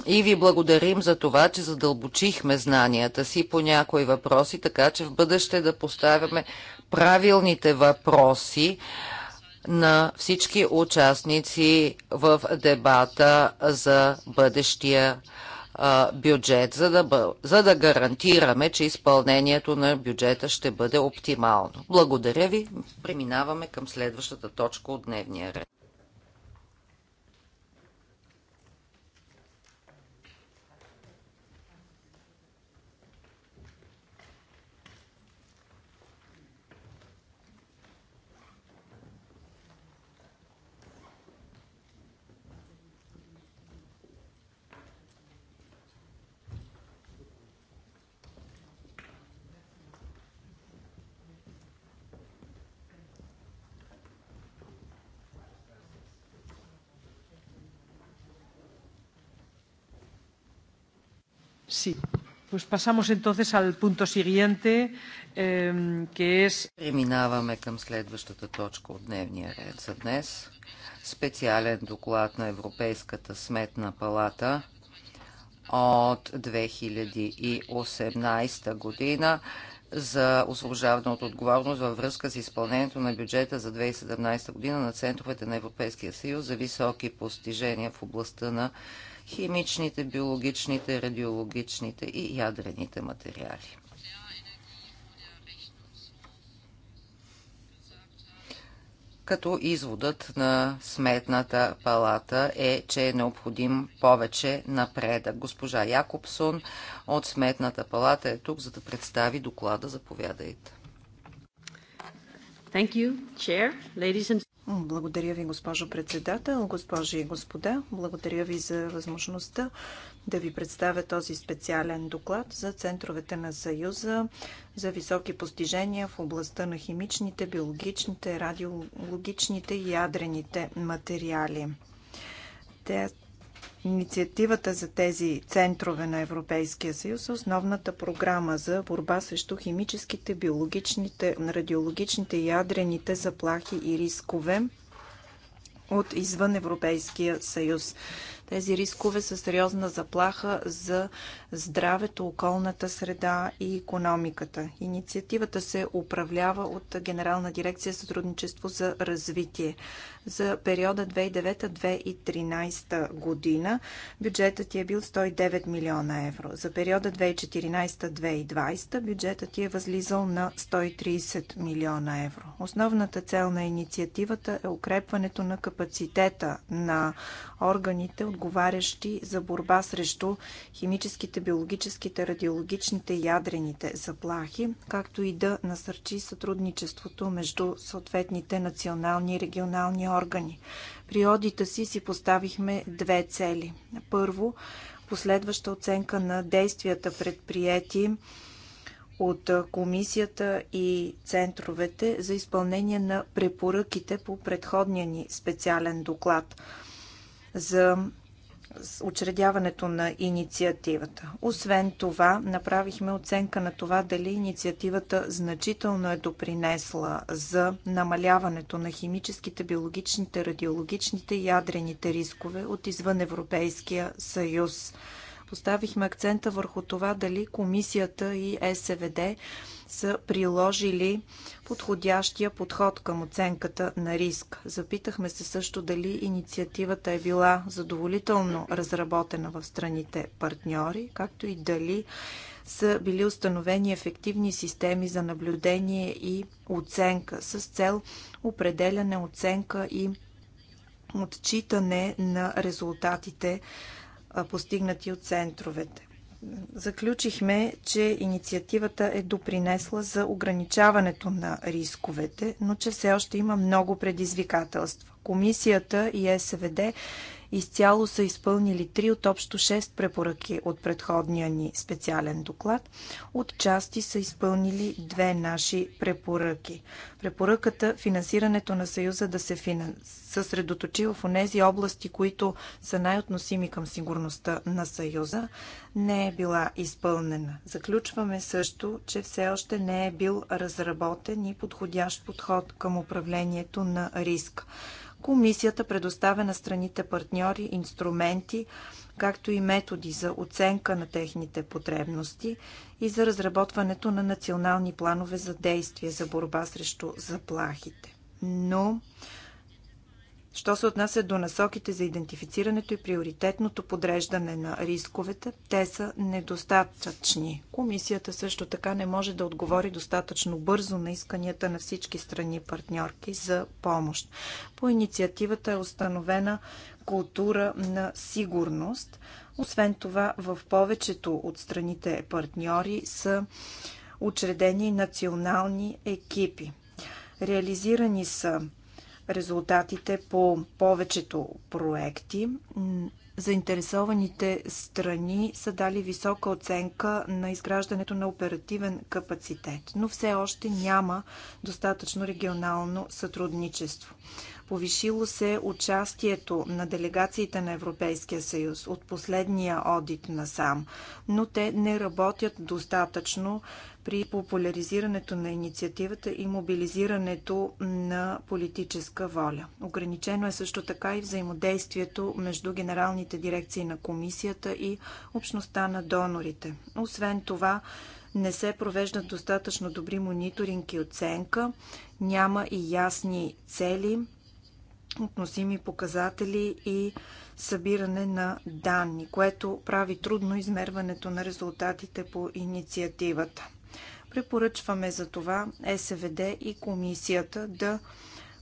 И ви благодарим за това, че задълбочихме знанията си по някои въпроси, така че в бъдеще да поставяме правилните въпроси на всички участници в дебата за бъдещия бюджет, за да, за да гарантираме, че изпълнението на бюджета ще бъде оптимално. Благодаря ви. Преминаваме към следващата точка от дневния ред. Sí. Pues pasamos entonces al punto siguiente, eh, que es... Преминаваме към следващата точка от дневния ред за днес. Специален доклад на Европейската сметна палата от 2018 година за освобождаване от отговорност във връзка с изпълнението на бюджета за 2017 година на центровете на Европейския съюз за високи постижения в областта на химичните, биологичните, радиологичните и ядрените материали. като изводът на Сметната палата е, че е необходим повече напредък. Госпожа Якобсон от Сметната палата е тук, за да представи доклада. Заповядайте. Thank you, chair, ladies and... Благодаря ви, госпожо председател, госпожи и господа. Благодаря ви за възможността да ви представя този специален доклад за центровете на Съюза за високи постижения в областта на химичните, биологичните, радиологичните и ядрените материали. Инициативата за тези центрове на Европейския съюз е основната програма за борба срещу химическите, биологичните, радиологичните и ядрените заплахи и рискове от извън Европейския съюз. Тези рискове са сериозна заплаха за здравето, околната среда и економиката. Инициативата се управлява от Генерална дирекция сътрудничество за развитие за периода 2009-2013 година бюджетът ти е бил 109 милиона евро. За периода 2014-2020 бюджетът ти е възлизал на 130 милиона евро. Основната цел на инициативата е укрепването на капацитета на органите, отговарящи за борба срещу химическите, биологическите, радиологичните и ядрените заплахи, както и да насърчи сътрудничеството между съответните национални и регионални органи. При одита си си поставихме две цели. Първо, последваща оценка на действията предприяти от комисията и центровете за изпълнение на препоръките по предходния ни специален доклад за учредяването на инициативата. Освен това, направихме оценка на това дали инициативата значително е допринесла за намаляването на химическите, биологичните, радиологичните и ядрените рискове от извън Европейския съюз. Поставихме акцента върху това дали комисията и СВД са приложили подходящия подход към оценката на риск. Запитахме се също дали инициативата е била задоволително разработена в страните партньори, както и дали са били установени ефективни системи за наблюдение и оценка с цел определяне оценка и отчитане на резултатите постигнати от центровете. Заключихме, че инициативата е допринесла за ограничаването на рисковете, но че все още има много предизвикателства. Комисията и СВД изцяло са изпълнили три от общо шест препоръки от предходния ни специален доклад. От части са изпълнили две наши препоръки. Препоръката финансирането на Съюза да се съсредоточи в онези области, които са най-относими към сигурността на Съюза, не е била изпълнена. Заключваме също, че все още не е бил разработен и подходящ подход към управлението на риска. Комисията предоставя на страните партньори инструменти, както и методи за оценка на техните потребности и за разработването на национални планове за действие за борба срещу заплахите. Но Що се отнася до насоките за идентифицирането и приоритетното подреждане на рисковете, те са недостатъчни. Комисията също така не може да отговори достатъчно бързо на исканията на всички страни партньорки за помощ. По инициативата е установена култура на сигурност. Освен това, в повечето от страните партньори са учредени национални екипи. Реализирани са резултатите по повечето проекти. Заинтересованите страни са дали висока оценка на изграждането на оперативен капацитет, но все още няма достатъчно регионално сътрудничество. Повишило се участието на делегациите на Европейския съюз от последния одит насам, но те не работят достатъчно при популяризирането на инициативата и мобилизирането на политическа воля. Ограничено е също така и взаимодействието между генералните дирекции на комисията и общността на донорите. Освен това, не се провеждат достатъчно добри мониторинг и оценка, няма и ясни цели, относими показатели и събиране на данни, което прави трудно измерването на резултатите по инициативата. Препоръчваме за това СВД и комисията да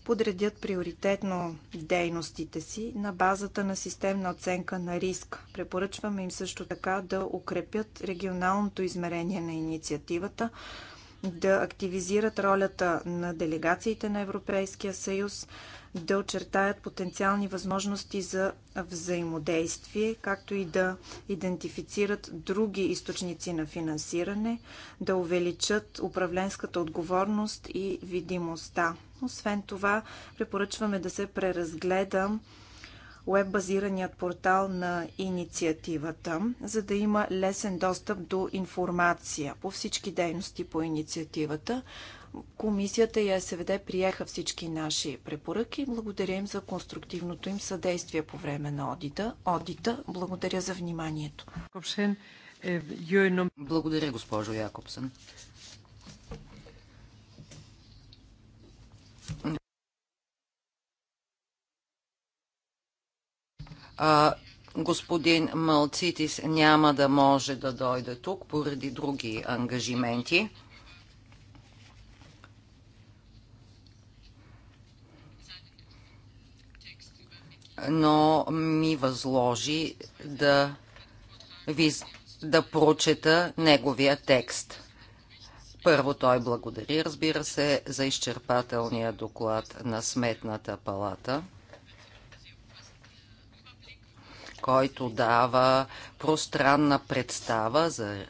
подредят приоритетно дейностите си на базата на системна оценка на риск. Препоръчваме им също така да укрепят регионалното измерение на инициативата, да активизират ролята на делегациите на Европейския съюз, да очертаят потенциални възможности за взаимодействие, както и да идентифицират други източници на финансиране, да увеличат управленската отговорност и видимостта. Освен това, препоръчваме да се преразгледа веб-базираният портал на инициативата, за да има лесен достъп до информация по всички дейности по инициативата. Комисията и СВД приеха всички наши препоръки. Благодаря им за конструктивното им съдействие по време на одита. Одита, благодаря за вниманието. Е, благодаря, госпожо Якобсън. а, господин Малцитис няма да може да дойде тук поради други ангажименти. Но ми възложи да, ви, да прочета неговия текст. Първо той благодари, разбира се, за изчерпателния доклад на Сметната палата – който дава пространна представа за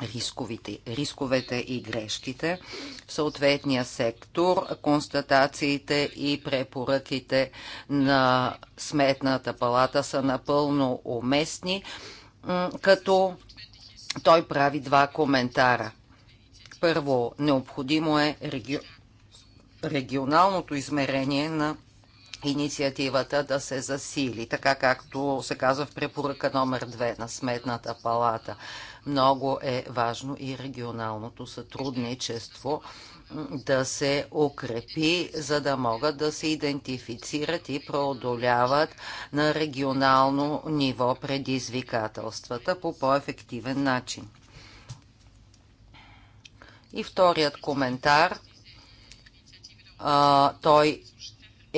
рисковите, рисковете и грешките в съответния сектор, констатациите и препоръките на Сметната палата са напълно уместни, като той прави два коментара. Първо, необходимо е регионалното измерение на инициативата да се засили, така както се казва в препоръка номер 2 на Сметната палата. Много е важно и регионалното сътрудничество да се укрепи, за да могат да се идентифицират и преодоляват на регионално ниво предизвикателствата по по-ефективен начин. И вторият коментар. А, той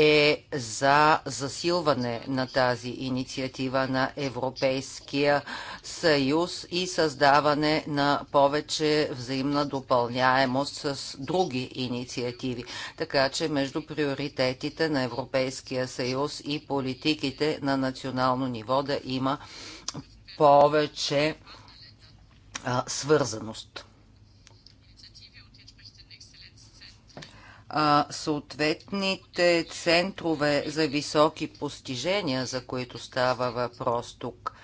е за засилване на тази инициатива на Европейския съюз и създаване на повече взаимна допълняемост с други инициативи. Така че между приоритетите на Европейския съюз и политиките на национално ниво да има повече а, свързаност. съответните центрове за високи постижения, за които става въпрос тук,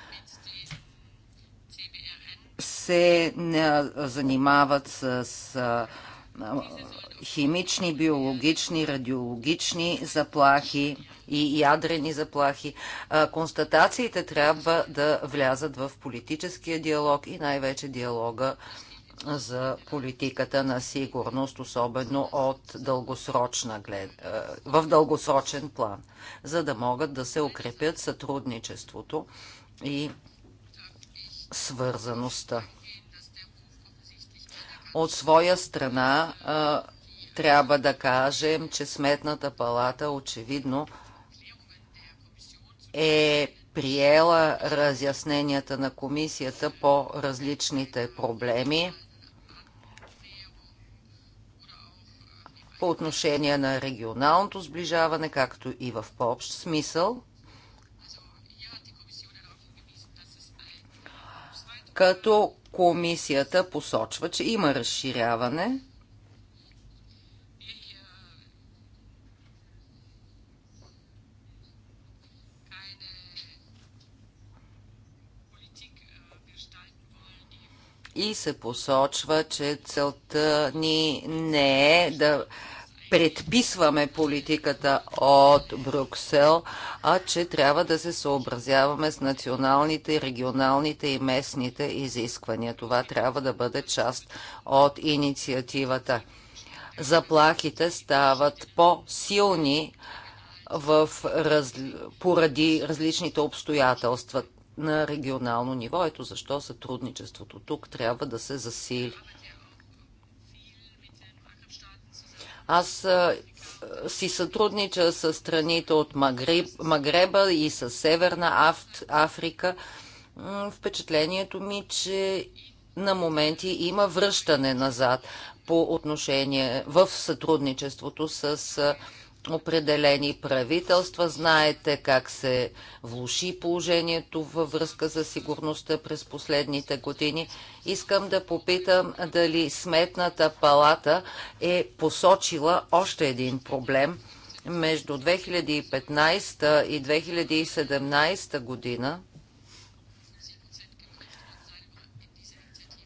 се занимават с химични, биологични, радиологични заплахи и ядрени заплахи. Констатациите трябва да влязат в политическия диалог и най-вече диалога за политиката на сигурност, особено от дългосрочна глед... Е, в дългосрочен план, за да могат да се укрепят сътрудничеството и свързаността. От своя страна е, трябва да кажем, че Сметната палата очевидно е приела разясненията на комисията по различните проблеми по отношение на регионалното сближаване, както и в по-общ смисъл. Като комисията посочва, че има разширяване и се посочва, че целта ни не е да предписваме политиката от Брюксел, а че трябва да се съобразяваме с националните, регионалните и местните изисквания. Това трябва да бъде част от инициативата. Заплахите стават по-силни в раз... поради различните обстоятелства на регионално ниво. Ето защо сътрудничеството тук трябва да се засили. Аз си сътруднича с страните от Магреб, Магреба и с Северна Аф, Африка. Впечатлението ми, че на моменти има връщане назад по отношение в сътрудничеството с определени правителства. Знаете как се влуши положението във връзка за сигурността през последните години. Искам да попитам дали Сметната палата е посочила още един проблем. Между 2015 и 2017 година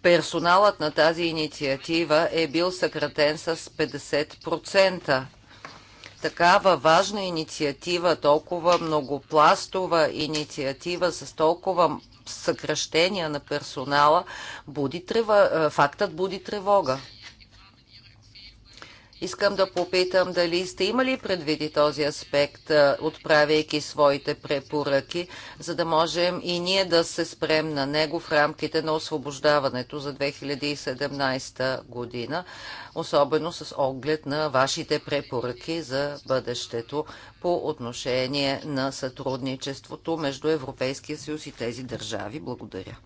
персоналът на тази инициатива е бил съкратен с 50% такава важна инициатива, толкова многопластова инициатива с толкова съкръщения на персонала, буди трева, е, фактът буди тревога. Искам да попитам дали сте имали предвиди този аспект, отправяйки своите препоръки, за да можем и ние да се спрем на него в рамките на освобождаването за 2017 година, особено с оглед на вашите препоръки за бъдещето по отношение на сътрудничеството между Европейския съюз и тези държави. Благодаря.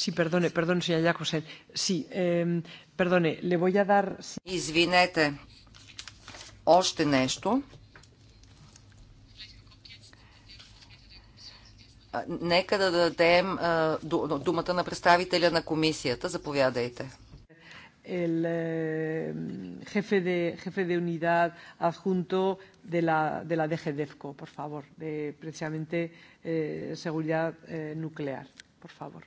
Sí, perdone, perdone, señora Jacobsen. Sí, eh, perdone, le voy a dar... Извинете, още нещо. Нека да дадем а, думата на представителя на комисията. Заповядайте. El eh, jefe, de, jefe de unidad adjunto de la, de la DGDEFCO, por favor, de precisamente eh, seguridad eh, nuclear, por favor.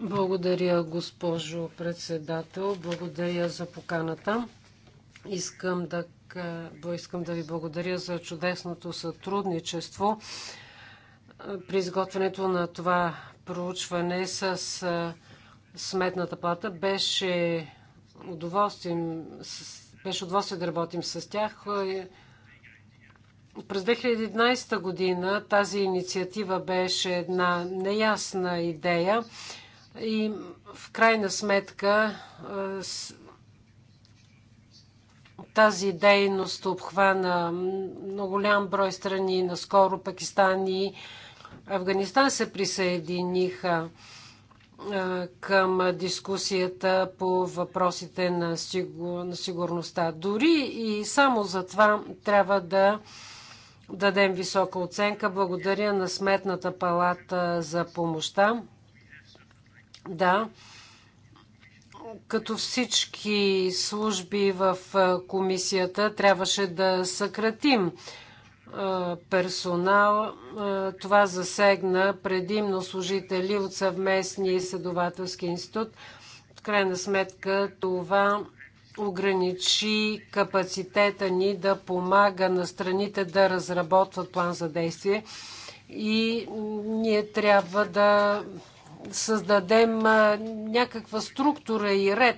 Благодаря, госпожо председател. Благодаря за поканата. Искам да, искам да ви благодаря за чудесното сътрудничество при изготвянето на това проучване с Сметната плата. Беше удоволствие, беше удоволствие да работим с тях. През 2011 година тази инициатива беше една неясна идея и в крайна сметка тази дейност обхвана много голям брой страни, наскоро Пакистан и Афганистан се присъединиха към дискусията по въпросите на, на сигурността. Дори и само за това трябва да дадем висока оценка. Благодаря на Сметната палата за помощта. Да, като всички служби в комисията, трябваше да съкратим персонал. Това засегна предимно служители от съвместния изследователски институт. В крайна сметка това ограничи капацитета ни да помага на страните да разработват план за действие и ние трябва да създадем някаква структура и ред.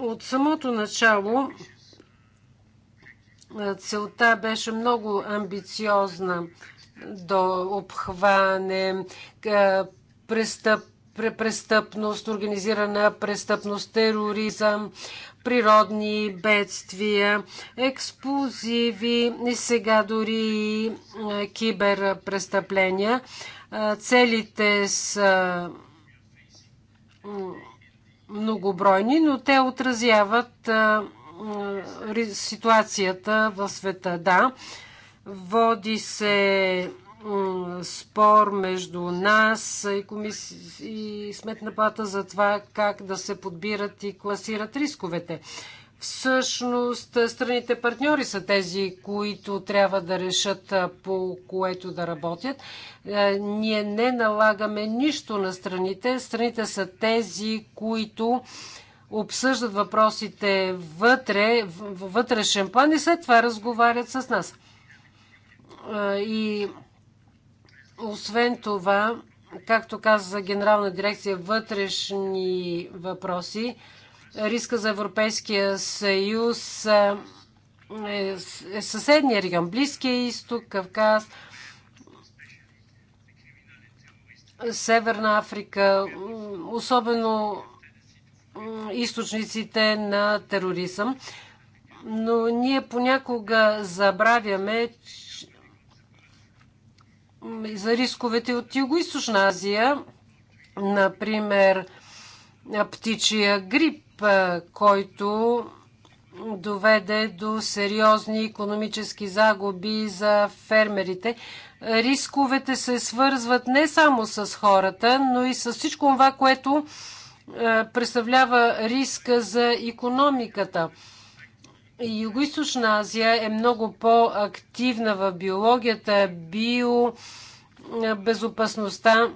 От самото начало целта беше много амбициозна да обхване, престъп престъпност, организирана престъпност, тероризъм, природни бедствия, експлозиви и сега дори е, киберпрестъпления. Е, целите са многобройни, но те отразяват е, ситуацията в света. Да, води се спор между нас и, комиси... и Сметна плата за това как да се подбират и класират рисковете. Всъщност, страните партньори са тези, които трябва да решат по което да работят. Е, ние не налагаме нищо на страните. Страните са тези, които обсъждат въпросите вътре, вътрешен план и след това разговарят с нас. Е, и освен това, както каза Генерална дирекция вътрешни въпроси, риска за Европейския съюз е, е съседния регион, Близкия изток, Кавказ, Северна Африка, особено източниците на тероризъм. Но ние понякога забравяме, за рисковете от Юго-Источна Азия, например птичия грип, който доведе до сериозни економически загуби за фермерите. Рисковете се свързват не само с хората, но и с всичко това, което представлява риска за економиката. Юго-Источна Азия е много по-активна в биологията, биобезопасността. Е,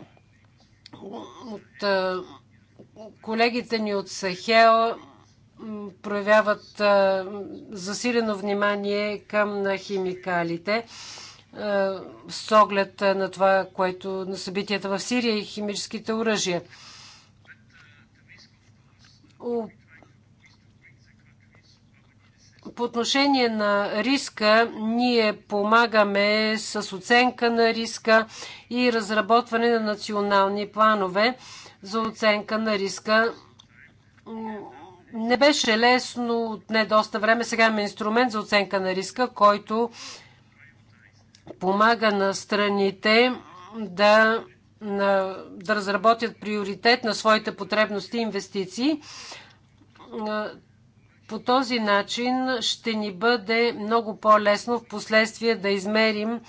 от е, колегите ни от Сахел проявяват е, засилено внимание към на химикалите с оглед на това, което на събитията в Сирия и химическите оръжия по отношение на риска, ние помагаме с оценка на риска и разработване на национални планове за оценка на риска. Не беше лесно, от не доста време. Сега имаме инструмент за оценка на риска, който помага на страните да, на, да разработят приоритет на своите потребности и инвестиции по този начин ще ни бъде много по-лесно в последствие да измерим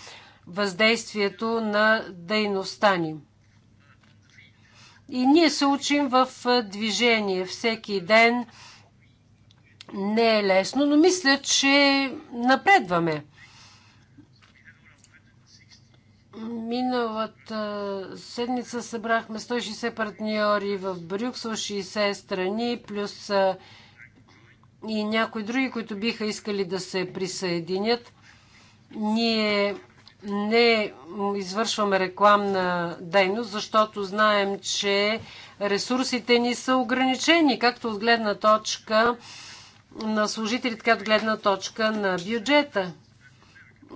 въздействието на дейността ни. И ние се учим в движение всеки ден. Не е лесно, но мисля, че напредваме. Миналата седмица събрахме 160 партньори в Брюксел, 60 страни, плюс и някои други, които биха искали да се присъединят. Ние не извършваме рекламна дейност, защото знаем, че ресурсите ни са ограничени, както от гледна точка на служители, така от гледна точка на бюджета.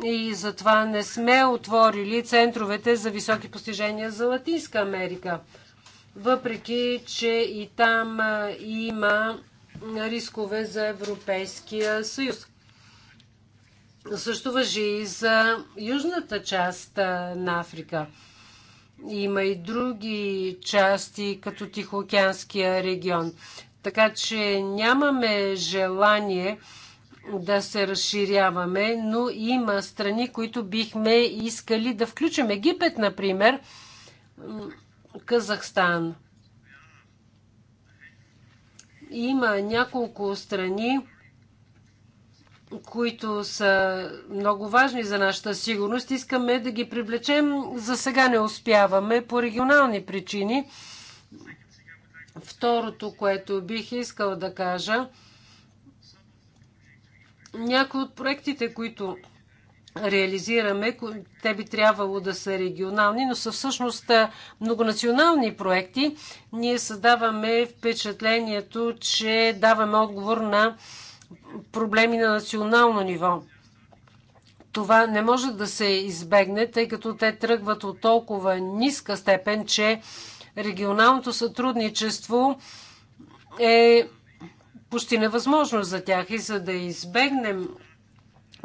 И затова не сме отворили центровете за високи постижения за Латинска Америка. Въпреки, че и там има рискове за Европейския съюз. Също въжи и за южната част на Африка. Има и други части, като Тихоокеанския регион. Така че нямаме желание да се разширяваме, но има страни, които бихме искали да включим. Египет, например, Казахстан. Има няколко страни, които са много важни за нашата сигурност. Искаме да ги привлечем. За сега не успяваме по регионални причини. Второто, което бих искал да кажа, някои от проектите, които реализираме, те би трябвало да са регионални, но са всъщност многонационални проекти. Ние създаваме впечатлението, че даваме отговор на проблеми на национално ниво. Това не може да се избегне, тъй като те тръгват от толкова ниска степен, че регионалното сътрудничество е почти невъзможно за тях. И за да избегнем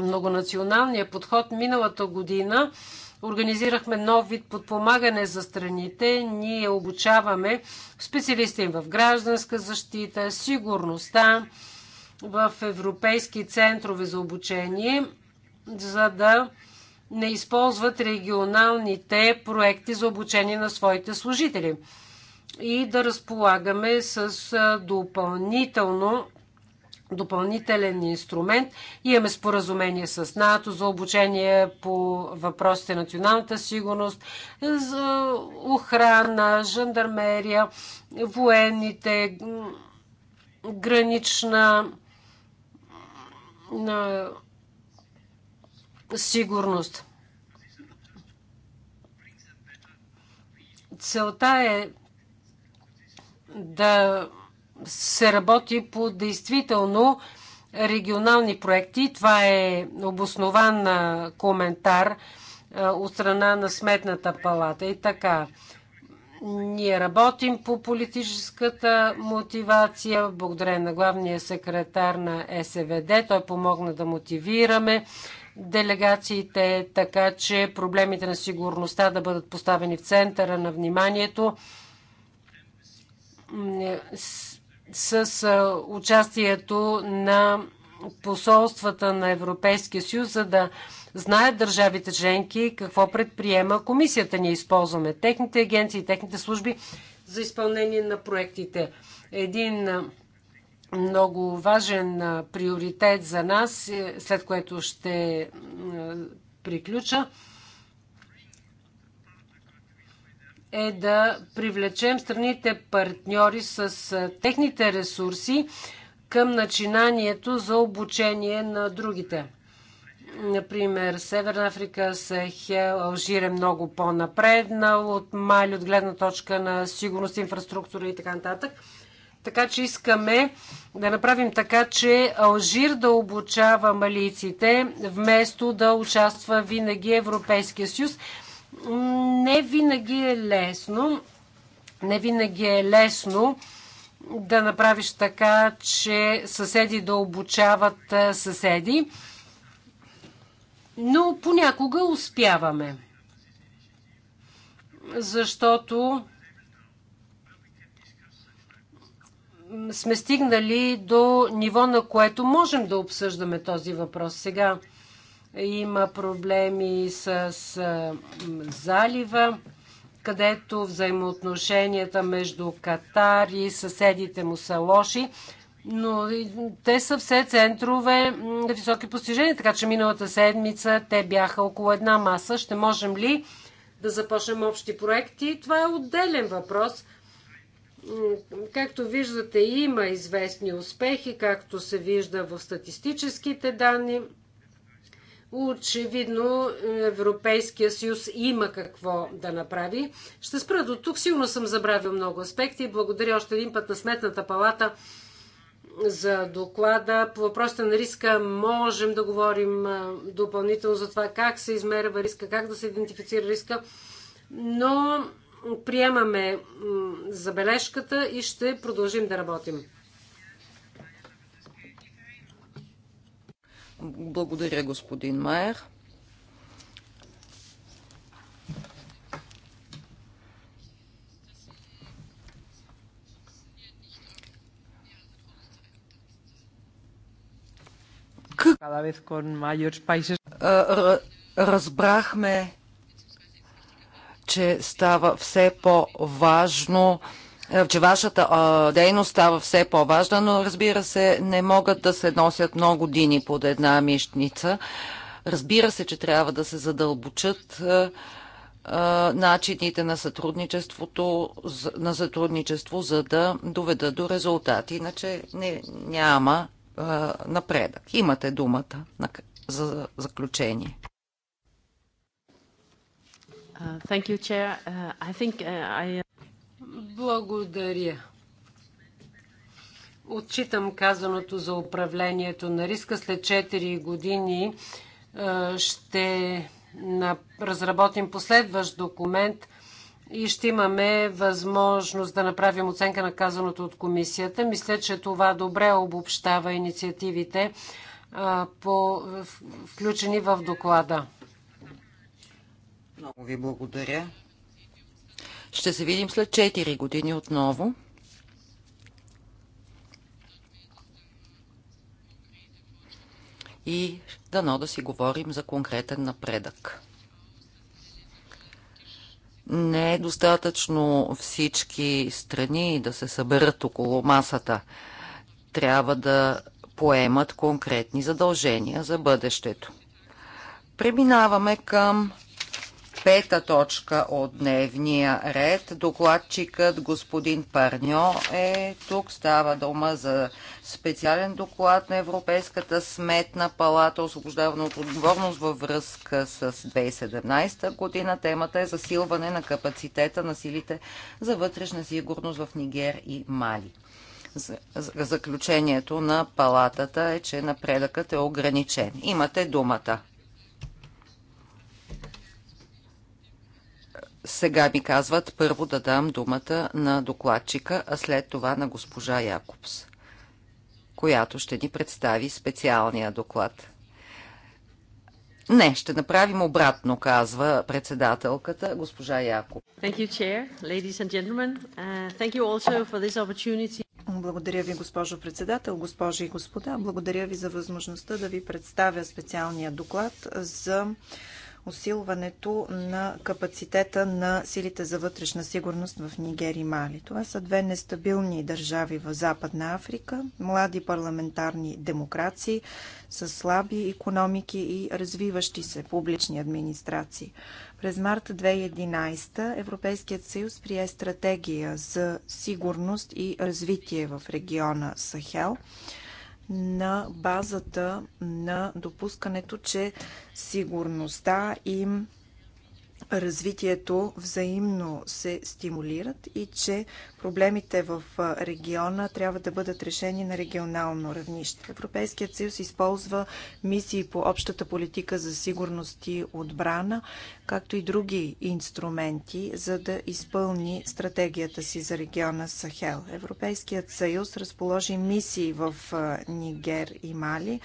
многонационалния подход миналата година организирахме нов вид подпомагане за страните. Ние обучаваме специалисти в гражданска защита, сигурността в европейски центрове за обучение, за да не използват регионалните проекти за обучение на своите служители и да разполагаме с допълнително допълнителен инструмент. Имаме споразумение с НАТО за обучение по въпросите на националната сигурност, за охрана, жандармерия, военните, гранична сигурност. Целта е да се работи по действително регионални проекти. Това е обоснован коментар от страна на Сметната палата. И така, ние работим по политическата мотивация, благодарение на главния секретар на СВД. Той помогна да мотивираме делегациите, така че проблемите на сигурността да бъдат поставени в центъра на вниманието с участието на посолствата на Европейския съюз, за да знаят държавите членки какво предприема комисията. Ние използваме техните агенции, техните служби за изпълнение на проектите. Един много важен приоритет за нас, е, след което ще приключа, е да привлечем страните партньори с техните ресурси към начинанието за обучение на другите. Например, Северна Африка, Сахел, Алжир е много по-напреднал от Мали, от гледна точка на сигурност, инфраструктура и така нататък. Така че искаме да направим така, че Алжир да обучава малийците, вместо да участва винаги Европейския съюз. Не винаги е лесно. Не винаги е лесно да направиш така, че съседи да обучават съседи. Но понякога успяваме. Защото сме стигнали до ниво, на което можем да обсъждаме този въпрос. Сега има проблеми с залива, където взаимоотношенията между Катар и съседите му са лоши. Но те са все центрове на високи постижения, така че миналата седмица те бяха около една маса. Ще можем ли да започнем общи проекти? Това е отделен въпрос. Както виждате, има известни успехи, както се вижда в статистическите данни. Очевидно Европейския съюз има какво да направи. Ще спра до тук. Сигурно съм забравил много аспекти. Благодаря още един път на Сметната палата за доклада. По въпросите на риска можем да говорим допълнително за това как се измерва риска, как да се идентифицира риска, но приемаме забележката и ще продължим да работим. Благодаря, господин Майер. Разбрахме, че става все по-важно е, че вашата а, дейност става все по-важна, но разбира се, не могат да се носят много години под една мишница. Разбира се, че трябва да се задълбочат а, е, а, е, начините на сътрудничеството, за, на сътрудничество, за да доведат до резултати, иначе не, няма а, напредък. Имате думата на, за заключение. Uh, thank you, Chair. Uh, I think uh, I... Благодаря. Отчитам казаното за управлението на риска. След 4 години е, ще разработим последващ документ и ще имаме възможност да направим оценка на казаното от комисията. Мисля, че това добре обобщава инициативите, е, включени в доклада. Много ви благодаря. Ще се видим след 4 години отново. И дано да си говорим за конкретен напредък. Не е достатъчно всички страни да се съберат около масата. Трябва да поемат конкретни задължения за бъдещето. Преминаваме към пета точка от дневния ред. Докладчикът господин Парньо е тук. Става дума за специален доклад на Европейската сметна палата, освобождаване от отговорност във връзка с 2017 година. Темата е засилване на капацитета на силите за вътрешна сигурност в Нигер и Мали. Заключението на палатата е, че напредъкът е ограничен. Имате думата. Сега ми казват първо да дам думата на докладчика, а след това на госпожа Якобс, която ще ни представи специалния доклад. Не, ще направим обратно, казва председателката госпожа Якоб. Uh, Благодаря ви, госпожо председател, госпожи и господа. Благодаря ви за възможността да ви представя специалния доклад за усилването на капацитета на силите за вътрешна сигурност в Нигер и Мали. Това са две нестабилни държави в Западна Африка, млади парламентарни демокрации с слаби економики и развиващи се публични администрации. През март 2011 Европейският съюз прие стратегия за сигурност и развитие в региона Сахел – на базата на допускането, че сигурността им развитието взаимно се стимулират и че проблемите в региона трябва да бъдат решени на регионално равнище. Европейският съюз използва мисии по общата политика за сигурност и отбрана, както и други инструменти, за да изпълни стратегията си за региона Сахел. Европейският съюз разположи мисии в Нигер и Мали,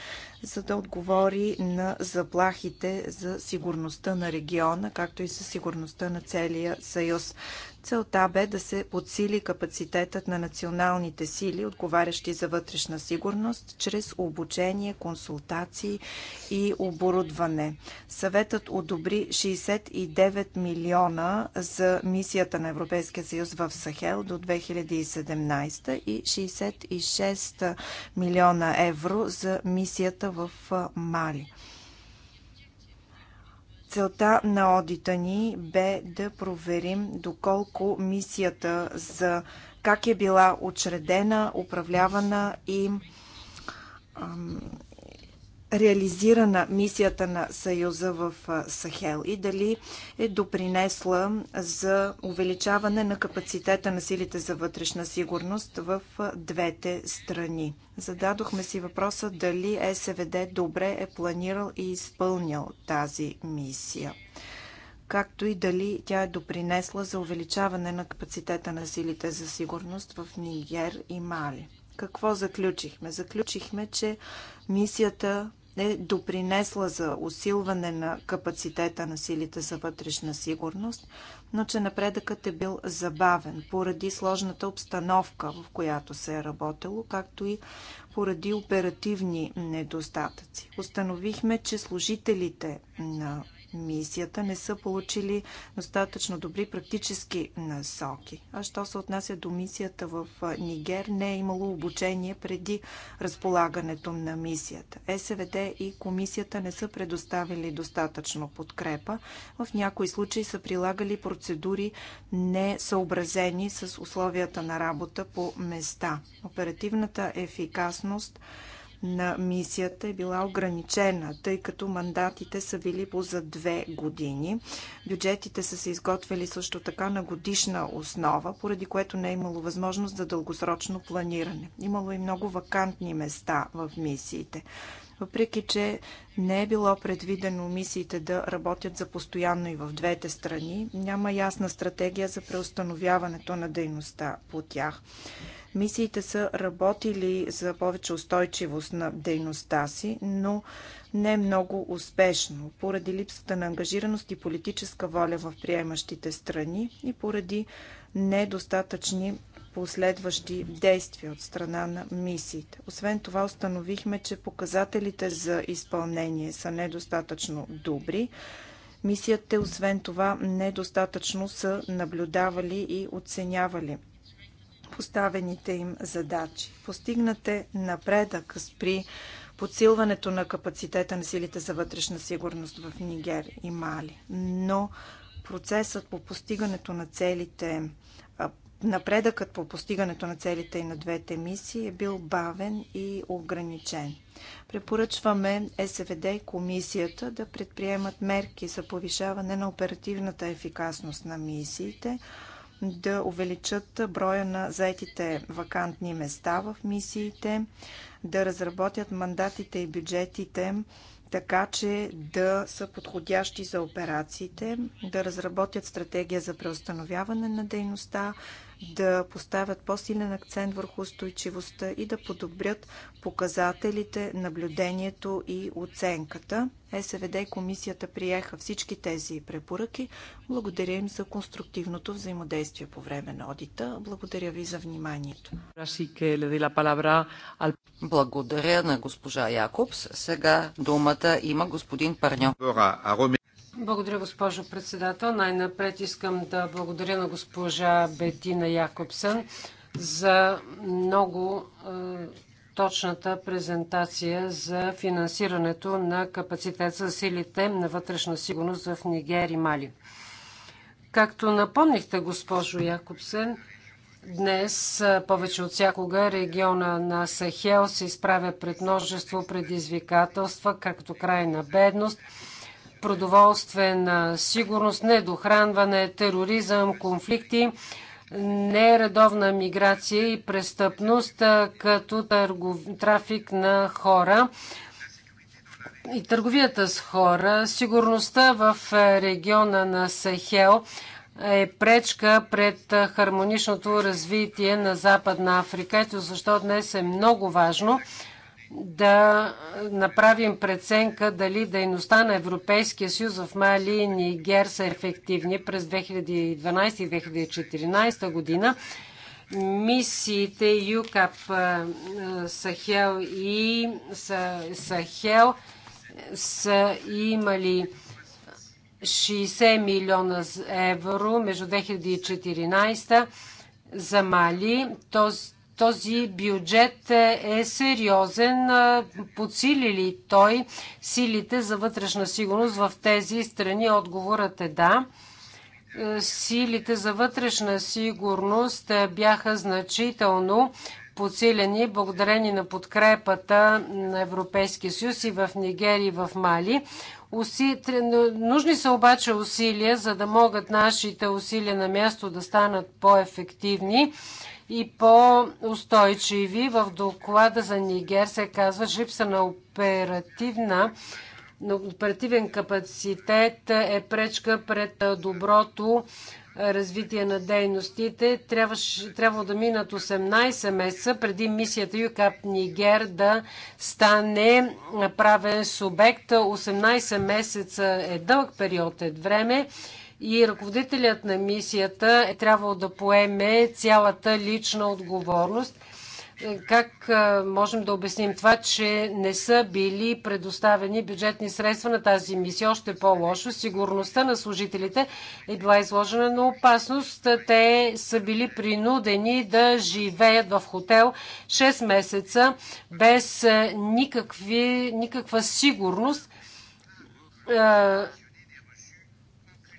за да отговори на заплахите за сигурността на региона, както и за сигурността на целия съюз. Целта бе да се подсили капацитетът на националните сили, отговарящи за вътрешна сигурност, чрез обучение, консултации и оборудване. Съветът одобри 69 милиона за мисията на Европейския съюз в Сахел до 2017 и 66 милиона евро за мисията в Мали. Целта на одита ни бе да проверим доколко мисията за как е била учредена, управлявана и ам, реализирана мисията на Съюза в Сахел и дали е допринесла за увеличаване на капацитета на силите за вътрешна сигурност в двете страни. Зададохме си въпроса дали СВД добре е планирал и изпълнял тази мисия както и дали тя е допринесла за увеличаване на капацитета на силите за сигурност в Нигер и Мали. Какво заключихме? Заключихме, че мисията е допринесла за усилване на капацитета на силите за вътрешна сигурност, но че напредъкът е бил забавен поради сложната обстановка, в която се е работело, както и поради оперативни недостатъци. Установихме, че служителите на мисията не са получили достатъчно добри практически насоки. А що се отнася до мисията в Нигер, не е имало обучение преди разполагането на мисията. СВД е и комисията не са предоставили достатъчно подкрепа. В някои случаи са прилагали процедури не съобразени с условията на работа по места. Оперативната ефикасност – на мисията е била ограничена, тъй като мандатите са били по за две години. Бюджетите са се изготвили също така на годишна основа, поради което не е имало възможност за дългосрочно планиране. Имало и много вакантни места в мисиите. Въпреки, че не е било предвидено мисиите да работят за постоянно и в двете страни, няма ясна стратегия за преустановяването на дейността по тях. Мисиите са работили за повече устойчивост на дейността си, но не много успешно, поради липсата на ангажираност и политическа воля в приемащите страни и поради недостатъчни последващи действия от страна на мисиите. Освен това установихме, че показателите за изпълнение са недостатъчно добри. Мисията, освен това, недостатъчно са наблюдавали и оценявали поставените им задачи. Постигнате напредък при подсилването на капацитета на силите за вътрешна сигурност в Нигер и Мали. Но процесът по постигането на целите, напредъкът по постигането на целите и на двете мисии е бил бавен и ограничен. Препоръчваме СВД и комисията да предприемат мерки за повишаване на оперативната ефикасност на мисиите, да увеличат броя на заетите вакантни места в мисиите, да разработят мандатите и бюджетите така, че да са подходящи за операциите, да разработят стратегия за преустановяване на дейността, да поставят по-силен акцент върху устойчивостта и да подобрят показателите, наблюдението и оценката. СВД е и комисията приеха всички тези препоръки. Благодаря им за конструктивното взаимодействие по време на одита. Благодаря ви за вниманието. Благодаря на госпожа Якобс. Сега думата има господин Парньо. Благодаря, госпожо председател. Най-напред искам да благодаря на госпожа Бетина Якобсън за много е, точната презентация за финансирането на капацитет за силите на вътрешна сигурност в Нигер и Мали. Както напомнихте, госпожо Якобсен, днес е, повече от всякога региона на Сахел се изправя пред множество предизвикателства, както край на бедност – продоволствена сигурност, недохранване, тероризъм, конфликти, нередовна миграция и престъпност, като търгов... трафик на хора и търговията с хора. Сигурността в региона на Сахел е пречка пред хармоничното развитие на Западна Африка. Ето защо днес е много важно – да направим преценка дали дейността на Европейския съюз в Мали и Нигер са ефективни през 2012 и 2014 година. Мисиите ЮКАП Сахел и Сахел са имали 60 милиона евро между 2014 за Мали. Този този бюджет е, е сериозен, подсили ли той силите за вътрешна сигурност в тези страни? Отговорът е да. Е, силите за вътрешна сигурност е, бяха значително подсилени благодарение на подкрепата на Европейския съюз и в Нигерия и в Мали. Уси... Нужни са обаче усилия, за да могат нашите усилия на място да станат по-ефективни и по-устойчиви. В доклада за Нигер се казва, че липса на оперативна но оперативен капацитет е пречка пред доброто развитие на дейностите. Трябваше, трябва да минат 18 месеца преди мисията ЮКАП Нигер да стане правен субект. 18 месеца е дълъг период, е време и ръководителят на мисията е трябвало да поеме цялата лична отговорност. Как можем да обясним това, че не са били предоставени бюджетни средства на тази мисия? Още по-лошо, сигурността на служителите е била изложена на опасност. Те са били принудени да живеят в хотел 6 месеца без никакви, никаква сигурност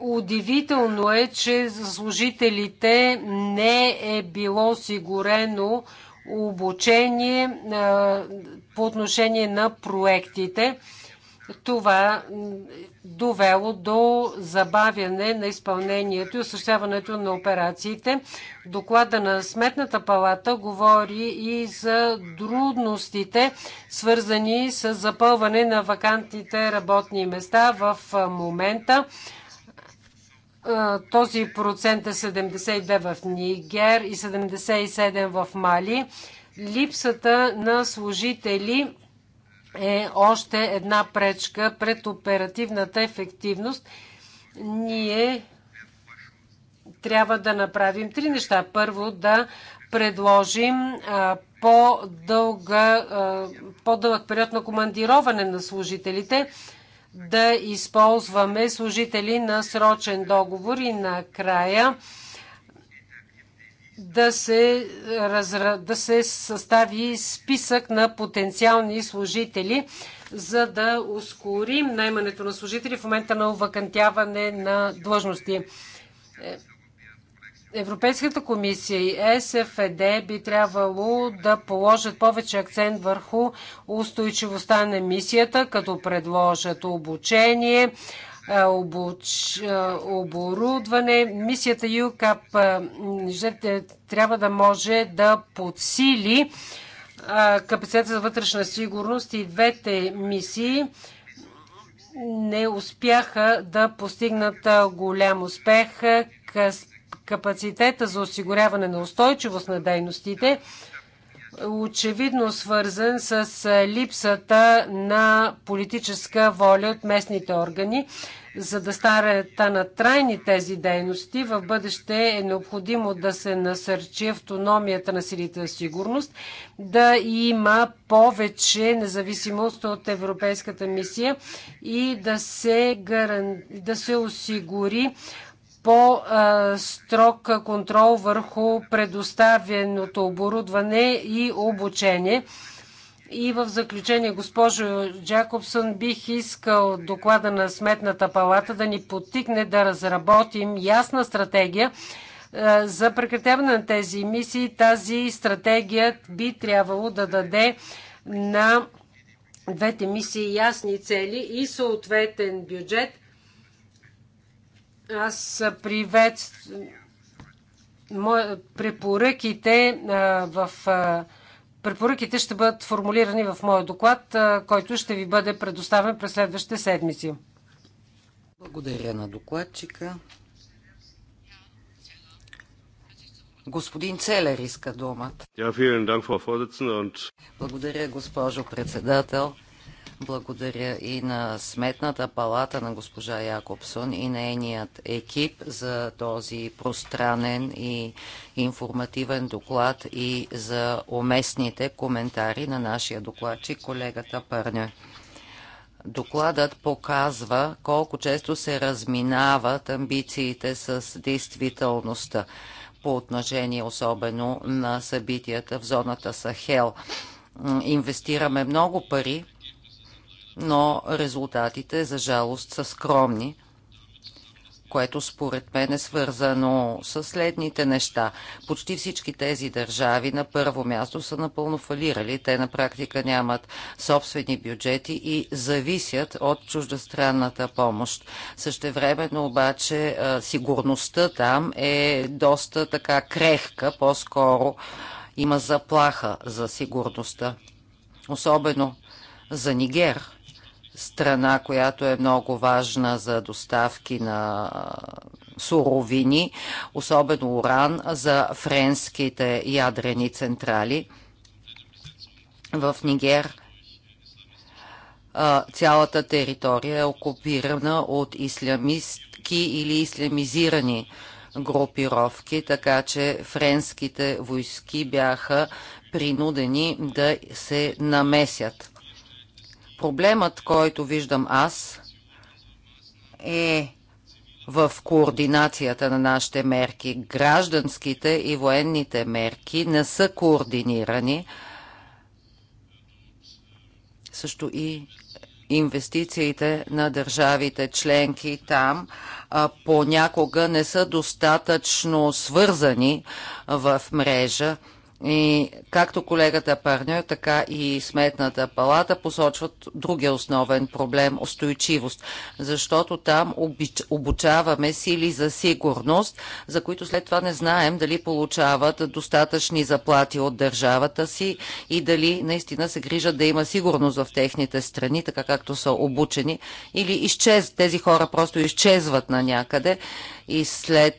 Удивително е, че за служителите не е било осигурено обучение е, по отношение на проектите. Това довело до забавяне на изпълнението и осъществяването на операциите. Доклада на Сметната палата говори и за трудностите, свързани с запълване на вакантните работни места в момента. Е, този процент е 79 в Нигер и 77 в Мали. Липсата на служители е още една пречка пред оперативната ефективност. Ние трябва да направим три неща. Първо да предложим е, е, по-дълъг период на командироване на служителите да използваме служители на срочен договор и накрая да се, разра... да се състави списък на потенциални служители, за да ускорим наймането на служители в момента на овакантяване на длъжности. Е, Европейската комисия и СФД би трябвало да положат повече акцент върху устойчивостта на мисията, като предложат обучение, е, обуч... Е, оборудване. Мисията ЮКАП е, трябва да може да подсили капацитета за вътрешна сигурност и двете мисии не успяха да постигнат голям успех капацитета за осигуряване на устойчивост на дейностите, очевидно свързан с липсата на политическа воля от местните органи. За да старата на трайни тези дейности, в бъдеще е необходимо да се насърчи автономията на силите за сигурност, да има повече независимост от Европейската мисия и да се, гаран... да се осигури по-строг контрол върху предоставеното оборудване и обучение. И в заключение, госпожо Джакобсън, бих искал доклада на Сметната палата да ни подтикне да разработим ясна стратегия е, за прекратяване на тези емисии. Тази стратегия би трябвало да даде на двете мисии ясни цели и съответен бюджет – аз приветствам препоръките в препоръките ще бъдат формулирани в моя доклад, който ще ви бъде предоставен през следващите седмици. Благодаря на докладчика. Господин Целер иска думата. Благодаря, госпожо председател. Благодаря и на Сметната палата на госпожа Якобсон и нейният екип за този пространен и информативен доклад и за уместните коментари на нашия докладчик, колегата Пърне. Докладът показва колко често се разминават амбициите с действителността по отношение особено на събитията в зоната Сахел. Инвестираме много пари, но резултатите, за жалост, са скромни което според мен е свързано с следните неща. Почти всички тези държави на първо място са напълно фалирали. Те на практика нямат собствени бюджети и зависят от чуждестранната помощ. Същевременно обаче сигурността там е доста така крехка, по-скоро има заплаха за сигурността. Особено за Нигер – страна, която е много важна за доставки на суровини, особено уран за френските ядрени централи в Нигер цялата територия е окупирана от ислямистки или ислямизирани групировки, така че френските войски бяха принудени да се намесят. Проблемът, който виждам аз, е в координацията на нашите мерки. Гражданските и военните мерки не са координирани. Също и инвестициите на държавите членки там понякога не са достатъчно свързани в мрежа и както колегата Парньо, така и Сметната палата посочват другия основен проблем – устойчивост. Защото там обич, обучаваме сили за сигурност, за които след това не знаем дали получават достатъчни заплати от държавата си и дали наистина се грижат да има сигурност в техните страни, така както са обучени, или изчез, тези хора просто изчезват на някъде и след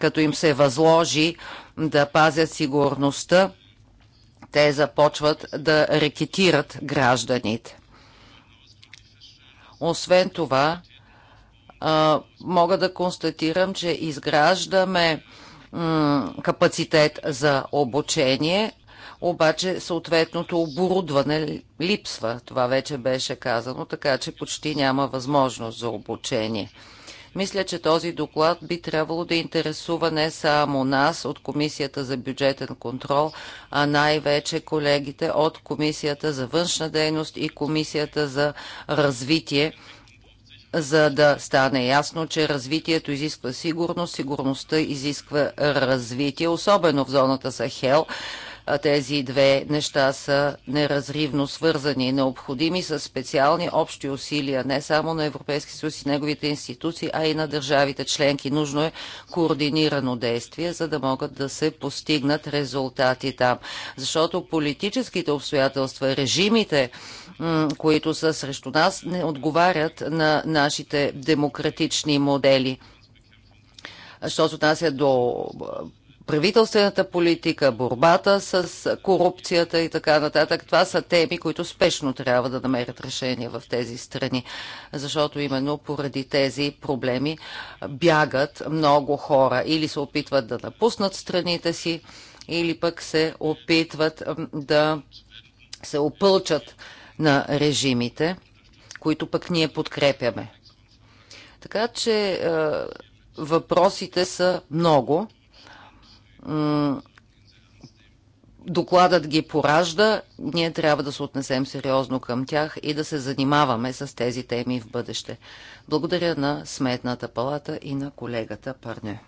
като им се възложи да пазят сигурността, те започват да рекетират гражданите. Освен това, мога да констатирам, че изграждаме капацитет за обучение, обаче съответното оборудване липсва. Това вече беше казано, така че почти няма възможност за обучение. Мисля, че този доклад би трябвало да интересува не само нас от Комисията за бюджетен контрол, а най-вече колегите от Комисията за външна дейност и Комисията за развитие за да стане ясно, че развитието изисква сигурност, сигурността изисква развитие, особено в зоната Сахел, тези две неща са неразривно свързани. Необходими са специални общи усилия не само на Европейски съюз и неговите институции, а и на държавите членки. Нужно е координирано действие, за да могат да се постигнат резултати там. Защото политическите обстоятелства, режимите, които са срещу нас, не отговарят на нашите демократични модели. Що се отнася до правителствената политика, борбата с корупцията и така нататък. Това са теми, които спешно трябва да намерят решение в тези страни, защото именно поради тези проблеми бягат много хора или се опитват да напуснат страните си, или пък се опитват да се опълчат на режимите, които пък ние подкрепяме. Така че е, въпросите са много докладът ги поражда, ние трябва да се отнесем сериозно към тях и да се занимаваме с тези теми в бъдеще. Благодаря на Сметната палата и на колегата Парне.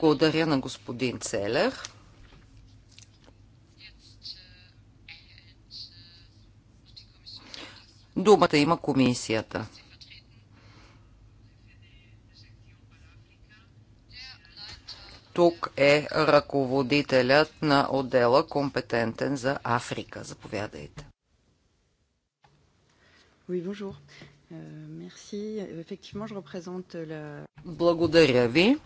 Благодаря на господин Целер. Думата има комисията. тук е ръководителят на отдела компетентен за Африка. Заповядайте. Oui, bonjour. Euh, merci. Effectivement, je représente la... Благодаря ви.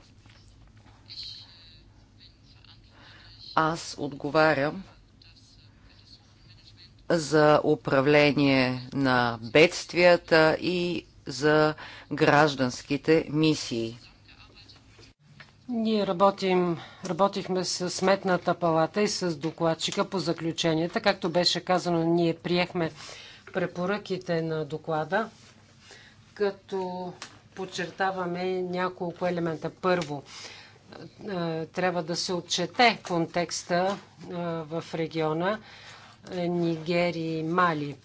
Аз отговарям за управление на бедствията и за гражданските мисии. Ние работим, работихме с Сметната палата и с докладчика по заключенията. Както беше казано, ние приехме препоръките на доклада, като подчертаваме няколко елемента. Първо, е, трябва да се отчете контекста е, в региона е, Нигери и Мали –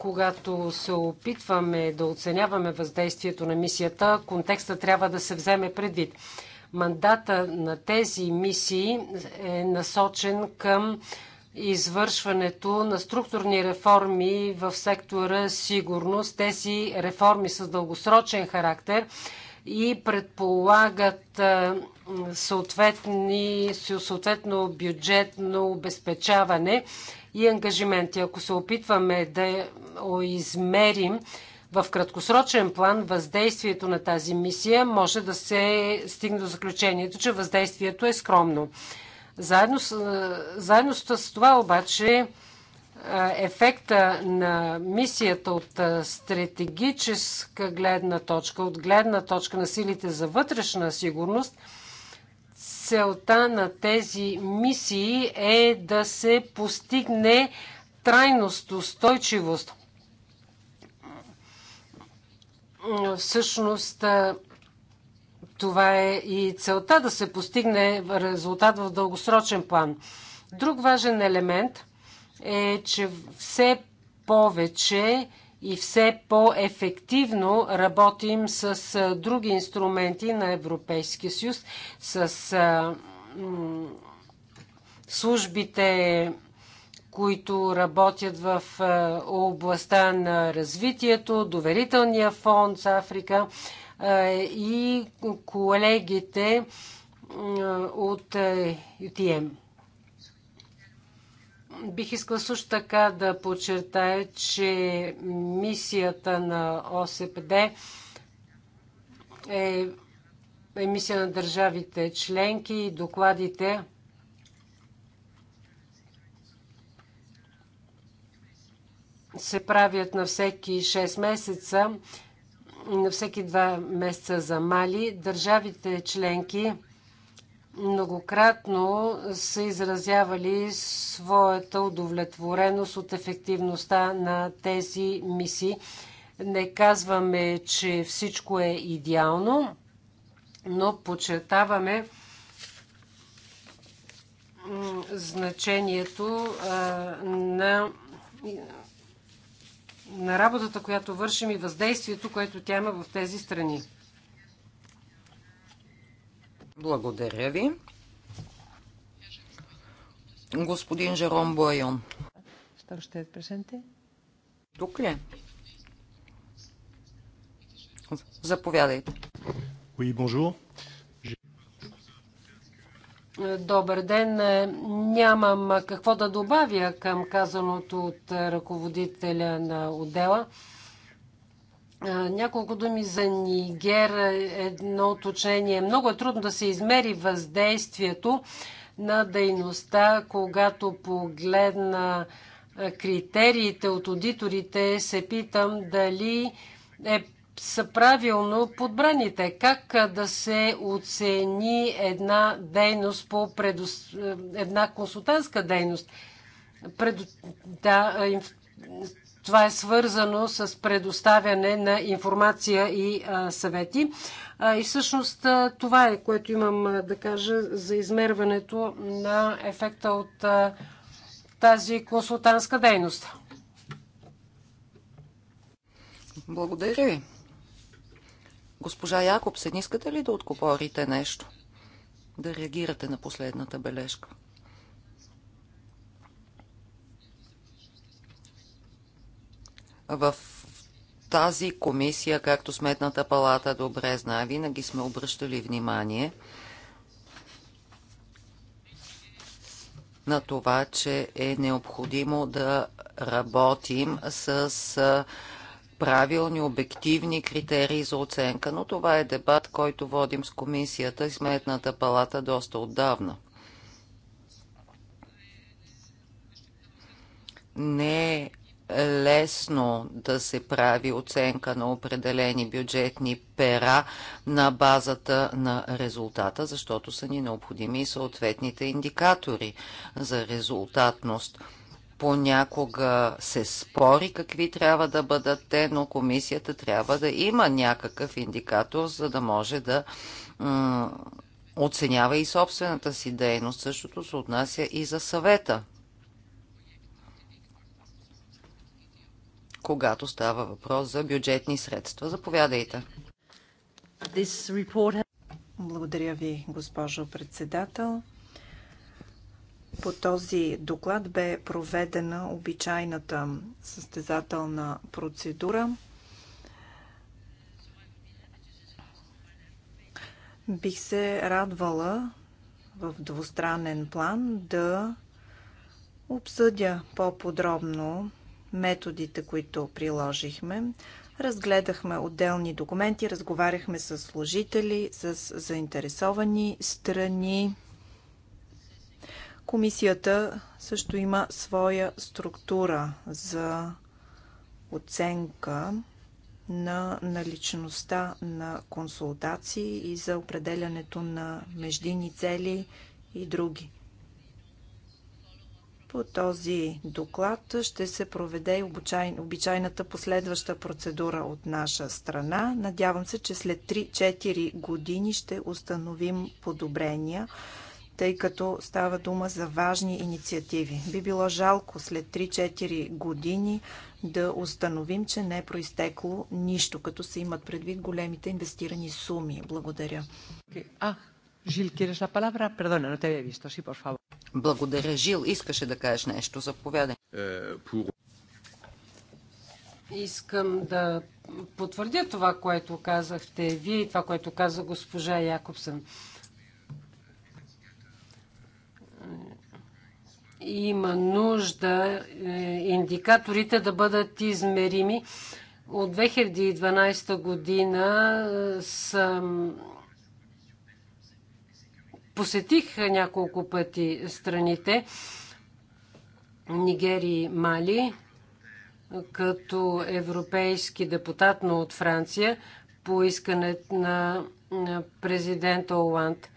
когато се опитваме да оценяваме въздействието на мисията, контекста трябва да се вземе предвид. Мандата на тези мисии е насочен към извършването на структурни реформи в сектора сигурност. Тези реформи с дългосрочен характер и предполагат съответни, съответно бюджетно обезпечаване и ангажименти. Ако се опитваме да измерим в краткосрочен план въздействието на тази мисия, може да се стигне до заключението, че въздействието е скромно. Заедно с, заедно с това обаче ефекта на мисията от стратегическа гледна точка, от гледна точка на силите за вътрешна сигурност – целта на тези мисии е да се постигне трайност, устойчивост. Всъщност, това е и целта да се постигне резултат в дългосрочен план. Друг важен елемент е, че все повече и все по-ефективно работим с други инструменти на Европейския съюз, с службите, които работят в областта на развитието, доверителния фонд за Африка и колегите от UTM. Бих искал също така да подчертая, че мисията на ОСПД е, е мисия на държавите членки и докладите се правят на всеки 6 месеца, на всеки 2 месеца за Мали. Държавите членки многократно са изразявали своята удовлетвореност от ефективността на тези мисии. Не казваме, че всичко е идеално, но подчертаваме значението на, на работата, която вършим и въздействието, което тя има в тези страни. Благодаря ви. Господин Жером Буайон. Е Тук ли? Е? Заповядайте. Добър ден. Нямам какво да добавя към казаното от ръководителя на отдела. Няколко думи за Нигер. Едно уточнение. Много е трудно да се измери въздействието на дейността, когато погледна критериите от аудиторите, се питам дали е, са правилно подбраните. Как да се оцени една дейност по предос... една консултантска дейност? Пред... Да, това е свързано с предоставяне на информация и а, съвети. А, и всъщност а, това е, което имам а, да кажа за измерването на ефекта от а, тази консултантска дейност. Благодаря ви. Госпожа Якобсен, искате ли да отговорите нещо? Да реагирате на последната бележка? в тази комисия, както Сметната палата добре знае, винаги сме обръщали внимание на това, че е необходимо да работим с правилни, обективни критерии за оценка, но това е дебат, който водим с комисията и сметната палата доста отдавна. Не е лесно да се прави оценка на определени бюджетни пера на базата на резултата, защото са ни необходими и съответните индикатори за резултатност. Понякога се спори какви трябва да бъдат те, но комисията трябва да има някакъв индикатор, за да може да оценява и собствената си дейност. Същото се отнася и за съвета. когато става въпрос за бюджетни средства. Заповядайте. Благодаря ви, госпожо председател. По този доклад бе проведена обичайната състезателна процедура. Бих се радвала в двустранен план да обсъдя по-подробно методите, които приложихме. Разгледахме отделни документи, разговаряхме с служители, с заинтересовани страни. Комисията също има своя структура за оценка на наличността на консултации и за определянето на междинни цели и други. По този доклад ще се проведе обичай, обичайната последваща процедура от наша страна. Надявам се, че след 3-4 години ще установим подобрения, тъй като става дума за важни инициативи. Би било жалко след 3-4 години да установим, че не е проистекло нищо, като се имат предвид големите инвестирани суми. Благодаря. А, Жил, quieres ла палавра? Perdona, no те había visto. Си, por favor. Благодаря, Жил. Искаше да кажеш нещо. Заповядай. Е, Искам да потвърдя това, което казахте вие и това, което каза госпожа Якобсън. Има нужда е, индикаторите да бъдат измерими. От 2012 година е, съм посетих няколко пъти страните Нигерия и Мали като европейски депутат, но от Франция, по искане на президента Оланд.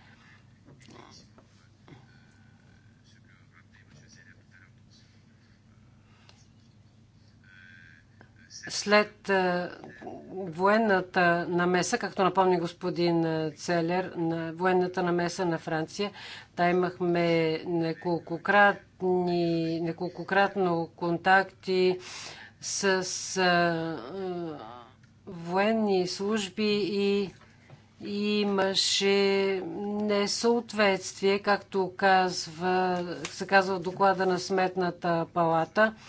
след е, военната намеса, както напомни господин е, Целер, на военната намеса на Франция, да имахме неколкократни, неколкократно контакти с е, военни служби и имаше несъответствие, както казва, се казва в доклада на Сметната палата –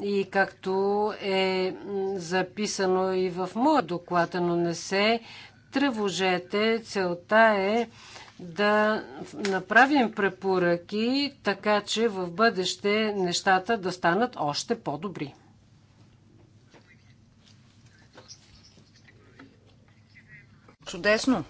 и както е записано и в моя доклад, но не се тревожете, целта е да направим препоръки, така че в бъдеще нещата да станат още по-добри. Чудесно!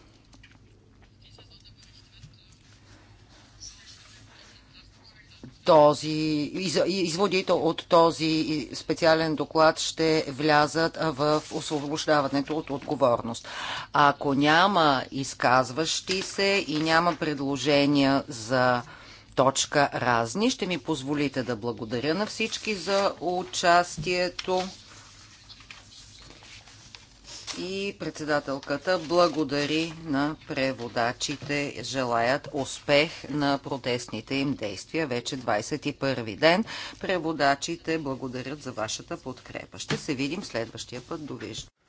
този, из, изводите от този специален доклад ще влязат в освобождаването от отговорност. Ако няма изказващи се и няма предложения за точка разни, ще ми позволите да благодаря на всички за участието. И председателката благодари на преводачите, желаят успех на протестните им действия. Вече 21 ден преводачите благодарят за вашата подкрепа. Ще се видим следващия път. Довиждане.